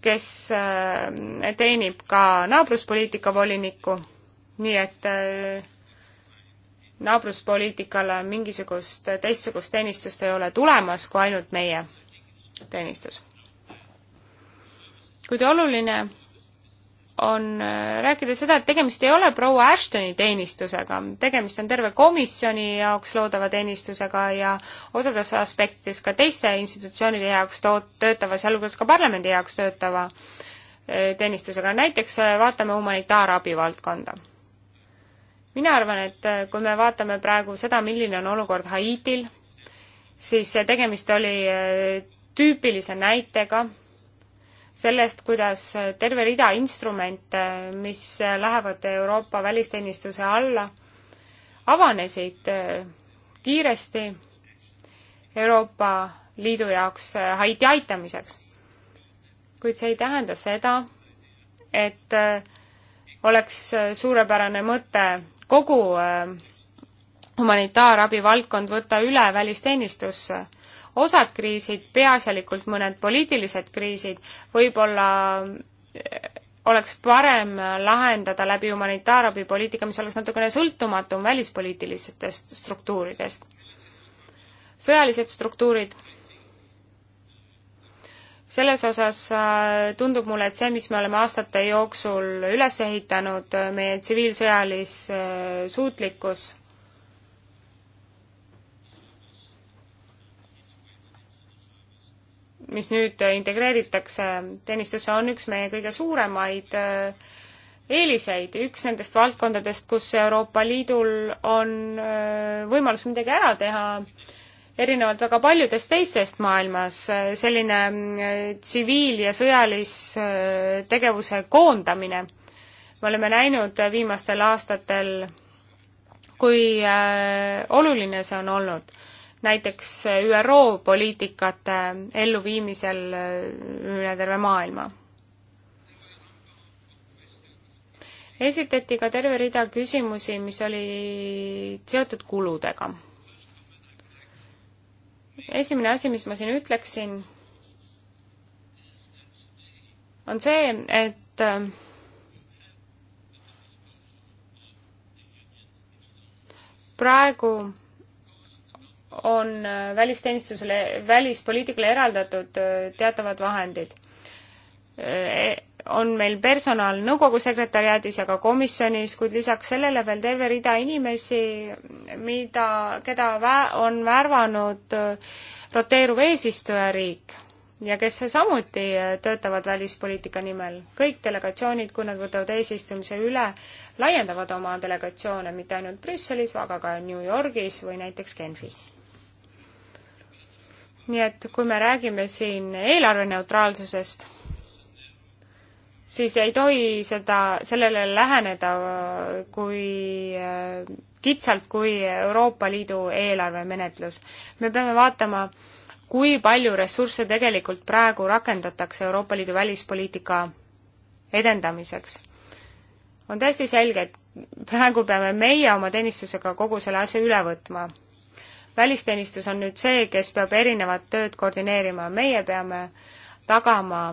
[SPEAKER 1] kes äh, teenib ka naabruspoliitika volinikku, nii et äh, naabruspoliitikale mingisugust teistsugust teenistust ei ole tulemas kui ainult meie teenistus. kuid oluline on äh, rääkida seda, et tegemist ei ole proua Ashtoni teenistusega, tegemist on terve komisjoni jaoks loodava teenistusega ja osades aspektides ka teiste institutsioonide jaoks to-, töötava, sealhulgas ka parlamendi jaoks töötava äh, teenistusega, näiteks äh, vaatame humanitaarabi valdkonda mina arvan, et äh, kui me vaatame praegu seda, milline on olukord Haitil, siis tegemist oli äh, tüüpilise näitega sellest, kuidas äh, terve rida instrumente, mis lähevad Euroopa välisteenistuse alla, avanesid kiiresti Euroopa Liidu jaoks Haiti aitamiseks. kuid see ei tähenda seda, et oleks suurepärane mõte kogu äh, humanitaarabi valdkond võtta üle välisteenistusse. osad kriisid, peaasjalikult mõned poliitilised kriisid, võib-olla äh, oleks parem lahendada läbi humanitaarabipoliitika, mis oleks natukene sõltumatum välispoliitilistest struktuuridest. sõjalised struktuurid selles osas äh, tundub mulle, et see, mis me oleme aastate jooksul üles ehitanud, äh, meie tsiviilsõjalis äh, suutlikkus, mis nüüd integreeritakse teenistusse, on üks meie kõige suuremaid eeliseid, üks nendest valdkondadest, kus Euroopa Liidul on võimalus midagi ära teha äh, erinevalt väga paljudest teistest maailmas, äh, selline äh, tsiviil- ja sõjalistegevuse äh, koondamine. me oleme näinud viimastel aastatel, kui oluline see on olnud. näiteks ÜRO poliitikate elluviimisel üle terve maailma. esitati ka terve rida küsimusi, mis olid seotud kuludega esimene asi, mis ma siin ütleksin, on see, et äh, praegu on äh, välisteenistusele, välispoliitikale eraldatud äh, teatavad vahendid on meil personal nõukogu sekretäriaadis ja ka komisjonis, kuid lisaks sellele veel terve rida inimesi, mida, keda vä-, on värvanud äh, roteeruv eesistujariik ja kes samuti äh, töötavad välispoliitika nimel. kõik delegatsioonid, kui nad võtavad eesistumise üle, laiendavad oma delegatsioone mitte ainult Brüsselis, aga ka New Yorgis või näiteks Genfis nii et kui me räägime siin eelarveneutraalsusest, siis ei tohi seda, sellele läheneda äh, kui äh, kitsalt kui Euroopa Liidu eelarvemenetlus. me peame vaatama, kui palju ressursse tegelikult praegu rakendatakse Euroopa Liidu välispoliitika edendamiseks. on täiesti selge, et praegu peame meie oma teenistusega kogu selle asja üle võtma. välisteenistus on nüüd see, kes peab erinevat tööd koordineerima, meie peame tagama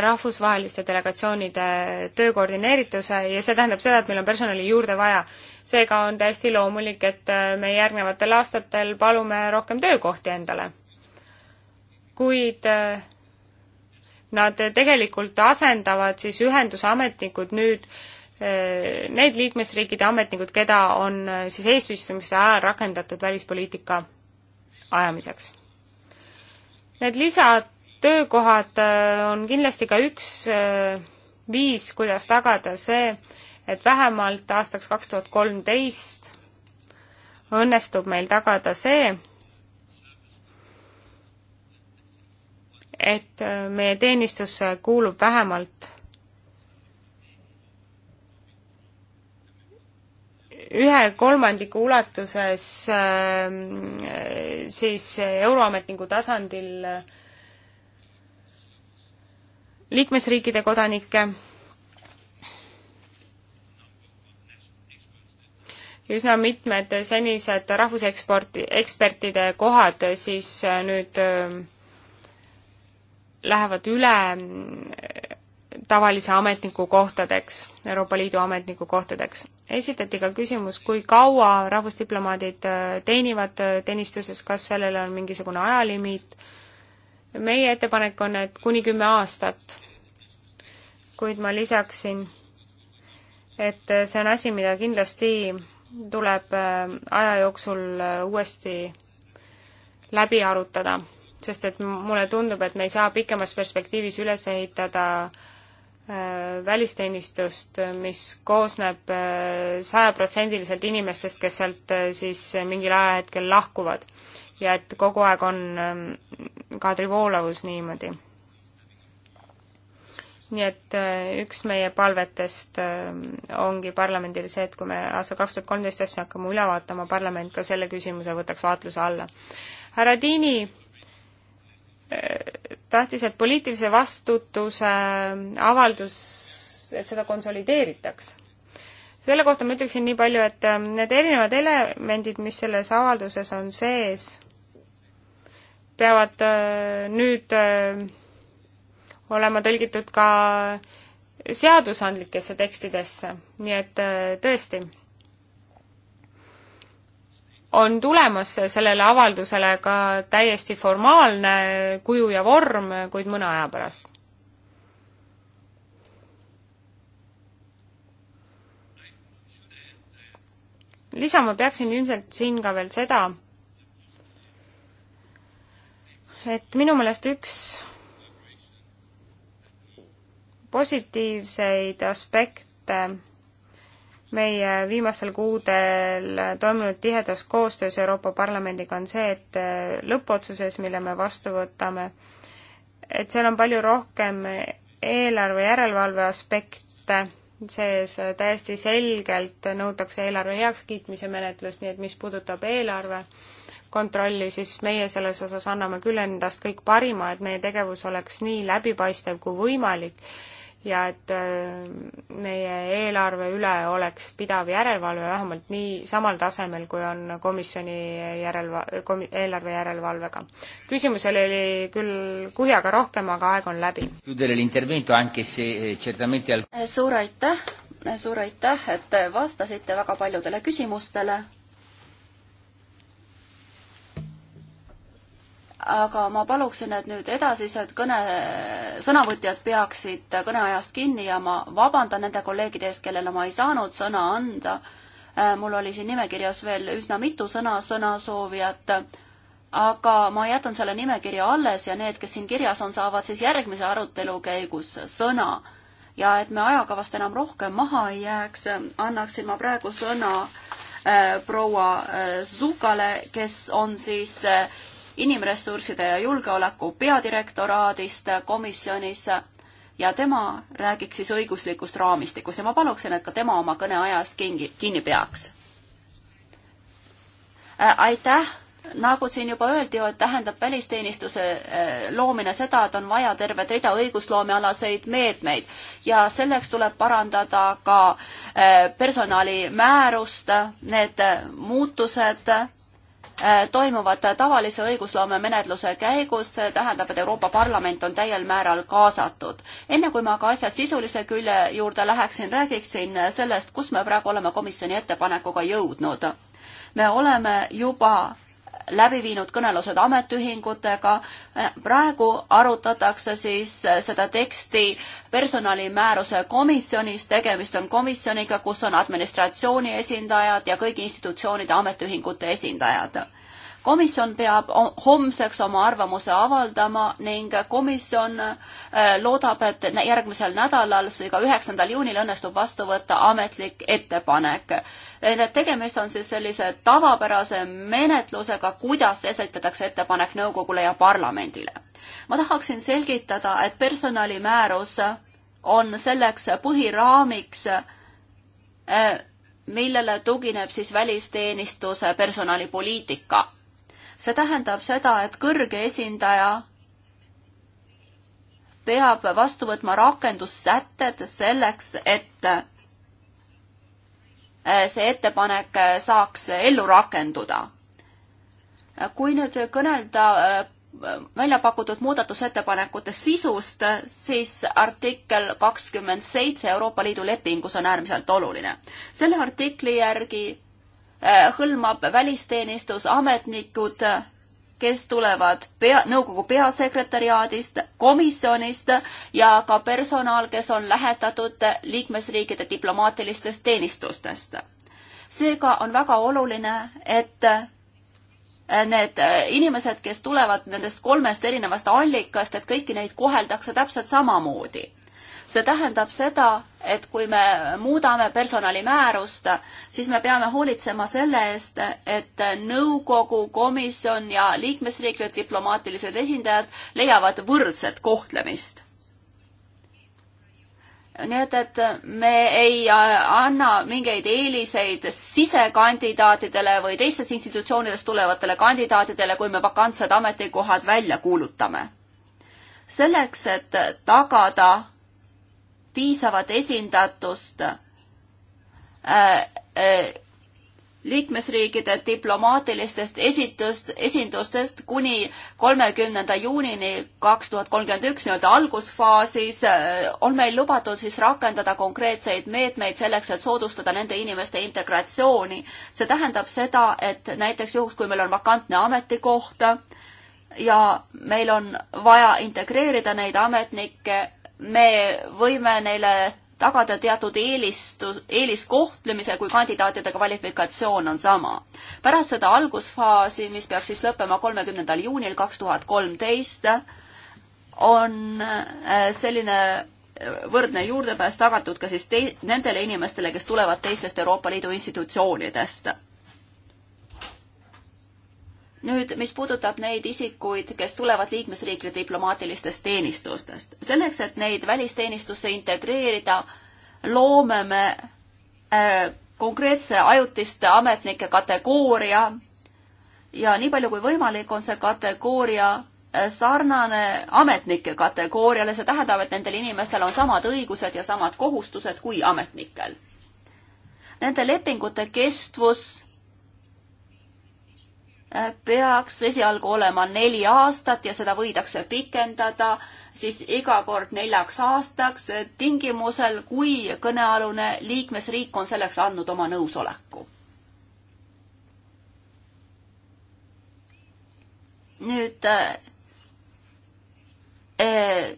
[SPEAKER 1] rahvusvaheliste delegatsioonide töö koordineerituse ja see tähendab seda, et meil on personali juurde vaja. seega on täiesti loomulik, et äh, me järgnevatel aastatel palume rohkem töökohti endale. kuid äh, nad tegelikult asendavad siis ühenduse ametnikud nüüd äh, need liikmesriikide ametnikud, keda on siis eesistumiste ajal rakendatud välispoliitika ajamiseks. Need lisad töökohad äh, on kindlasti ka üks äh, viis, kuidas tagada see, et vähemalt aastaks kaks tuhat kolmteist õnnestub meil tagada see, et äh, meie teenistusse kuulub vähemalt ühe kolmandiku ulatuses ähm, siis euroametniku tasandil äh, liikmesriikide kodanikke üsna mitmed senised rahvuseksporti, ekspertide kohad siis äh, nüüd äh, lähevad üle äh, tavalise ametniku kohtadeks, Euroopa Liidu ametniku kohtadeks. esitati ka küsimus, kui kaua rahvusdiplomaadid teenivad teenistuses, kas sellel on mingisugune ajalimiit, meie ettepanek on, et kuni kümme aastat. kuid ma lisaksin, et see on asi, mida kindlasti tuleb äh, aja jooksul äh, uuesti läbi arutada, sest et mulle tundub, et me ei saa pikemas perspektiivis üles ehitada äh, välisteenistust, mis koosneb sajaprotsendiliselt inimestest, kes sealt siis mingil ajahetkel lahkuvad. ja et kogu aeg on ähm, kaadrivoolavus niimoodi. nii et äh, üks meie palvetest äh, ongi parlamendile see, et kui me aastal kaks tuhat kolmteist asja hakkame üle vaatama, parlament ka selle küsimuse võtaks vaatluse alla. härra Tiini äh, tahtis, et poliitilise vastutuse avaldus, et seda konsolideeritaks. selle kohta ma ütleksin nii palju, et need erinevad elemendid, mis selles avalduses on sees, peavad äh, nüüd äh, olema tõlgitud ka seadusandlikesse tekstidesse, nii et äh, tõesti, on tulemas sellele avaldusele ka täiesti formaalne kuju ja vorm, kuid mõne aja pärast. lisama peaksin ilmselt siin ka veel seda, et minu meelest üks positiivseid aspekte meie viimastel kuudel toimunud tihedas koostöös Euroopa Parlamendiga on see, et äh, lõppotsuses, mille me vastu võtame, et seal on palju rohkem eelarve järelevalve aspekte sees, äh, täiesti selgelt nõutakse eelarve heakskiitmise menetlust, nii et mis puudutab eelarve, kontrolli, siis meie selles osas anname küll endast kõik parima, et meie tegevus oleks nii läbipaistev kui võimalik ja et äh, meie eelarve üle oleks pidav järelevalve vähemalt nii samal tasemel, kui on komisjoni järelva-, komi-, eelarve järelevalvega. küsimusel oli küll kuhjaga rohkem, aga aeg on läbi. Eh, suur aitäh, suur aitäh, et vastasite
[SPEAKER 2] väga paljudele küsimustele aga ma paluksin, et nüüd edasised kõne, sõnavõtjad peaksid kõneajast kinni ja ma vabandan nende kolleegide ees, kellele ma ei saanud sõna anda. Äh, mul oli siin nimekirjas veel üsna mitu sõna, sõnasoovijat, aga ma jätan selle nimekirja alles ja need, kes siin kirjas on, saavad siis järgmise arutelu käigus sõna. ja et me ajakavast enam rohkem maha ei jääks, annaksin ma praegu sõna äh, proua Zukale, äh, kes on siis inimressursside ja julgeoleku peadirektoraadist komisjonis ja tema räägiks siis õiguslikust raamistikust ja ma paluksin, et ka tema oma kõneajast kinni, kinni peaks. Äh, aitäh, nagu siin juba öeldi, tähendab välisteenistuse äh, loomine seda, et on vaja tervet rida õigusloomealaseid meetmeid ja selleks tuleb parandada ka äh, personalimäärust, need muutused Äh, toimuvad tavalise õigusloome menetluse käigus, see tähendab, et Euroopa Parlament on täiel määral kaasatud. enne kui ma aga asja sisulise külje juurde läheksin, räägiksin sellest, kus me praegu oleme komisjoni ettepanekuga jõudnud. me oleme juba läbi viinud kõnelused ametiühingutega. praegu arutatakse siis seda teksti personalimääruse komisjonis, tegemist on komisjoniga, kus on administratsiooni esindajad ja kõigi institutsioonide ametiühingute esindajad komisjon peab homseks oma arvamuse avaldama ning komisjon äh, loodab, et järgmisel nädalal, seega üheksandal juunil õnnestub vastu võtta ametlik ettepanek. nii et tegemist on siis sellise tavapärase menetlusega, kuidas esitatakse ettepanek nõukogule ja parlamendile. ma tahaksin selgitada, et personalimäärus on selleks põhiraamiks äh, millele tugineb siis välisteenistuse personalipoliitika see tähendab seda, et kõrge esindaja peab vastu võtma rakendussätted selleks, et eh, see ettepanek eh, saaks ellu rakenduda. kui nüüd kõnelda eh, välja pakutud muudatusettepanekute sisust, siis artikkel kakskümmend seitse Euroopa Liidu lepingus on äärmiselt oluline. selle artikli järgi Äh, hõlmab välisteenistusametnikud, kes tulevad pea, nõukogu peasekretäriaadist, komisjonist ja ka personal, kes on lähetatud liikmesriikide diplomaatilistest teenistustest. seega on väga oluline, et äh, need äh, inimesed, kes tulevad nendest kolmest erinevast allikast, et kõiki neid koheldakse täpselt samamoodi see tähendab seda, et kui me muudame personalimäärust, siis me peame hoolitsema selle eest, et nõukogu, komisjon ja liikmesriikide diplomaatilised esindajad leiavad võrdset kohtlemist nii et, et me ei anna mingeid eeliseid sisekandidaatidele või teistest institutsioonidest tulevatele kandidaatidele, kui me vakantsed ametikohad välja kuulutame. selleks, et tagada piisavat esindatust äh, äh, liikmesriikide diplomaatilistest esitust, esindustest kuni kolmekümnenda juunini kaks tuhat kolmkümmend üks nii-öelda algusfaasis äh, on meil lubatud siis rakendada konkreetseid meetmeid selleks, et soodustada nende inimeste integratsiooni. see tähendab seda, et näiteks juhuks, kui meil on vakantne ametikoht ja meil on vaja integreerida neid ametnikke, me võime neile tagada teatud eelistu-, eeliskohtlemise, kui kandidaatide kvalifikatsioon on sama. pärast seda algusfaasi, mis peaks siis lõppema kolmekümnendal juunil kaks tuhat kolmteist, on äh, selline äh, võrdne juurdepääs tagatud ka siis tei-, nendele inimestele, kes tulevad teistest Euroopa Liidu institutsioonidest nüüd, mis puudutab neid isikuid, kes tulevad liikmesriikide diplomaatilistest teenistustest. selleks, et neid välisteenistusse integreerida, loome me äh, konkreetse ajutiste ametnike kategooria ja nii palju kui võimalik, on see kategooria äh, sarnane ametnike kategooriale, see tähendab, et nendel inimestel on samad õigused ja samad kohustused kui ametnikel. Nende lepingute kestvus peaks esialgu olema neli aastat ja seda võidakse pikendada siis iga kord neljaks aastaks tingimusel, kui kõnealune liikmesriik on selleks andnud oma nõusoleku. nüüd eh, eh,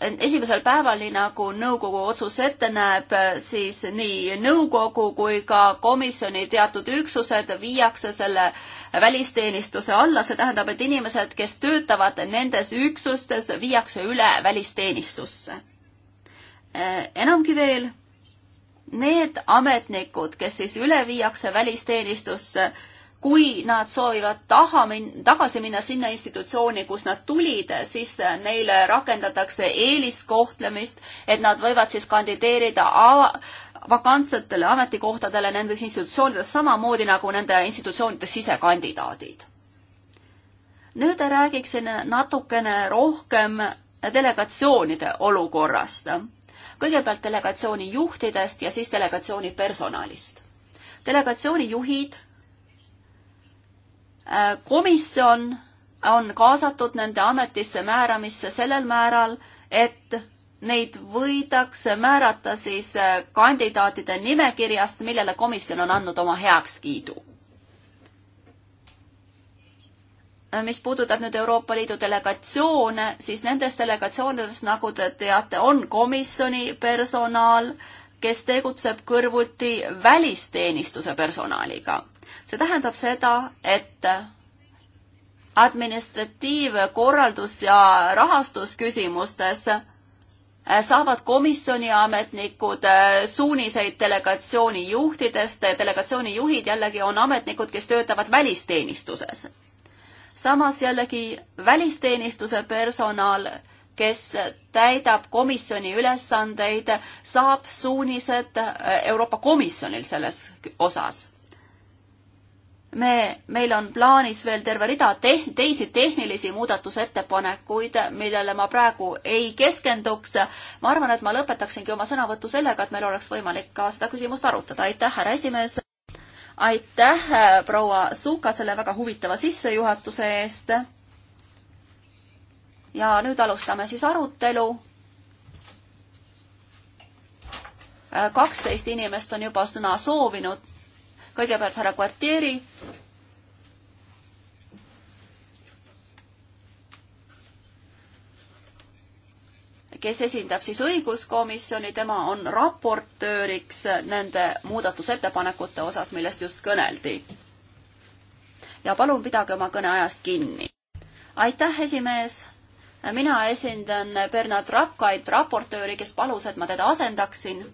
[SPEAKER 2] esimesel päeval, nii nagu nõukogu otsus ette näeb, siis nii nõukogu kui ka komisjoni teatud üksused viiakse selle välisteenistuse alla, see tähendab, et inimesed, kes töötavad nendes üksustes, viiakse üle välisteenistusse. E, enamgi veel, need ametnikud, kes siis üle viiakse välisteenistusse, kui nad soovivad taha min-, tagasi minna sinna institutsiooni, kust nad tulid, siis neile rakendatakse eeliskohtlemist, et nad võivad siis kandideerida ava-, vakantsetele ametikohtadele nendes institutsioonides samamoodi nagu nende institutsioonide sisekandidaadid. nüüd räägiksin natukene rohkem delegatsioonide olukorrast. kõigepealt delegatsiooni juhtidest ja siis delegatsiooni personalist. delegatsiooni juhid Äh, komisjon on kaasatud nende ametisse määramisse sellel määral, et neid võidakse määrata siis äh, kandidaatide nimekirjast, millele komisjon on andnud oma heakskiidu. Äh, mis puudutab nüüd Euroopa Liidu delegatsioone, siis nendes delegatsioonides, nagu te teate, on komisjoni personal, kes tegutseb kõrvuti välisteenistuse personaliga see tähendab seda, et administratiivkorraldus ja rahastusküsimustes äh, saavad komisjoni ametnikud äh, suuniseid delegatsiooni juhtidest, delegatsiooni juhid jällegi on ametnikud, kes töötavad välisteenistuses. samas jällegi välisteenistuse personal, kes täidab komisjoni ülesandeid, saab suunised äh, Euroopa Komisjonil selles osas me, meil on plaanis veel terve rida teh-, teisi tehnilisi muudatusettepanekuid, millele ma praegu ei keskenduks. ma arvan, et ma lõpetaksingi oma sõnavõtu sellega, et meil oleks võimalik ka seda küsimust arutada. aitäh, härra esimees! aitäh, proua Suka, selle väga huvitava sissejuhatuse eest! ja nüüd alustame siis arutelu kaksteist inimest on juba sõna soovinud kõigepealt härra Kvartieri. kes esindab siis õiguskomisjoni, tema on raportööriks nende muudatusettepanekute osas, millest just kõneldi. ja palun pidage oma kõneajast kinni. aitäh, esimees mina esindan Bernard Rapkaid, raportööri, kes palus, et ma teda asendaksin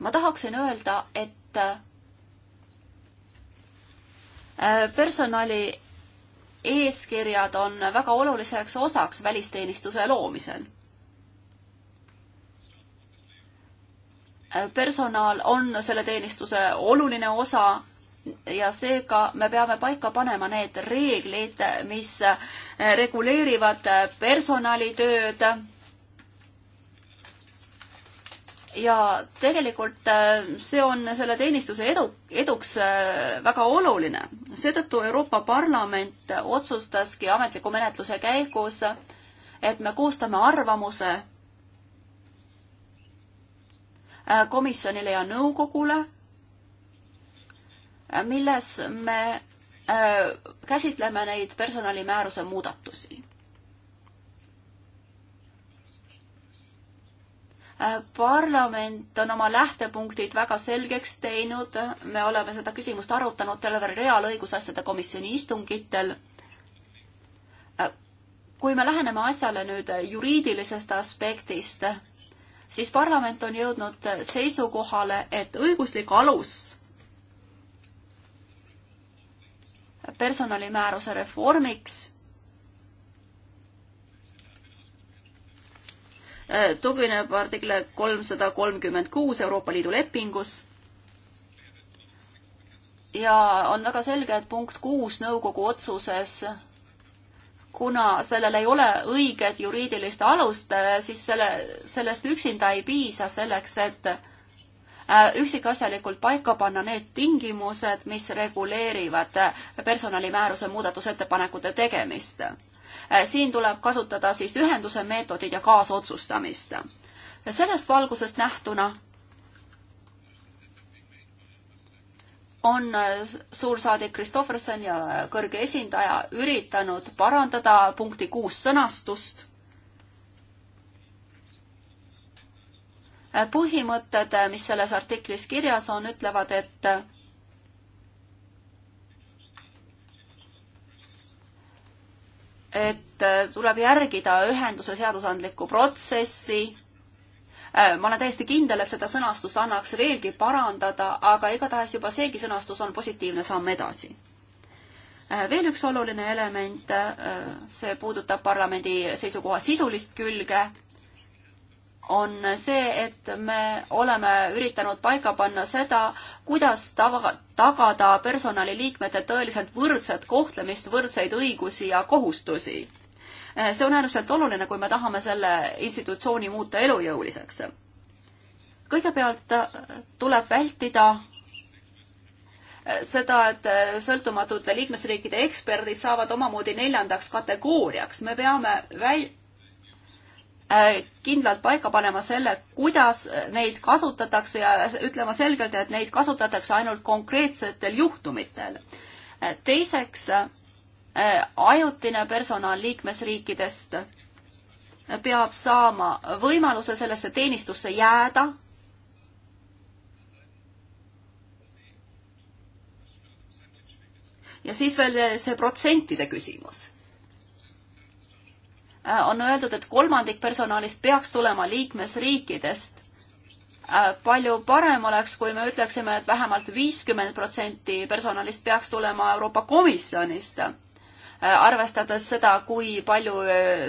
[SPEAKER 2] ma tahaksin öelda, et äh, personali eeskirjad on väga oluliseks osaks välisteenistuse loomisel. Äh, personal on selle teenistuse oluline osa ja seega me peame paika panema need reeglid, mis äh, reguleerivad personalitööd ja tegelikult äh, see on selle teenistuse edu, eduks äh, väga oluline. seetõttu Euroopa Parlament otsustaski ametliku menetluse käigus, et me koostame arvamuse äh, komisjonile ja nõukogule, milles me käsitleme neid personalimääruse muudatusi Äh, parlament on oma lähtepunktid väga selgeks teinud, me oleme seda küsimust arutanud tervel real õigusasjade komisjoni istungitel. Äh, kui me läheneme asjale nüüd juriidilisest aspektist, siis parlament on jõudnud seisukohale, et õiguslik alus personalimääruse reformiks Äh, tugineb artikle kolmsada kolmkümmend kuus Euroopa Liidu lepingus ja on väga selge, et punkt kuus nõukogu otsuses, kuna sellel ei ole õiget juriidilist alust, äh, siis selle, sellest üksinda ei piisa selleks, et äh, üksikasjalikult paika panna need tingimused, mis reguleerivad personalimääruse muudatusettepanekute tegemist. Äh, siin tuleb kasutada siis ühenduse meetodit ja kaasotsustamist. ja sellest valgusest nähtuna on äh, suursaadik Kristofferson ja äh, kõrge esindaja üritanud parandada punkti kuus sõnastust. põhimõtted, mis selles artiklis kirjas on, ütlevad, et et äh, tuleb järgida ühenduse seadusandlikku protsessi. Äh, ma olen täiesti kindel, et seda sõnastust annaks veelgi parandada, aga igatahes juba seegi sõnastus on positiivne samm edasi. Äh, veel üks oluline element, see puudutab parlamendi seisukoha sisulist külge on see, et me oleme üritanud paika panna seda, kuidas tava, tagada personaliliikmete tõeliselt võrdset kohtlemist, võrdseid õigusi ja kohustusi. Eh, see on äärmiselt oluline, kui me tahame selle institutsiooni muuta elujõuliseks. kõigepealt eh, tuleb vältida eh, seda, et sõltumatute liikmesriikide eksperdid saavad omamoodi neljandaks kategooriaks. me peame väl-, Äh, kindlalt paika panema selle, kuidas neid kasutatakse ja ütlema selgelt, et neid kasutatakse ainult konkreetsetel juhtumitel. Äh, teiseks, äh, ajutine personal liikmesriikidest peab saama võimaluse sellesse teenistusse jääda. ja siis veel see protsentide küsimus Äh, on öeldud, et kolmandik personalist peaks tulema liikmesriikidest. Äh, palju parem oleks, kui me ütleksime, et vähemalt viiskümmend protsenti personalist peaks tulema Euroopa Komisjonist, äh, arvestades seda, kui palju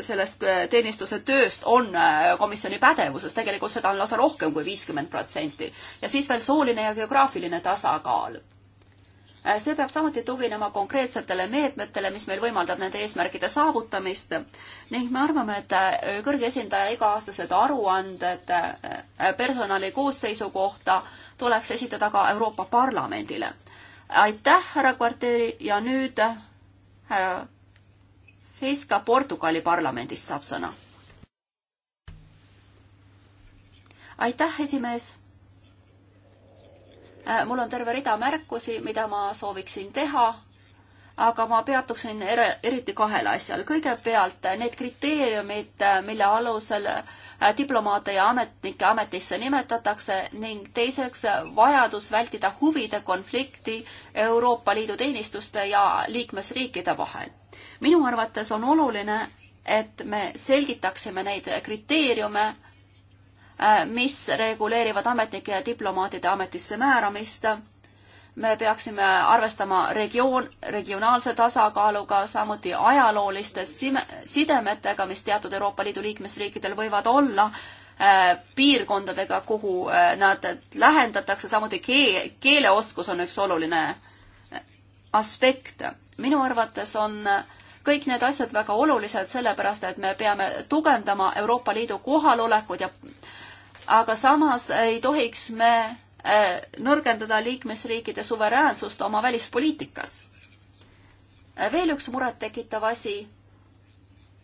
[SPEAKER 2] sellest teenistuse tööst on komisjoni pädevuses, tegelikult seda on lausa rohkem kui viiskümmend protsenti. ja siis veel sooline ja geograafiline tasakaal Äh, see peab samuti tuginema konkreetsetele meetmetele, mis meil võimaldab nende eesmärkide saavutamist ning me arvame, et äh, kõrge esindaja iga-aastased aruanded äh, personali koosseisu kohta tuleks esitada ka Euroopa Parlamendile. aitäh, härra Kvarteri ja nüüd härra Fiska Portugali parlamendist saab sõna. aitäh, esimees Äh, mul on terve rida märkusi, mida ma sooviksin teha, aga ma peatuksin er eriti kahel asjal. kõigepealt äh, need kriteeriumid, äh, mille alusel diplomaate ja ametnikke ametisse nimetatakse ning teiseks vajadus vältida huvide konflikti Euroopa Liidu teenistuste ja liikmesriikide vahel. minu arvates on oluline, et me selgitaksime neid kriteeriume Äh, mis reguleerivad ametnike ja diplomaatide ametisse määramist. me peaksime arvestama regioon, regionaalse tasakaaluga, samuti ajalooliste sidemetega, mis teatud Euroopa Liidu liikmesriikidel võivad olla äh, piirkondadega, kuhu äh, nad lähendatakse, samuti keel, keeleoskus on üks oluline aspekt. minu arvates on kõik need asjad väga olulised, sellepärast et me peame tugevdama Euroopa Liidu kohalolekut ja aga samas ei tohiks me äh, nõrgendada liikmesriikide suveräänsust oma välispoliitikas. Äh, veel üks murettekitav asi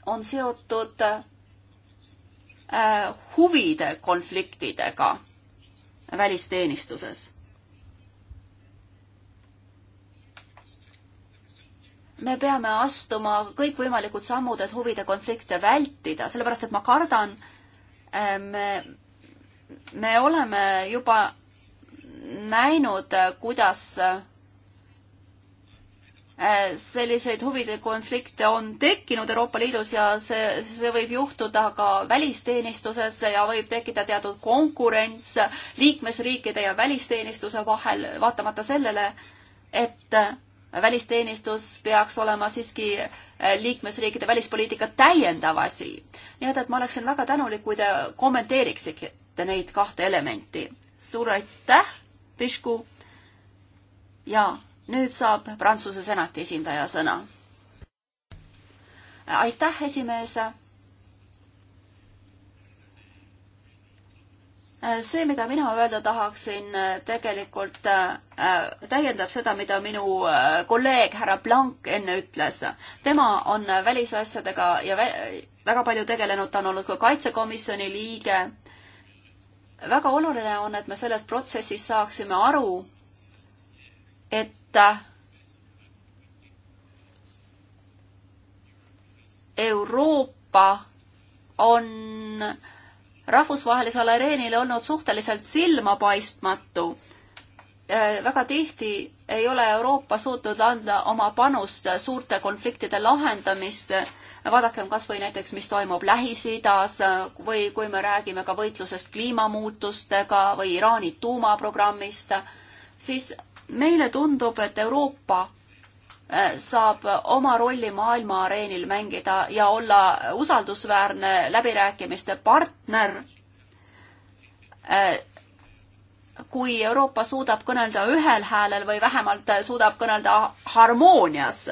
[SPEAKER 2] on seotud äh, huvide konfliktidega välisteenistuses. me peame astuma kõikvõimalikud sammud, et huvide konflikte vältida, sellepärast et ma kardan, me me oleme juba näinud, kuidas äh, selliseid huvide konflikte on tekkinud Euroopa Liidus ja see, see võib juhtuda ka välisteenistuses ja võib tekkida teatud konkurents liikmesriikide ja välisteenistuse vahel, vaatamata sellele, et äh, välisteenistus peaks olema siiski äh, liikmesriikide välispoliitika täiendav asi. nii et, et ma oleksin väga tänulik, kui te kommenteeriksite mitte neid kahte elementi. suur aitäh, Pišku. ja nüüd saab Prantsuse senati esindaja sõna. aitäh, esimees. see, mida mina öelda tahaksin, tegelikult äh, täiendab seda, mida minu äh, kolleeg härra Blank enne ütles. tema on välisasjadega ja vä väga palju tegelenud, ta on olnud ka kaitsekomisjoni liige väga oluline on, et me selles protsessis saaksime aru, et Euroopa on rahvusvahelisel areenil olnud suhteliselt silmapaistmatu äh, väga tihti ei ole Euroopa suutnud anda oma panust suurte konfliktide lahendamisse vaadakem kas või näiteks, mis toimub Lähis-Idas äh, või kui me räägime ka võitlusest kliimamuutustega või Iraani tuumaprogrammist, siis meile tundub, et Euroopa äh, saab oma rolli maailma areenil mängida ja olla usaldusväärne läbirääkimiste partner äh, kui Euroopa suudab kõnelda ühel häälel või vähemalt suudab kõnelda harmoonias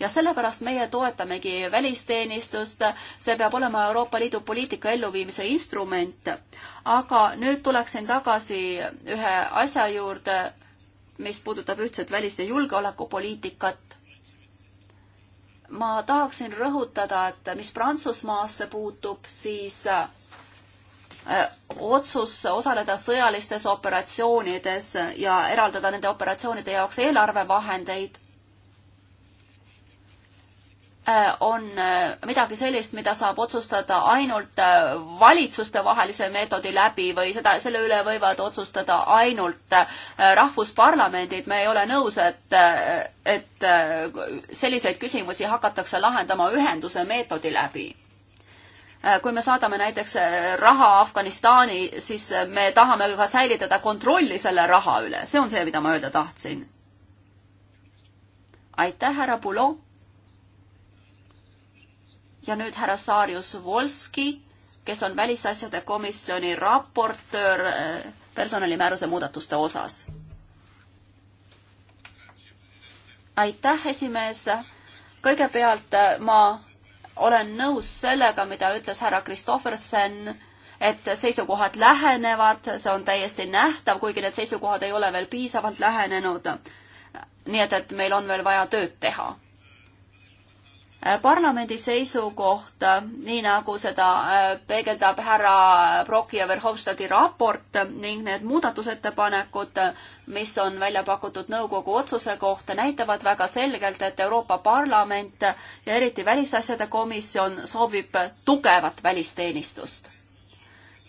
[SPEAKER 2] ja sellepärast meie toetamegi välisteenistust, see peab olema Euroopa Liidu poliitika elluviimise instrument. aga nüüd tuleksin tagasi ühe asja juurde, mis puudutab ühtset välis- ja julgeolekupoliitikat ma tahaksin rõhutada, et mis Prantsusmaasse puutub, siis äh, otsus osaleda sõjalistes operatsioonides ja eraldada nende operatsioonide jaoks eelarvevahendeid Äh, on äh, midagi sellist, mida saab otsustada ainult äh, valitsustevahelise meetodi läbi või seda, selle üle võivad otsustada ainult rahvusparlamendid, me ei ole nõus, et, et selliseid küsimusi hakatakse lahendama ühenduse meetodi läbi kui me saadame näiteks raha Afganistani, siis me tahame ka säilitada kontrolli selle raha üle, see on see, mida ma öelda tahtsin. aitäh, härra Boulon ja nüüd härra Saarjus Volski, kes on Välisasjade Komisjoni raportöör eh, personalimääruse muudatuste osas. aitäh, esimees. kõigepealt eh, ma olen nõus sellega, mida ütles härra Kristoffersen, et seisukohad lähenevad, see on täiesti nähtav, kuigi need seisukohad ei ole veel piisavalt lähenenud. nii et, et meil on veel vaja tööd teha Äh, parlamendi seisukoht, äh, nii nagu seda äh, peegeldab härra Broki ja Verhofstadti raport ning need muudatusettepanekud, mis on välja pakutud nõukogu otsuse kohta, näitavad väga selgelt, et Euroopa Parlament ja eriti Välisasjade Komisjon soovib tugevat välisteenistust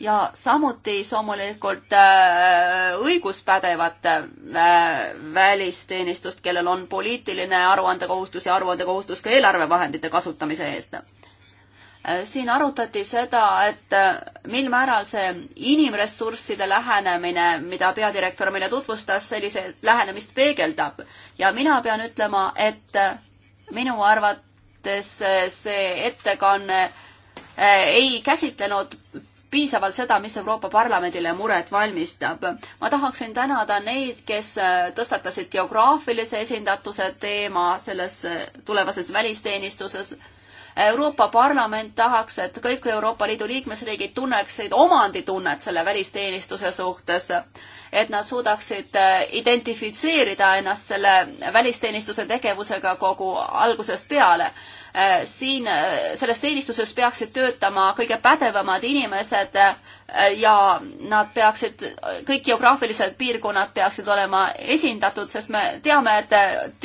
[SPEAKER 2] ja samuti loomulikult äh, õiguspädevat äh, välisteenistust, kellel on poliitiline aruandekohustus ja aruandekohustus ka eelarvevahendite kasutamise eest. Äh, siin arutati seda, et mil määral see inimressursside lähenemine, mida peadirektor meile tutvustas, sellise lähenemist peegeldab ja mina pean ütlema, et minu arvates see ettekanne ei käsitlenud piisavalt seda, mis Euroopa Parlamendile muret valmistab. ma tahaksin tänada neid, kes äh, tõstatasid geograafilise esindatuse teema selles äh, tulevases välisteenistuses. Euroopa Parlament tahaks, et kõik Euroopa Liidu liikmesriigid tunneksid omanditunnet selle välisteenistuse suhtes, et nad suudaksid äh, identifitseerida ennast selle välisteenistuse tegevusega kogu algusest peale Äh, siin äh, selles teenistuses peaksid töötama kõige pädevamad inimesed äh, ja nad peaksid, kõik geograafilised piirkonnad peaksid olema esindatud, sest me teame, et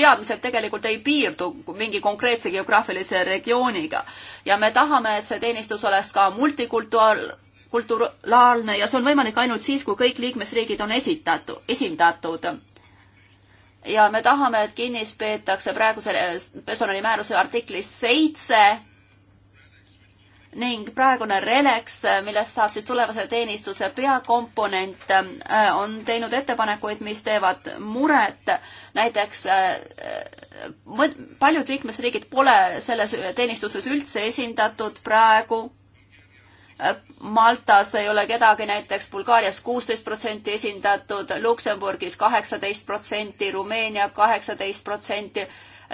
[SPEAKER 2] teadmised tegelikult ei piirdu mingi konkreetse geograafilise regiooniga. ja me tahame, et see teenistus oleks ka multikultuaal-, kulturaalne ja see on võimalik ainult siis, kui kõik liikmesriigid on esitatud, esindatud ja me tahame, et kinnis peetakse praeguse eh, personalimääruse artiklis seitse ning praegune Relex, millest saab siis tulevase teenistuse peakomponent, eh, on teinud ettepanekuid, mis teevad muret. näiteks eh, paljud liikmesriigid pole selles teenistuses üldse esindatud praegu Äh, Maltas ei ole kedagi, näiteks Bulgaarias kuusteist protsenti esindatud, Luksemburgis kaheksateist protsenti, Rumeenia kaheksateist protsenti,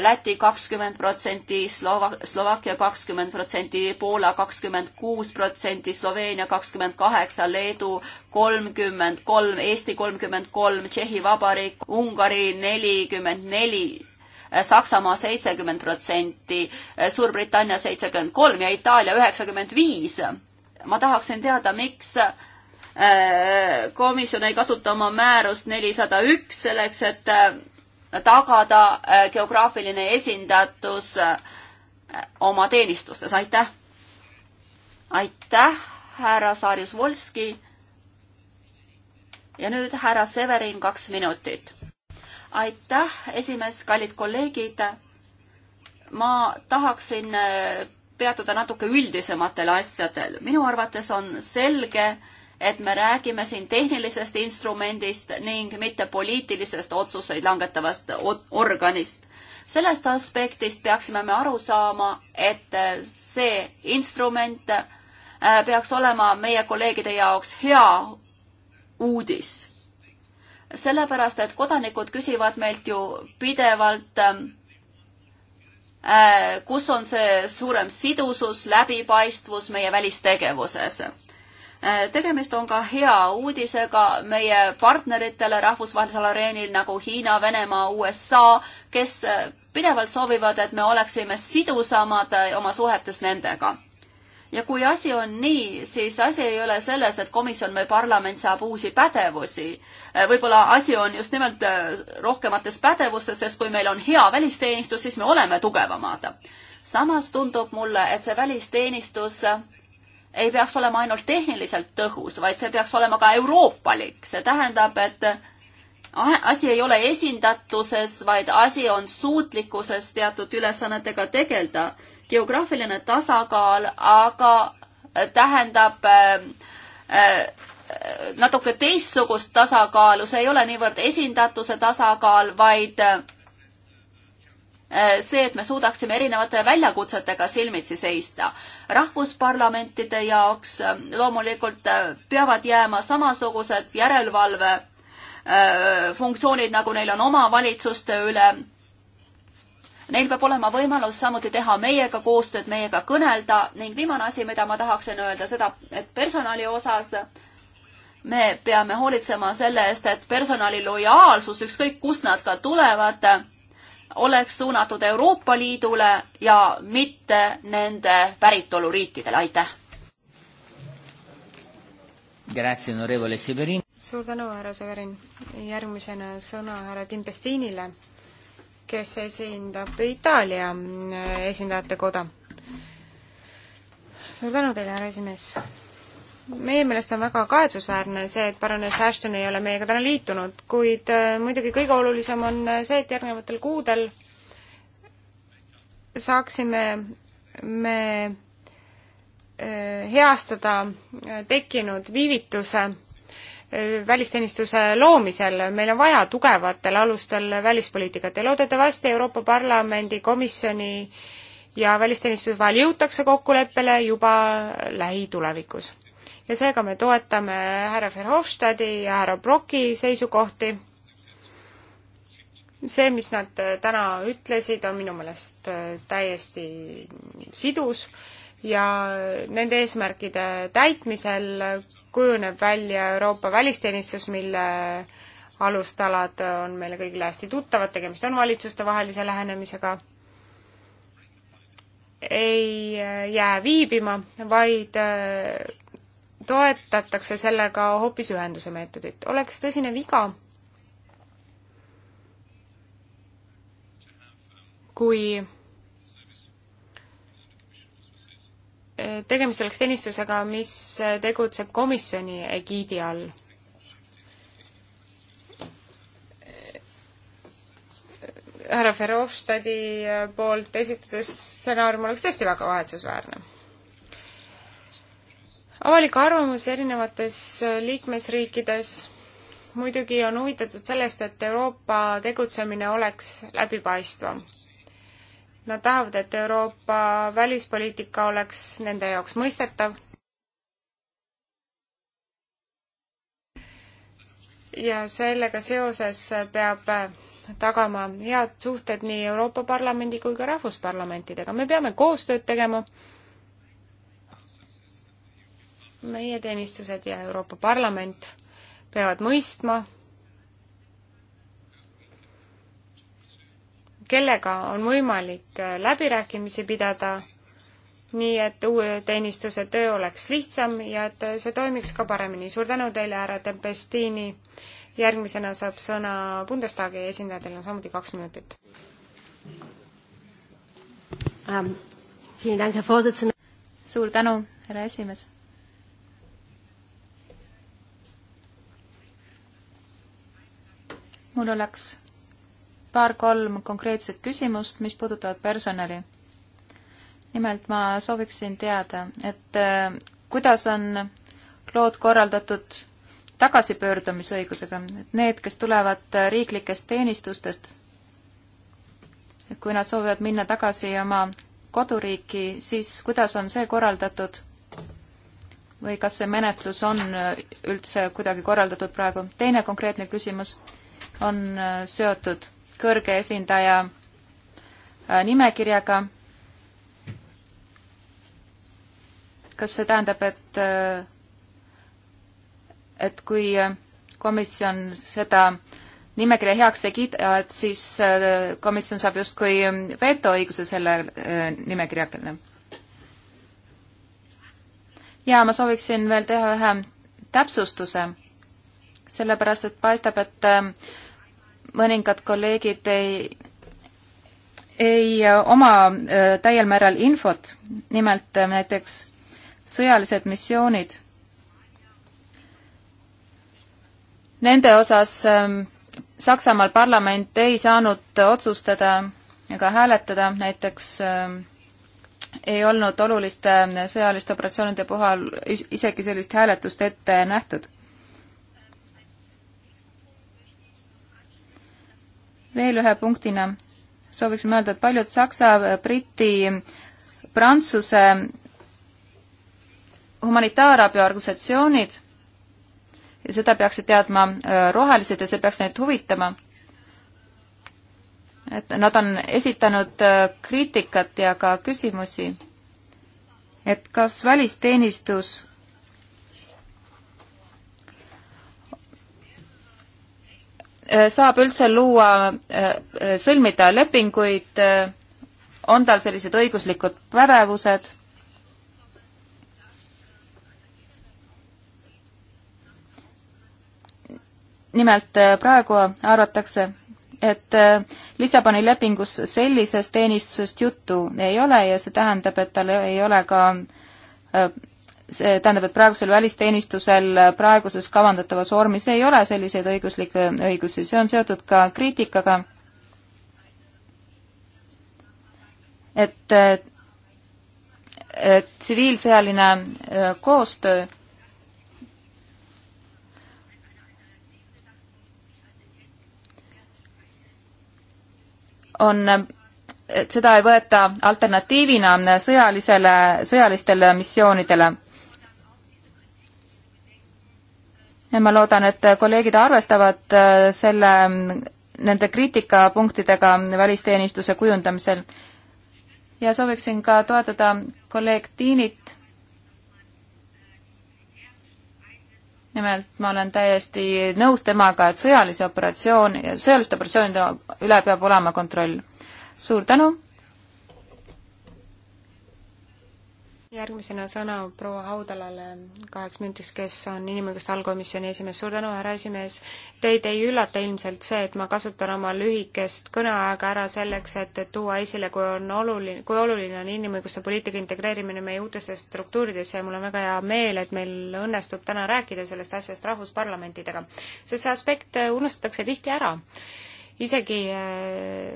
[SPEAKER 2] Läti kakskümmend protsenti, Slova-, Slovakkia kakskümmend protsenti, Poola kakskümmend kuus protsenti, Sloveenia kakskümmend kaheksa, Leedu kolmkümmend kolm, Eesti kolmkümmend kolm, Tšehhi Vabariik, Ungari nelikümmend neli äh, Saksamaa seitsekümmend protsenti, äh, Suurbritannia seitsekümmend kolm ja Itaalia üheksakümmend viis ma tahaksin teada, miks äh, komisjon ei kasuta oma määrust nelisada üks selleks, et äh, tagada äh, geograafiline esindatus oma teenistustes, aitäh. aitäh, härra Saarjus Volski. ja nüüd härra Severin, kaks minutit. aitäh, esimees, kallid kolleegid. ma tahaksin peatuda natuke üldisematel asjadel. minu arvates on selge, et me räägime siin tehnilisest instrumendist ning mitte poliitilisest otsuseid langetavast organist. sellest aspektist peaksime me aru saama, et see instrument äh, peaks olema meie kolleegide jaoks hea uudis. sellepärast, et kodanikud küsivad meilt ju pidevalt äh, Äh, kus on see suurem sidusus, läbipaistvus meie välistegevuses. Äh, tegemist on ka hea uudisega meie partneritele rahvusvahelisel areenil nagu Hiina, Venemaa, USA, kes äh, pidevalt soovivad, et me oleksime sidusamad oma suhetes nendega ja kui asi on nii, siis asi ei ole selles, et komisjon või parlament saab uusi pädevusi. Äh, võib-olla asi on just nimelt äh, rohkemates pädevustes, sest kui meil on hea välisteenistus, siis me oleme tugevamad. samas tundub mulle, et see välisteenistus äh, ei peaks olema ainult tehniliselt tõhus, vaid see peaks olema ka euroopalik, see tähendab, et asi ei ole esindatuses, vaid asi on suutlikkuses teatud ülesannetega tegeleda geograafiline tasakaal aga tähendab äh, äh, natuke teistsugust tasakaalu, see ei ole niivõrd esindatuse tasakaal, vaid äh, see, et me suudaksime erinevate väljakutsetega silmitsi seista. rahvusparlamentide jaoks loomulikult peavad jääma samasugused järelevalve funktsioonid, nagu neil on omavalitsuste üle Neil peab olema võimalus samuti teha meiega koostööd, meiega kõnelda ning viimane asi, mida ma tahaksin öelda, seda, et personali osas me peame hoolitsema selle eest, et personali lojaalsus, ükskõik kust nad ka tulevad, oleks suunatud Euroopa Liidule ja mitte nende päritoluriikidele, aitäh!
[SPEAKER 1] suur tänu, härra Severin! järgmisena sõna härra Timpestinile kes esindab Itaalia äh, esindajate koda. suur tänu teile, härra esimees! meie meelest on väga kahetsusväärne see, et paranes Ashton ei ole meiega täna liitunud, kuid äh, muidugi kõige olulisem on äh, see, et järgnevatel kuudel saaksime me heastada tekkinud viivituse välisteenistuse loomisel, meil on vaja tugevatel alustel välispoliitikat ja loodetavasti Euroopa Parlamendi komisjoni ja välisteenistuse vahel jõutakse kokkuleppele juba lähitulevikus. ja seega me toetame härra Verhofstadi ja härra Broki seisukohti. see, mis nad täna ütlesid, on minu meelest täiesti sidus ja nende eesmärkide täitmisel kujuneb välja Euroopa välisteenistus, mille alustalad on meile kõigile hästi tuttavad, tegemist on valitsustevahelise lähenemisega, ei jää viibima, vaid äh, toetatakse sellega hoopis ühenduse meetodit. oleks tõsine viga, kui tegemist oleks teenistusega, mis tegutseb komisjoni egiidi all. härra Verhofstadi poolt esitatud stsenaarium oleks tõesti väga vahetsusväärne. avalik arvamus erinevates liikmesriikides muidugi on huvitatud sellest, et Euroopa tegutsemine oleks läbipaistvam Nad tahavad, et Euroopa välispoliitika oleks nende jaoks mõistetav. ja sellega seoses peab tagama head suhted nii Euroopa Parlamendi kui ka rahvusparlamentidega. me peame koostööd tegema meie teenistused ja Euroopa Parlament peavad mõistma, kellega on võimalik äh, läbirääkimisi pidada, nii et uue teenistuse töö oleks lihtsam ja et äh, see toimiks ka paremini. suur tänu teile, härra Tempestini. järgmisena saab sõna Bundestagi esindajatel on samuti kaks minutit
[SPEAKER 3] um,. suur tänu, härra esimees mul oleks paar-kolm konkreetset küsimust, mis puudutavad personali. nimelt ma sooviksin teada, et äh, kuidas on lood korraldatud tagasipöördumisõigusega, et need, kes tulevad äh, riiklikest teenistustest, et kui nad soovivad minna tagasi oma koduriiki, siis kuidas on see korraldatud või kas see menetlus on äh, üldse kuidagi korraldatud praegu? teine konkreetne küsimus on seotud kõrge esindaja äh, nimekirjaga. kas see tähendab, et, äh, et kui äh, komisjon seda nimekirja heaks ei kiida, et siis komisjon saab justkui vetoõiguse selle nimekirjaga? ja ma sooviksin veel teha ühe täpsustuse, sellepärast et paistab, et mõningad kolleegid ei, ei äh, oma äh, täiel määral infot, nimelt äh, näiteks sõjalised missioonid. Nende osas ähm, Saksamaal parlament ei saanud otsustada ega hääletada, näiteks ähm, ei olnud oluliste sõjaliste operatsioonide puhul isegi sellist hääletust ette nähtud veel ühe punktina sooviksin öelda, et paljud saksa, briti, prantsuse humanitaarabiorganisatsioonid ja seda peaksid teadma äh, rohelised ja see peaks neid huvitama. et nad on esitanud äh, kriitikat ja ka küsimusi, et kas välisteenistus Äh, saab üldse luua, äh, äh, sõlmida lepinguid, on tal sellised õiguslikud pädevused nimelt praegu arvatakse, et Lissaboni lepingus sellisest teenistusest juttu ei ole ja see tähendab, et tal ei ole ka see tähendab, et praegusel välisteenistusel praeguses kavandatavas vormis ei ole selliseid õiguslikke õigusi, see on seotud ka kriitikaga, et tsiviilsõjaline äh, koostöö on, et seda ei võeta alternatiivina sõjalisele, sõjalistele missioonidele ma loodan, et kolleegid arvestavad äh, selle, nende kriitikapunktidega välisteenistuse kujundamisel. ja sooviksin ka toetada kolleeg Tiinit. nimelt ma olen täiesti nõus temaga, et sõjalise operatsioon, sõjaliste operatsioonide üle peab olema kontroll. suur tänu
[SPEAKER 1] järgmisena sõna proua Haudalale kaheks minutiks, kes on inimõiguste allkomisjoni esimees. suur tänu, härra esimees. Teid ei üllata ilmselt see, et ma kasutan oma lühikest kõneaega ära selleks, et tuua esile, kui on oluline, kui oluline on inimõiguste poliitika integreerimine meie uutesse struktuuridesse ja mul on väga hea meel, et meil õnnestub täna rääkida sellest asjast rahvusparlamentidega. sest see aspekt äh, unustatakse tihti ära. isegi äh,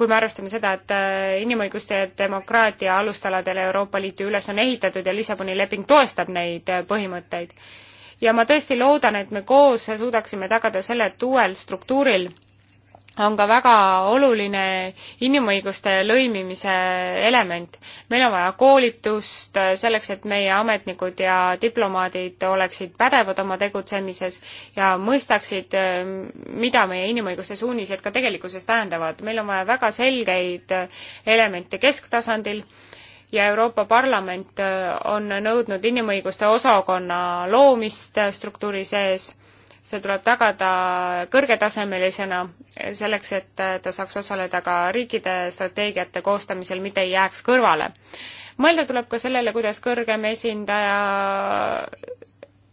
[SPEAKER 1] kui me arvestame seda, et äh, inimõiguste ja demokraatia alustaladele Euroopa Liit ju üles on ehitatud ja Lissaboni leping toestab neid äh, põhimõtteid. ja ma tõesti loodan, et me koos suudaksime tagada selle, et uuel struktuuril on ka väga oluline inimõiguste lõimimise element. meil on vaja koolitust selleks, et meie ametnikud ja diplomaadid oleksid pädevad oma tegutsemises ja mõistaksid, mida meie inimõiguste suunised ka tegelikkuses tähendavad. meil on vaja väga selgeid elemente kesktasandil ja Euroopa Parlament on nõudnud inimõiguste osakonna loomist struktuuri sees see tuleb tagada kõrgetasemelisena, selleks et ta saaks osaleda ka riikide strateegiate koostamisel, mitte ei jääks kõrvale. mõelda tuleb ka sellele, kuidas kõrgem esindaja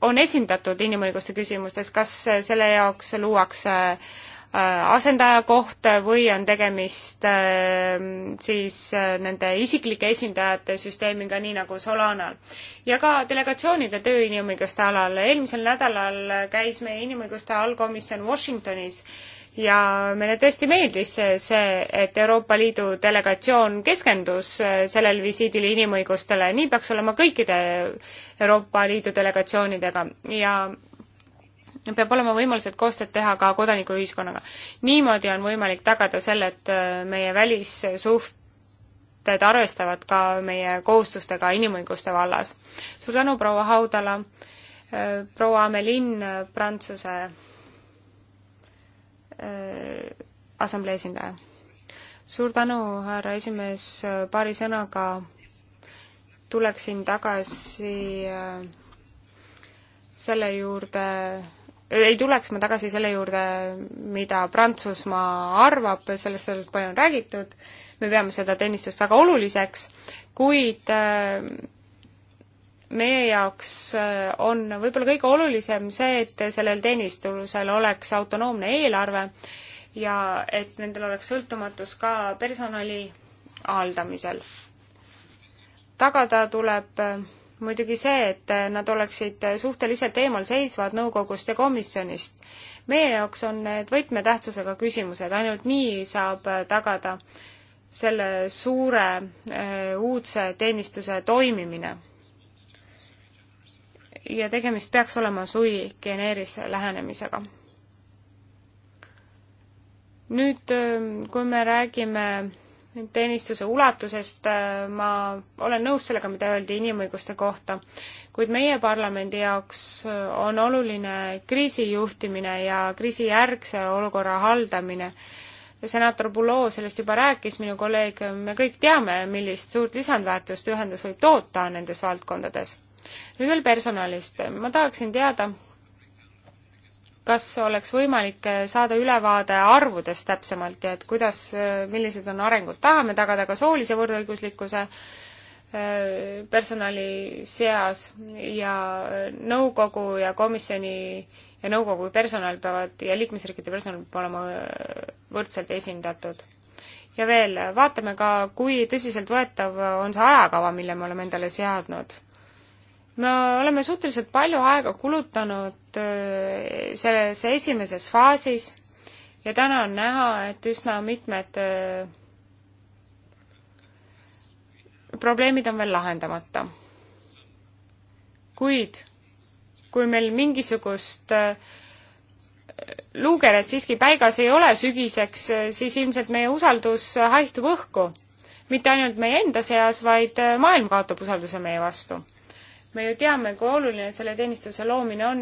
[SPEAKER 1] on esindatud inimõiguste küsimustes, kas selle jaoks luuakse äh, Äh, asendaja koht või on tegemist äh, siis äh, nende isiklike esindajate süsteemiga, nii nagu Solanal. ja ka delegatsioonide töö inimõiguste alal. eelmisel nädalal käis meie inimõiguste allkomisjon Washingtonis ja meile tõesti meeldis see, et Euroopa Liidu delegatsioon keskendus sellel visiidil inimõigustele, nii peaks olema kõikide Euroopa Liidu delegatsioonidega ja peab olema võimalused koostööd teha ka kodanikuühiskonnaga. niimoodi on võimalik tagada selle, et äh, meie välissuhted arvestavad ka meie kohustustega inimõiguste vallas. suur tänu, proua Haudala, äh, proua Amelin, äh, Prantsuse assamblee esindaja. suur tänu, härra esimees, paari sõnaga tuleksin tagasi selle juurde, ei tuleks ma tagasi selle juurde, mida Prantsusmaa arvab, sellest on palju on räägitud, me peame seda teenistust väga oluliseks, kuid äh, meie jaoks äh, on võib-olla kõige olulisem see, et sellel teenistusel oleks autonoomne eelarve ja et nendel oleks sõltumatus ka personali haldamisel. tagada tuleb äh, muidugi see, et nad oleksid suhteliselt eemal seisvad nõukogust ja komisjonist. meie jaoks on need võtmetähtsusega küsimused, ainult nii saab tagada selle suure eh, uudse teenistuse toimimine. ja tegemist peaks olema sui geneeris lähenemisega. nüüd, eh, kui me räägime teenistuse ulatusest äh, ma olen nõus sellega, mida öeldi inimõiguste kohta, kuid meie parlamendi jaoks äh, on oluline kriisijuhtimine ja kriisijärgse olukorra haldamine. senaator Buloo sellest juba rääkis, minu kolleeg, me kõik teame, millist suurt lisandväärtust ühendus võib toota nendes valdkondades. nüüd veel personalist, ma tahaksin teada, kas oleks võimalik äh, saada ülevaade arvudest täpsemalt ja et kuidas, äh, millised on arengud, tahame tagada ka soolise võrdõiguslikkuse äh, personali seas ja nõukogu ja komisjoni ja nõukogu personal peavad ja liikmesriikide personal peab olema võrdselt esindatud. ja veel, vaatame ka, kui tõsiseltvõetav on see ajakava, mille me oleme endale seadnud me oleme suhteliselt palju aega kulutanud äh, selles esimeses faasis ja täna on näha, et üsna mitmed äh, probleemid on veel lahendamata. kuid kui meil mingisugust äh, luugeret siiski paigas ei ole sügiseks, siis ilmselt meie usaldus haihtub õhku. mitte ainult meie enda seas, vaid maailm kaotab usalduse meie vastu me ju teame, kui oluline selle teenistuse loomine on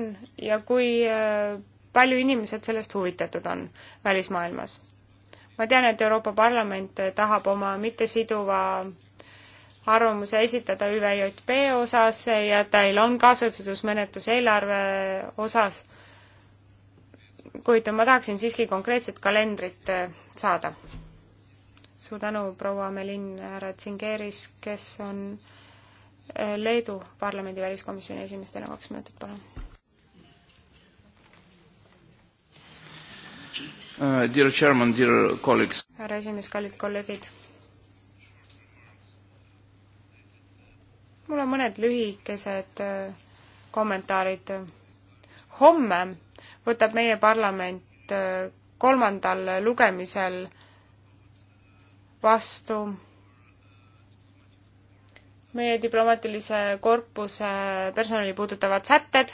[SPEAKER 1] ja kui äh, palju inimesed sellest huvitatud on välismaailmas. ma tean, et Euroopa Parlament tahab oma mittesiduva arvamuse esitada ÜVJP osas ja teil on kasutusmenetlus eelarve osas, kuid ma tahaksin siiski konkreetset kalendrit äh, saada. suur tänu, proua Melin härra Tsingeris, kes on Leedu parlamendi väliskomisjoni esimees, teil on kaks minutit, palun. Uh, dear chairman, dear colleagues. härra esimees, kallid kolleegid. mul on mõned lühikesed uh, kommentaarid. homme võtab meie parlament uh, kolmandal lugemisel vastu meie diplomaatilise korpuse personali puudutavad sätted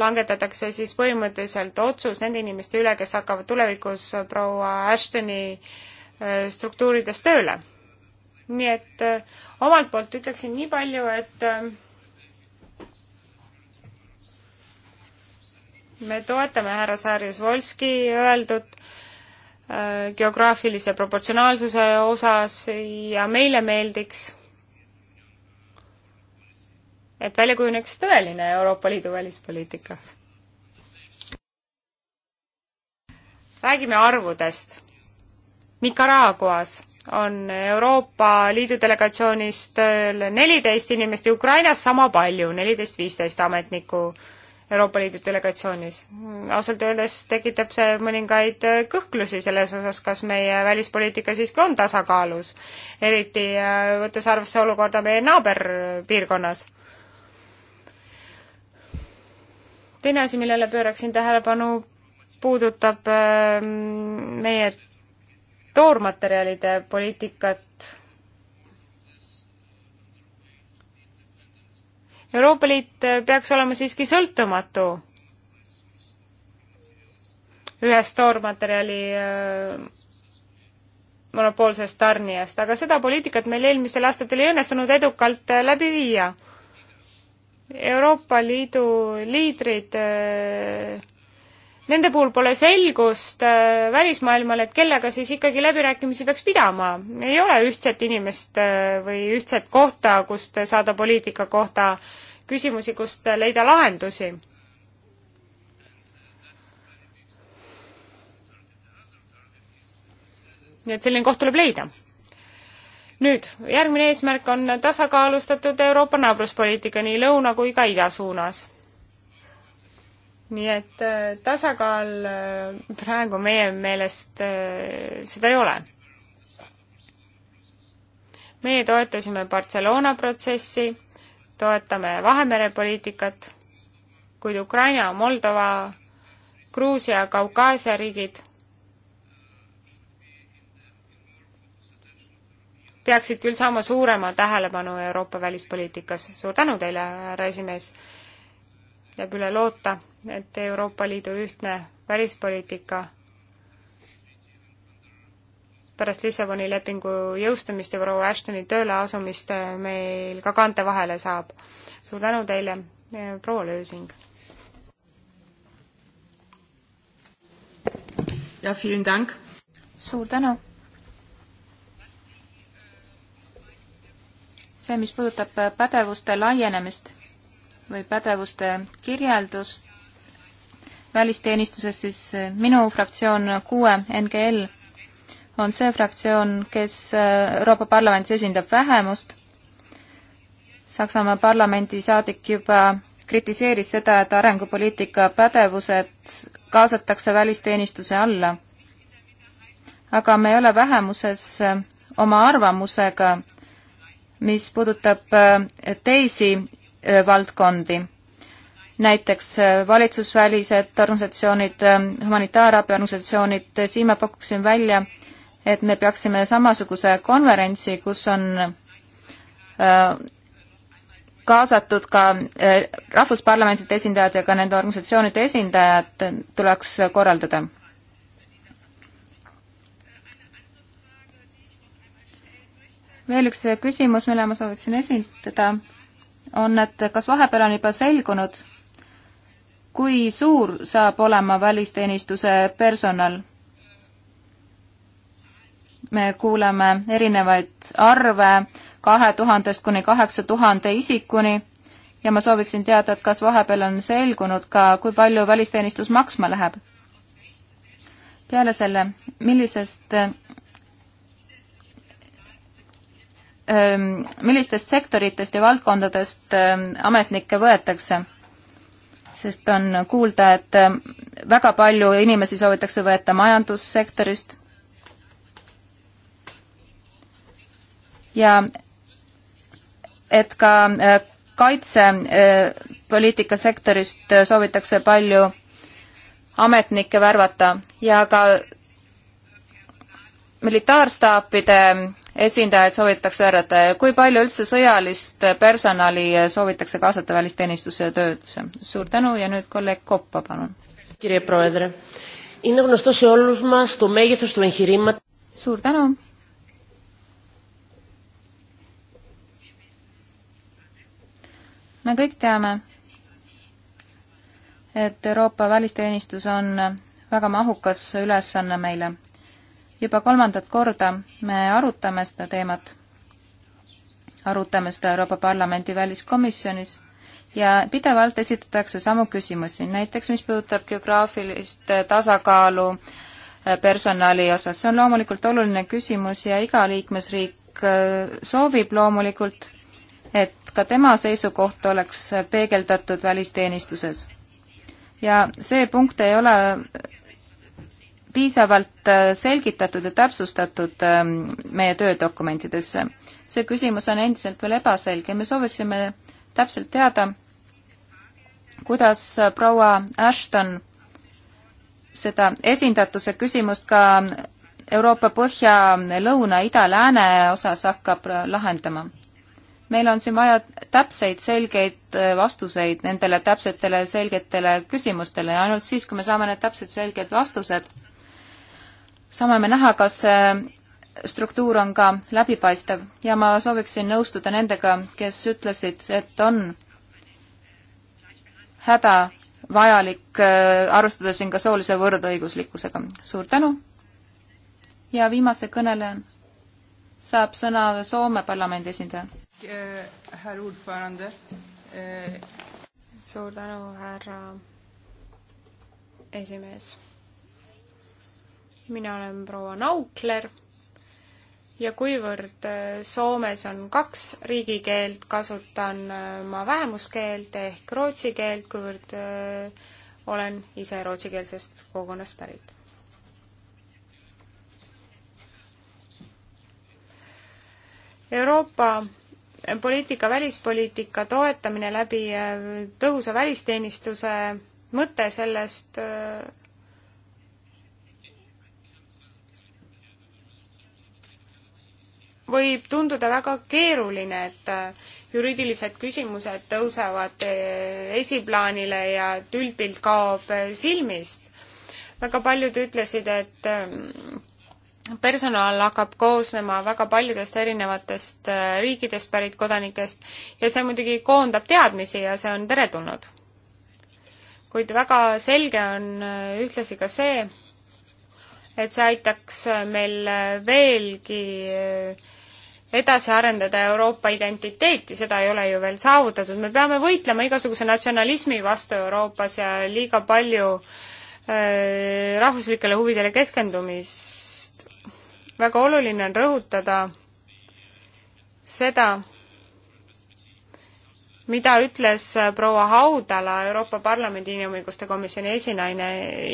[SPEAKER 1] langetatakse siis põhimõtteliselt otsus nende inimeste üle, kes hakkavad tulevikus proua Ashtoni äh, struktuurides tööle. nii et äh, omalt poolt ütleksin nii palju, et äh, me toetame härra Sarjus Volski öeldut, Äh, geograafilise proportsionaalsuse osas ja meile meeldiks, et välja kujuneks tõeline Euroopa Liidu välispoliitika. räägime arvudest. Nicaraguas on Euroopa Liidu delegatsioonist tööl neliteist inimest ja Ukrainas sama palju, neliteist-viisteist ametnikku äh, Euroopa Liidu delegatsioonis. ausalt öeldes tekitab see mõningaid kõhklusi selles osas, kas meie välispoliitika siiski on tasakaalus, eriti äh, võttes arvesse olukorda meie naaberpiirkonnas. teine asi, millele pööraksin tähelepanu, puudutab ähm, meie toormaterjalide poliitikat Euroopa Liit eh, peaks olema siiski sõltumatu ühest toormaterjali eh, monopoolsest tarnijast, aga seda poliitikat meil eelmistel aastatel ei õnnestunud edukalt eh, läbi viia. Euroopa Liidu liidrid öö, nende puhul pole selgust äh, välismaailmale, et kellega siis ikkagi läbirääkimisi peaks pidama. ei ole ühtset inimest äh, või ühtset kohta, kust saada poliitika kohta küsimusi, kust leida lahendusi. nii et selline koht tuleb leida nüüd, järgmine eesmärk on tasakaalustatud Euroopa naabruspoliitika nii lõuna kui ka ida suunas nii et äh, tasakaal äh, praegu meie meelest äh, seda ei ole. meie toetasime Barcelona protsessi, toetame Vahemere poliitikat, kuid Ukraina, Moldova, Gruusia, Kaukaasia riigid peaksid küll saama suurema tähelepanu Euroopa välispoliitikas. suur tänu teile, härra esimees! jääb üle loota, et Euroopa Liidu ühtne välispoliitika pärast Lissaboni lepingu jõustumist ja proua Ashtoni tööle asumist äh, meil ka kaante vahele saab. suur tänu teile, äh, proua Lösing!
[SPEAKER 3] ja vielen Dank! suur tänu! see, mis puudutab pädevuste laienemist või pädevuste kirjeldust välisteenistuses, siis eh, minu fraktsioon, kuue NGL, on see fraktsioon, kes eh, Euroopa Parlamendis esindab vähemust. Saksamaa parlamendi saadik juba kritiseeris seda, et arengupoliitika pädevused kaasatakse välisteenistuse alla. aga me ei ole vähemuses eh, oma arvamusega, mis puudutab teisi Äh, valdkondi. näiteks äh, valitsusvälised organisatsioonid, äh, humanitaarabiorganisatsioonid, siin ma pakuksin välja, et me peaksime samasuguse konverentsi, kus on kaasatud ka rahvusparlamentide esindajad ja ka nende organisatsioonide esindajad tuleks korraldada. veel üks küsimus, mille ma sooviksin esitada on, et kas vahepeal on juba selgunud, kui suur saab olema välisteenistuse personal? me kuuleme erinevaid arve kahe tuhandest kuni kaheksa tuhande isikuni ja ma sooviksin teada, et kas vahepeal on selgunud ka, kui palju välisteenistus maksma läheb. peale selle, millisest Ehm, millistest sektoritest ja valdkondadest ehm, ametnikke võetakse? sest on kuulda, et ehm, väga palju inimesi soovitakse võeta majandussektorist ja et ka kaitsepoliitika sektorist soovitakse palju ametnikke värvata ja ka militaarstaapide esindajaid soovitakse väärata ja kui palju üldse sõjalist personali soovitakse kaasata välisteenistusse töödesse? suur tänu ja nüüd kolleeg Koppa, palun. suur tänu. me kõik teame, et Euroopa välisteenistus on väga mahukas ülesanne meile juba kolmandat korda me arutame seda teemat, arutame seda Euroopa Parlamendi väliskomisjonis ja pidevalt esitatakse samu küsimusi, näiteks mis puudutab geograafilist eh, tasakaalu eh, personali osas, see on loomulikult oluline küsimus ja iga liikmesriik eh, soovib loomulikult, et ka tema seisukoht oleks peegeldatud välisteenistuses. ja see punkt ei ole piisavalt äh, selgitatud ja täpsustatud ähm, meie töödokumentidesse. see küsimus on endiselt veel ebaselge, me sooviksime täpselt teada, kuidas äh, proua Ashton seda esindatuse küsimust ka Euroopa põhja, lõuna, ida, lääne osas hakkab äh, lahendama. meil on siin vaja täpseid, selgeid vastuseid nendele täpsetele, selgetele küsimustele ja ainult siis, kui me saame need täpsed, selged vastused, saame me näha, kas struktuur on ka läbipaistev ja ma sooviksin nõustuda nendega, kes ütlesid, et on hädavajalik äh, arvestada siin ka soolise võrdõiguslikkusega. suur tänu ja viimase kõneleja saab sõna Soome parlamendi esindaja.
[SPEAKER 1] Äh, suur tänu, härra esimees mina olen proua Naukler ja kuivõrd äh, Soomes on kaks riigikeelt, kasutan äh, ma vähemuskeelt ehk rootsi keelt, kuivõrd äh, olen ise rootsikeelsest kogukonnast pärit. Euroopa poliitika, välispoliitika toetamine läbi tõhusa välisteenistuse mõte sellest võib tunduda väga keeruline, et äh, juriidilised küsimused tõusevad äh, esiplaanile ja et üldpilt kaob äh, silmist. väga paljud ütlesid, et ähm, personal hakkab koosnema väga paljudest erinevatest riikidest pärit kodanikest ja see muidugi koondab teadmisi ja see on teretulnud. kuid väga selge on ühtlasi ka see, et see aitaks meil veelgi edasi arendada Euroopa identiteeti, seda ei ole ju veel saavutatud, me peame võitlema igasuguse natsionalismi vastu Euroopas ja liiga palju äh, rahvuslikele huvidele keskendumist. väga oluline on rõhutada seda, mida ütles äh, proua Haudala, Euroopa Parlamendi inimõiguste komisjoni esinaine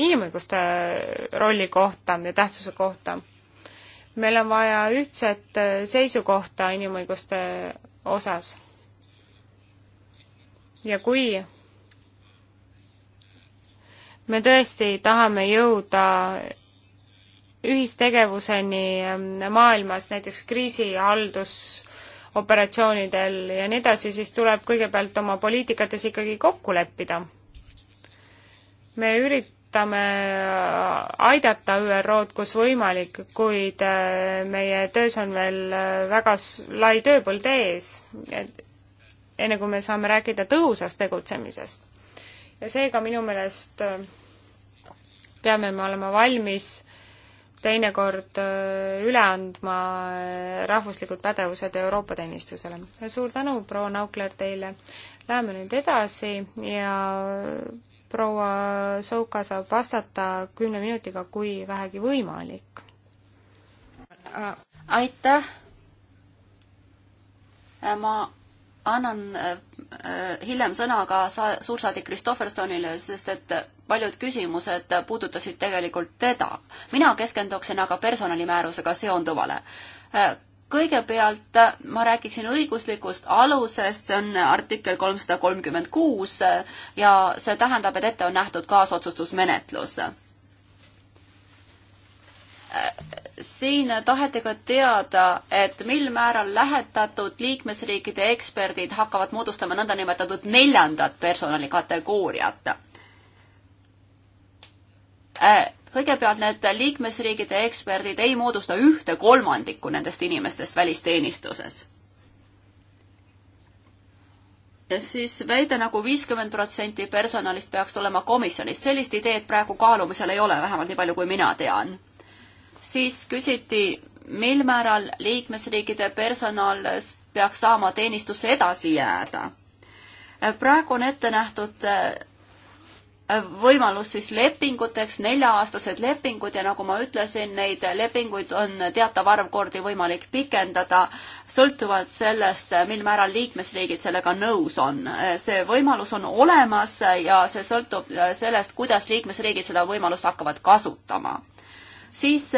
[SPEAKER 1] inimõiguste äh, rolli kohta ja tähtsuse kohta meil on vaja ühtset äh, seisukohta inimõiguste osas. ja kui me tõesti tahame jõuda ühistegevuseni ähm, maailmas, näiteks kriisihaldusoperatsioonidel ja nii edasi, siis tuleb kõigepealt oma poliitikates ikkagi kokku leppida. me ürit-, üritame aidata ÜRO-d, kus võimalik, kuid äh, meie töös on veel äh, väga lai tööpõld ees, enne kui me saame rääkida tõhusast tegutsemisest. ja seega minu meelest äh, peame me olema valmis teinekord üle andma rahvuslikud pädevused Euroopa teenistusele. suur tänu, proua Naukler, teile! Läheme nüüd edasi ja proua Souka saab vastata kümne minutiga, kui vähegi võimalik. aitäh.
[SPEAKER 2] ma annan äh, hiljem sõna ka sa-, suursaadik Kristoffersonile, sest et paljud küsimused puudutasid tegelikult teda. mina keskenduksin aga personalimäärusega seonduvale äh, kõigepealt ma räägiksin õiguslikust alusest, see on artikkel kolmsada kolmkümmend kuus ja see tähendab, et ette on nähtud kaasotsustusmenetlus. siin taheti ka teada, et mil määral lähetatud liikmesriikide eksperdid hakkavad moodustama nõndanimetatud neljandat personalikategooriat äh, kõigepealt need liikmesriigide eksperdid ei moodusta ühte kolmandikku nendest inimestest välisteenistuses. ja siis väide nagu viiskümmend protsenti personalist peaks tulema komisjonist, sellist ideed praegu kaalumisel ei ole, vähemalt nii palju, kui mina tean. siis küsiti, mil määral liikmesriikide personal peaks saama teenistusse edasi jääda praegu on ette nähtud Äh, võimalus siis lepinguteks, nelja-aastased lepingud ja nagu ma ütlesin, neid lepinguid on teatav arv kordi võimalik pikendada, sõltuvalt sellest, mil määral liikmesriigid sellega nõus on. Äh, see võimalus on olemas ja see sõltub äh, sellest, kuidas liikmesriigid seda võimalust hakkavad kasutama. siis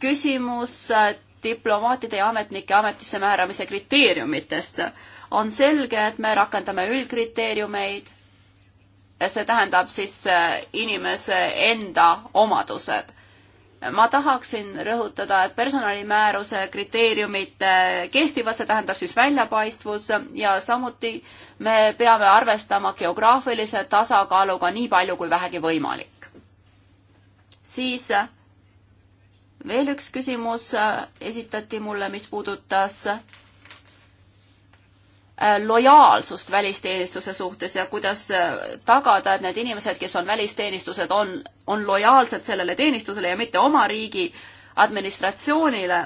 [SPEAKER 2] küsimus diplomaatide ja ametnike ametisse määramise kriteeriumitest. on selge, et me rakendame üldkriteeriumeid see tähendab siis äh, inimese enda omadused. ma tahaksin rõhutada, et personalimääruse kriteeriumid äh, kehtivad, see tähendab siis väljapaistvus ja samuti me peame arvestama geograafilise tasakaaluga nii palju kui vähegi võimalik. siis äh, veel üks küsimus esitati mulle, mis puudutas Äh, lojaalsust välisteenistuse suhtes ja kuidas äh, tagada, et need inimesed, kes on välisteenistused, on, on lojaalsed sellele teenistusele ja mitte oma riigi administratsioonile.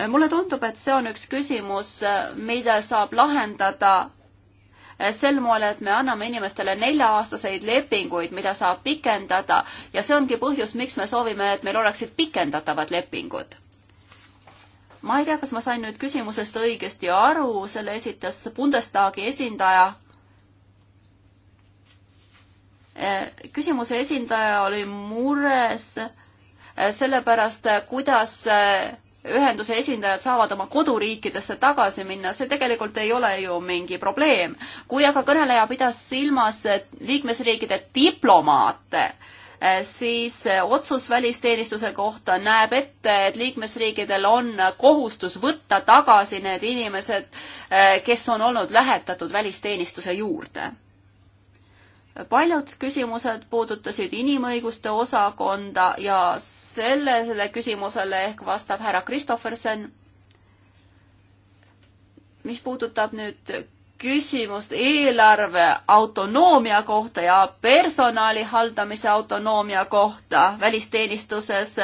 [SPEAKER 2] Äh, mulle tundub, et see on üks küsimus, mida saab lahendada sel moel, et me anname inimestele nelja-aastaseid lepinguid, mida saab pikendada ja see ongi põhjus, miks me soovime, et meil oleksid pikendatavad lepingud ma ei tea, kas ma sain nüüd küsimusest õigesti aru, selle esitas Bundestagi esindaja. Äh, küsimuse esindaja oli mures äh, sellepärast, äh, kuidas ühenduse esindajad saavad oma koduriikidesse tagasi minna, see tegelikult ei ole ju mingi probleem. kui aga kõneleja pidas silmas liikmesriikide diplomaate, Äh, siis äh, otsus välisteenistuse kohta näeb ette, et liikmesriigidel on kohustus võtta tagasi need inimesed, äh, kes on olnud lähetatud välisteenistuse juurde. paljud küsimused puudutasid inimõiguste osakonda ja sellele küsimusele ehk vastab härra Kristoffersen. mis puudutab nüüd küsimust eelarve autonoomia kohta ja personali haldamise autonoomia kohta välisteenistuses.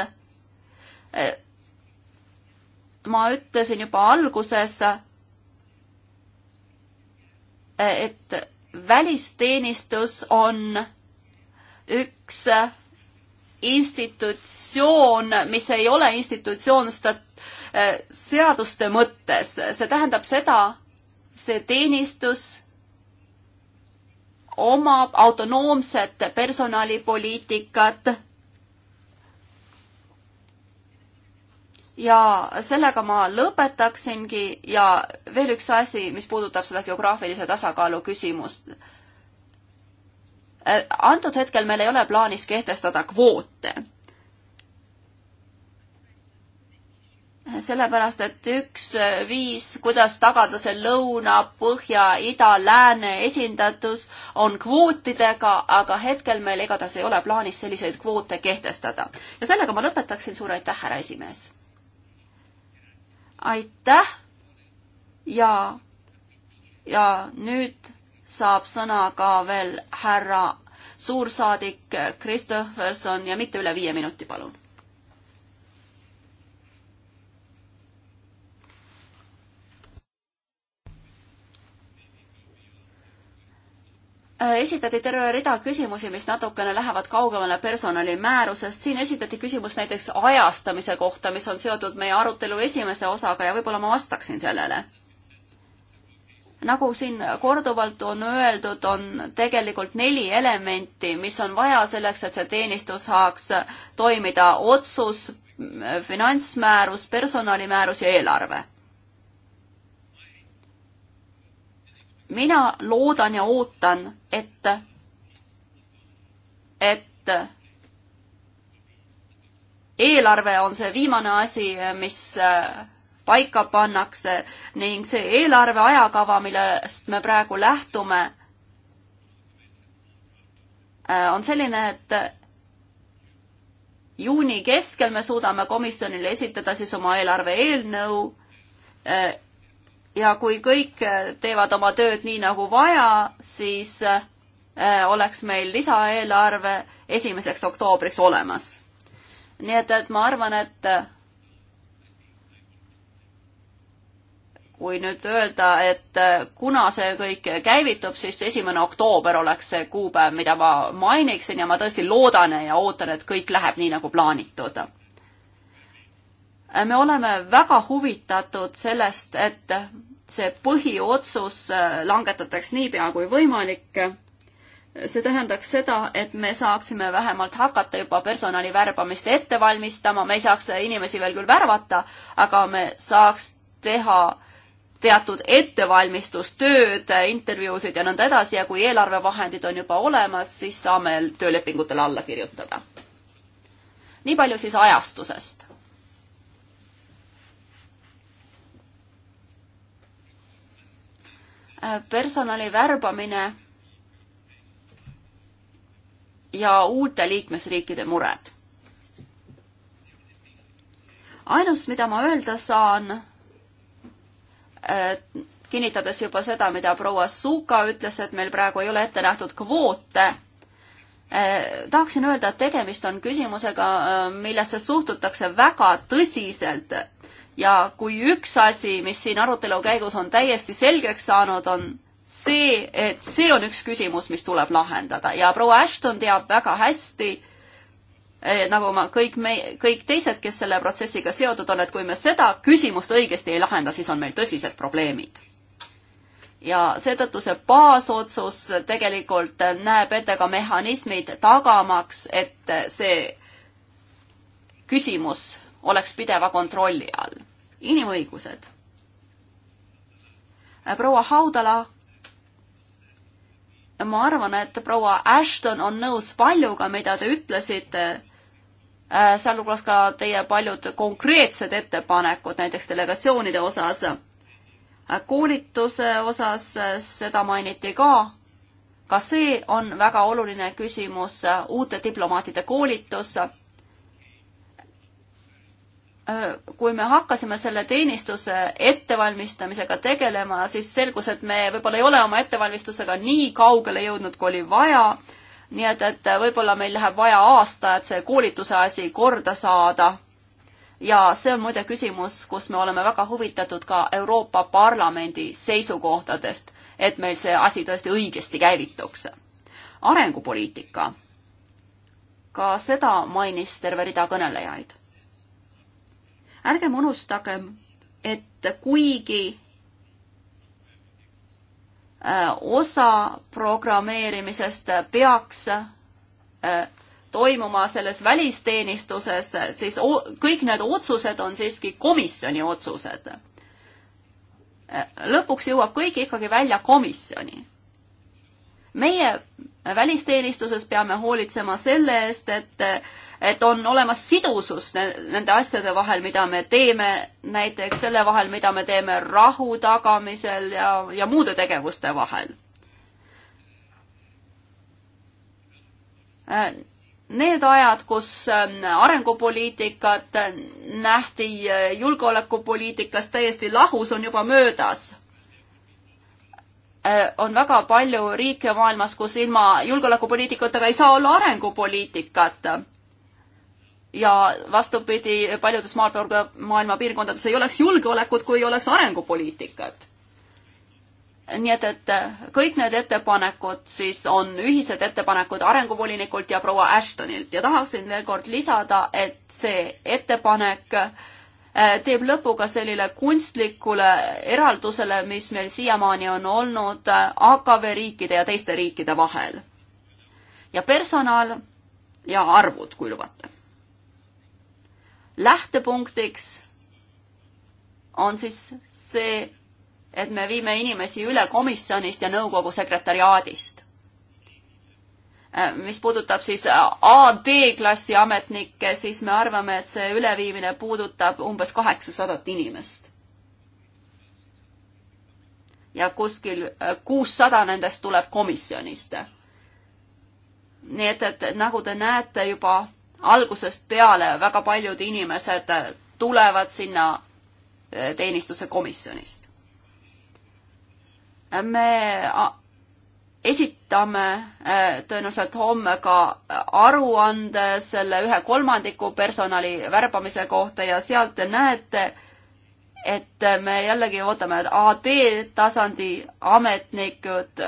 [SPEAKER 2] ma ütlesin juba alguses, et välisteenistus on üks institutsioon, mis ei ole institutsioon stat-, seaduste mõttes, see tähendab seda, see teenistus omab autonoomset personalipoliitikat. ja sellega ma lõpetaksingi ja veel üks asi, mis puudutab seda geograafilise tasakaalu küsimust. Äh, antud hetkel meil ei ole plaanis kehtestada kvoote sellepärast et üks viis, kuidas tagada see lõuna, põhja, ida, lääne esindatus, on kvootidega, aga hetkel meil igatahes ei ole plaanis selliseid kvoote kehtestada. ja sellega ma lõpetaksin, suur aitäh, härra esimees! aitäh ja, ja nüüd saab sõna ka veel härra suursaadik Kristoferson ja mitte üle viie minuti, palun Äh, esitati terve rida küsimusi, mis natukene lähevad kaugemale personalimäärusest. siin esitati küsimus näiteks ajastamise kohta, mis on seotud meie arutelu esimese osaga ja võib-olla ma vastaksin sellele. nagu siin korduvalt on öeldud, on tegelikult neli elementi, mis on vaja selleks, et see teenistus saaks toimida. otsus, finantsmäärus, personalimäärus ja eelarve mina loodan ja ootan, et, et eelarve on see viimane asi, mis äh, paika pannakse ning see eelarve ajakava, millest me praegu lähtume, äh, on selline, et juuni keskel me suudame komisjonile esitada siis oma eelarve eelnõu äh, ja kui kõik teevad oma tööd nii nagu vaja, siis äh, oleks meil lisaeelarve esimeseks oktoobriks olemas. nii et, et ma arvan, et kui nüüd öelda, et kuna see kõik käivitub, siis esimene oktoober oleks see kuupäev, mida ma mainiksin ja ma tõesti loodan ja ootan, et kõik läheb nii, nagu plaanitud me oleme väga huvitatud sellest, et see põhiotsus äh, langetataks niipea kui võimalik. see tähendaks seda, et me saaksime vähemalt hakata juba personali värbamist ette valmistama, me ei saaks inimesi veel küll värvata, aga me saaks teha teatud ettevalmistustööd, intervjuusid ja nõnda edasi ja kui eelarvevahendid on juba olemas, siis saame töölepingutele alla kirjutada. nii palju siis ajastusest personali värbamine ja uute liikmesriikide mured. ainus, mida ma öelda saan, äh, kinnitades juba seda, mida proua Suka ütles, et meil praegu ei ole ette nähtud kvoote, äh, tahaksin öelda, et tegemist on küsimusega, äh, millesse suhtutakse väga tõsiselt ja kui üks asi, mis siin arutelu käigus on täiesti selgeks saanud, on see, et see on üks küsimus, mis tuleb lahendada ja proua Ashton teab väga hästi eh,, nagu ma kõik me, kõik teised, kes selle protsessiga seotud on, et kui me seda küsimust õigesti ei lahenda, siis on meil tõsised probleemid. ja seetõttu see baasotsus tegelikult näeb ette ka mehhanismid tagamaks, et see küsimus oleks pideva kontrolli all. inimõigused. proua Haudala, ma arvan, et proua Ashton on nõus paljuga, mida te ütlesite, äh, sealhulgas ka teie paljud konkreetsed ettepanekud näiteks delegatsioonide osas. Äh, koolituse osas, äh, seda mainiti ka ka see on väga oluline küsimus, uute diplomaatide koolitus Äh, kui me hakkasime selle teenistuse ettevalmistamisega tegelema, siis selgus, et me võib-olla ei ole oma ettevalmistusega nii kaugele jõudnud, kui oli vaja. nii et, et võib-olla meil läheb vaja aasta, et see koolituse asi korda saada. ja see on muide küsimus, kus me oleme väga huvitatud ka Euroopa Parlamendi seisukohtadest, et meil see asi tõesti õigesti käivituks. arengupoliitika. ka seda mainis terve rida kõnelejaid ärgem unustagem, et kuigi äh, osa programmeerimisest peaks äh, toimuma selles välisteenistuses, siis kõik need otsused on siiski komisjoni otsused. Äh, lõpuks jõuab kõik ikkagi välja komisjoni meie välisteenistuses peame hoolitsema selle eest, et et on olemas sidusus nende asjade vahel, mida me teeme, näiteks selle vahel, mida me teeme rahu tagamisel ja, ja muude tegevuste vahel. Äh, need ajad, kus ähm, arengupoliitikat nähti äh, julgeolekupoliitikast täiesti lahus, on juba möödas Äh, on väga palju riike maailmas, kus ilma julgeolekupoliitikutega ei saa olla arengupoliitikat. ja vastupidi, paljudes maailma piirkondades ei oleks julgeolekut, kui ei oleks arengupoliitikat. nii et, et äh, kõik need ettepanekud siis on ühised ettepanekud arenguvolinikult ja proua Ashtonilt ja tahaksin veel kord lisada, et see ettepanek äh, Äh, teeb lõpu ka sellele kunstlikule eraldusele, mis meil siiamaani on olnud äh, AKV riikide ja teiste riikide vahel. ja personal ja arvud, kui lubate. lähtepunktiks on siis see, et me viime inimesi üle komisjonist ja nõukogu sekretäriaadist. Äh, mis puudutab siis äh, AD-klassi ametnikke, siis me arvame, et see üleviimine puudutab umbes kaheksasadat inimest. ja kuskil äh, kuussada nendest tuleb komisjonist. nii et, et nagu te näete juba algusest peale, väga paljud inimesed tulevad sinna teenistuse komisjonist. me esitame äh, tõenäoliselt homme ka äh, aruande selle ühe kolmandiku personali värbamise kohta ja sealt te näete, et äh, me jällegi ootame, et AD tasandi ametnikud,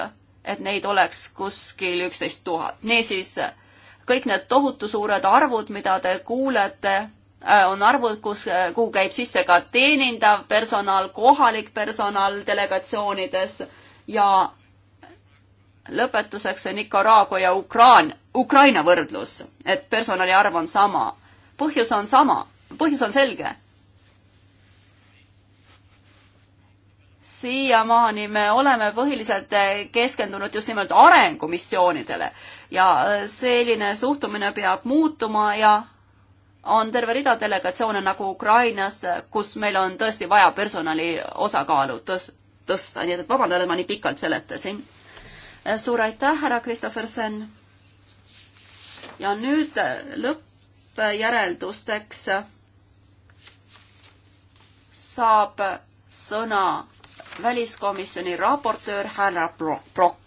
[SPEAKER 2] et neid oleks kuskil üksteist tuhat. niisiis, kõik need tohutu suured arvud, mida te kuulete, on arvud, kus, kuhu käib sisse ka teenindav personal, kohalik personal delegatsioonides ja lõpetuseks see Nicaragua ja Ukraan, Ukraina võrdlus, et personali arv on sama. põhjus on sama, põhjus on selge siiamaani me oleme põhiliselt keskendunud just nimelt arengumissioonidele ja äh, selline suhtumine peab muutuma ja on terve rida delegatsioone nagu Ukrainas, kus meil on tõesti vaja personali osakaalu tõs-, tõsta, nii et vabandan, et ma nii pikalt seletasin suur aitäh, härra Kristoffersen. ja nüüd lõppjäreldusteks saab sõna väliskomisjoni raportöör härra Brock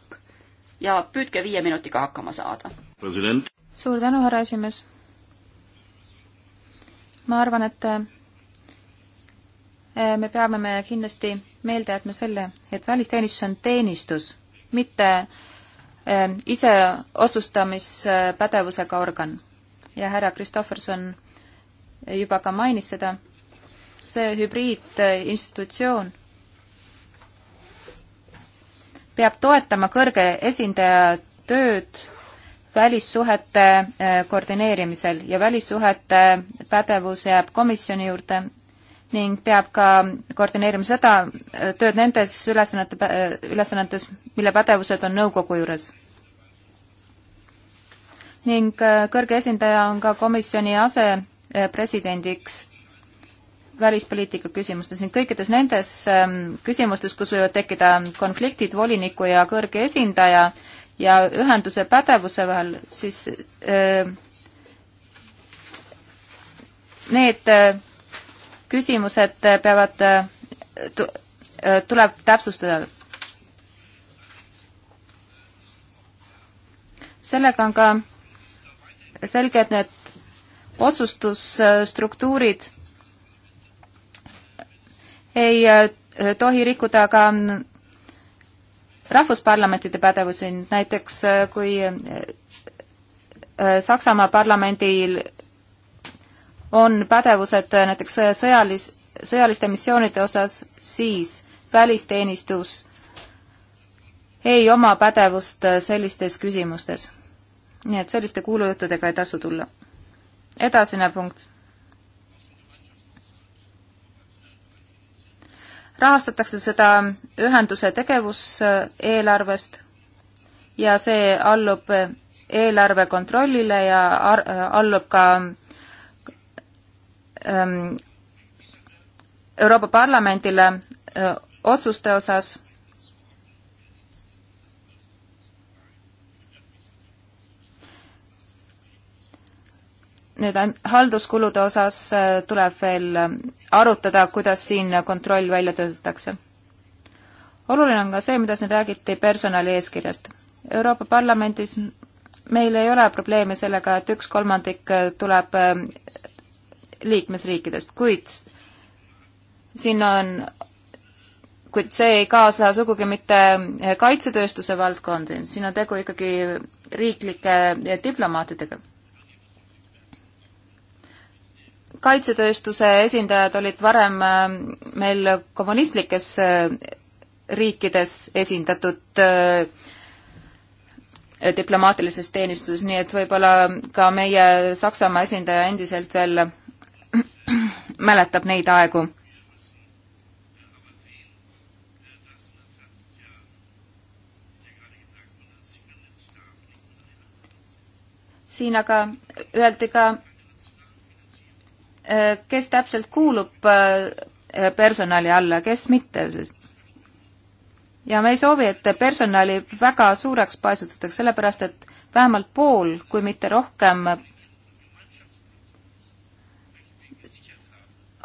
[SPEAKER 2] ja püüdke viie minutiga hakkama saada.
[SPEAKER 3] suur tänu, härra esimees. ma arvan, et eh, me peame me kindlasti meelde jätma selle, et välisteenistus on teenistus mitte ähm, ise otsustamispädevusega organ. ja härra Kristofferson juba ka mainis seda, see hübriidinstitutsioon peab toetama kõrge esindaja tööd välissuhete äh, koordineerimisel ja välissuhete pädevus jääb komisjoni juurde ning peab ka koordineerima seda äh, tööd nendes ülesannete, äh, ülesannetes, mille pädevused on nõukogu juures. ning äh, kõrge esindaja on ka komisjoni asepresidendiks välispoliitika küsimustes ning kõikides nendes ähm, küsimustes, kus võivad tekkida konfliktid voliniku ja kõrge esindaja ja ühenduse pädevuse vahel, siis öö, need küsimused äh, peavad, äh, äh, tuleb täpsustada. sellega on ka selge, et need otsustusstruktuurid ei tohi rikkuda ka rahvusparlamentide pädevusi, näiteks kui Saksamaa parlamendil on pädevused näiteks sõjalis, sõjaliste missioonide osas, siis välisteenistus ei oma pädevust sellistes küsimustes. nii et selliste kuulujuttudega ei tasu tulla. edasine punkt. rahastatakse seda ühenduse tegevuseelarvest ja see allub eelarve kontrollile ja allub ka Ähm, Euroopa Parlamendile äh, otsuste osas nüüd halduskulude osas äh, tuleb veel äh, arutada, kuidas siin kontroll välja töötatakse. oluline on ka see, mida siin räägiti personali eeskirjast. Euroopa Parlamendis meil ei ole probleemi sellega, et üks kolmandik tuleb liikmesriikidest, kuid siin on, kuid see ei kaasa sugugi mitte kaitsetööstuse valdkondi, siin on tegu ikkagi riiklike diplomaatidega kaitsetööstuse esindajad olid varem äh, meil kommunistlikes äh, riikides esindatud äh, diplomaatilises teenistuses, nii et võib-olla ka meie Saksamaa esindaja endiselt veel *clears throat* mäletab neid aegu. siin aga öeldi ka, äh, kes täpselt kuulub äh, personali alla, kes mitte, sest ja me ei soovi, et personali väga suureks paisutatakse, sellepärast et vähemalt pool, kui mitte rohkem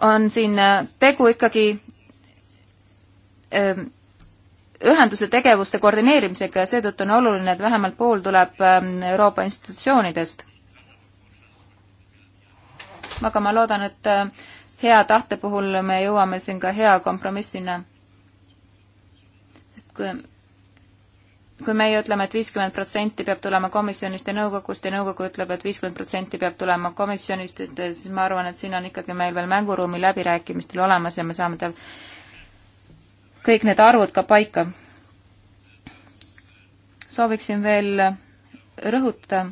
[SPEAKER 3] on siin äh, tegu ikkagi ähm, ühenduse tegevuste koordineerimisega ja seetõttu on oluline, et vähemalt pool tuleb ähm, Euroopa institutsioonidest. aga ma loodan, et äh, hea tahte puhul me jõuame siin ka hea kompromissina. sest kui kui meie ütleme et, et viiskümmend protsenti peab tulema komisjonist ja nõukogust ja nõukogu ütleb et, et viiskümmend protsenti peab tulema komisjonist, et siis ma arvan, et siin on ikkagi meil veel mänguruumi läbirääkimistel olemas ja me saame ta kõik need arvud ka paika. sooviksin veel rõhuta,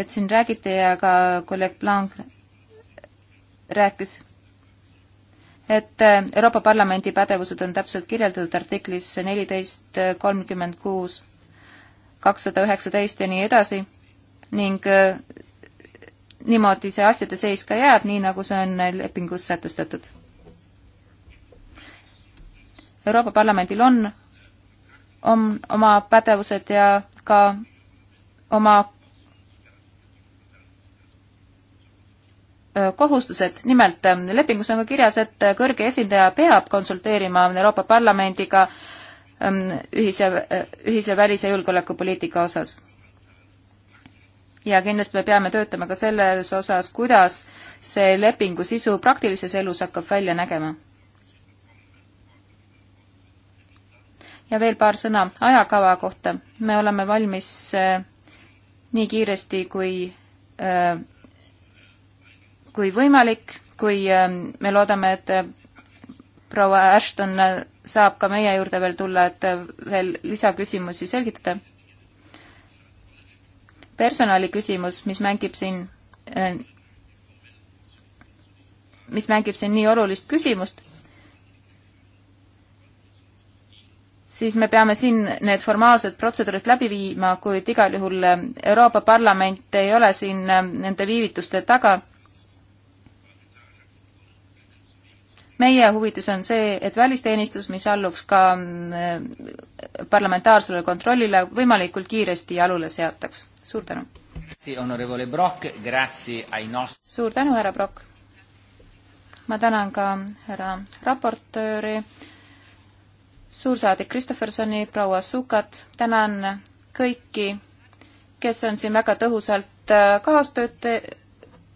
[SPEAKER 3] et siin räägiti ja ka kolleeg Blanc rääkis et äh, Euroopa Parlamendi pädevused on täpselt kirjeldatud artiklis neliteist, äh, kolmkümmend kuus, kakssada üheksateist ja nii edasi ning äh, niimoodi see asjade seis ka jääb, nii nagu see on lepingus sätestatud. Euroopa Parlamendil on, on oma pädevused ja ka oma Äh, kohustused, nimelt ähm, lepingus on ka kirjas, et äh, kõrge esindaja peab konsulteerima Euroopa Parlamendiga ähm, ühise, äh, ühise välise julgeolekupoliitika osas. ja kindlasti me peame töötama ka selles osas, kuidas see lepingu sisu praktilises elus hakkab välja nägema. ja veel paar sõna ajakava kohta. me oleme valmis nii kiiresti kui kui võimalik, kui ähm, me loodame, et äh, proua Ashton äh, saab ka meie juurde veel tulla, et äh, veel lisaküsimusi selgitada. personali küsimus, mis mängib siin, mis mängib siin nii olulist küsimust, siis me peame siin need formaalsed protseduurid läbi viima, kuid igal juhul Euroopa Parlament ei ole siin nende viivituste taga meie huvides on see, et välisteenistus, mis alluks ka mm, parlamentaarsele kontrollile, võimalikult kiiresti jalule seataks. suur tänu! suur tänu, härra Brock! ma tänan ka härra raportööri, suursaadik Christophersoni, proua Sukat, tänan kõiki, kes on siin väga tõhusalt äh, kaastööd te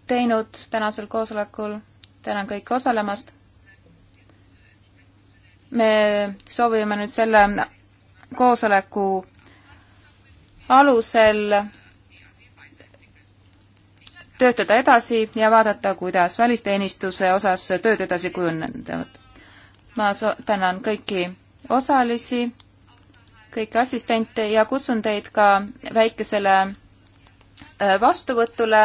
[SPEAKER 3] teinud tänasel koosolekul, tänan kõiki osalemast me soovime nüüd selle koosoleku alusel töötada edasi ja vaadata, kuidas välisteenistuse osas tööd edasi kujunevad. ma so-, tänan kõiki osalisi, kõiki assistente ja kutsun teid ka väikesele äh, vastuvõtule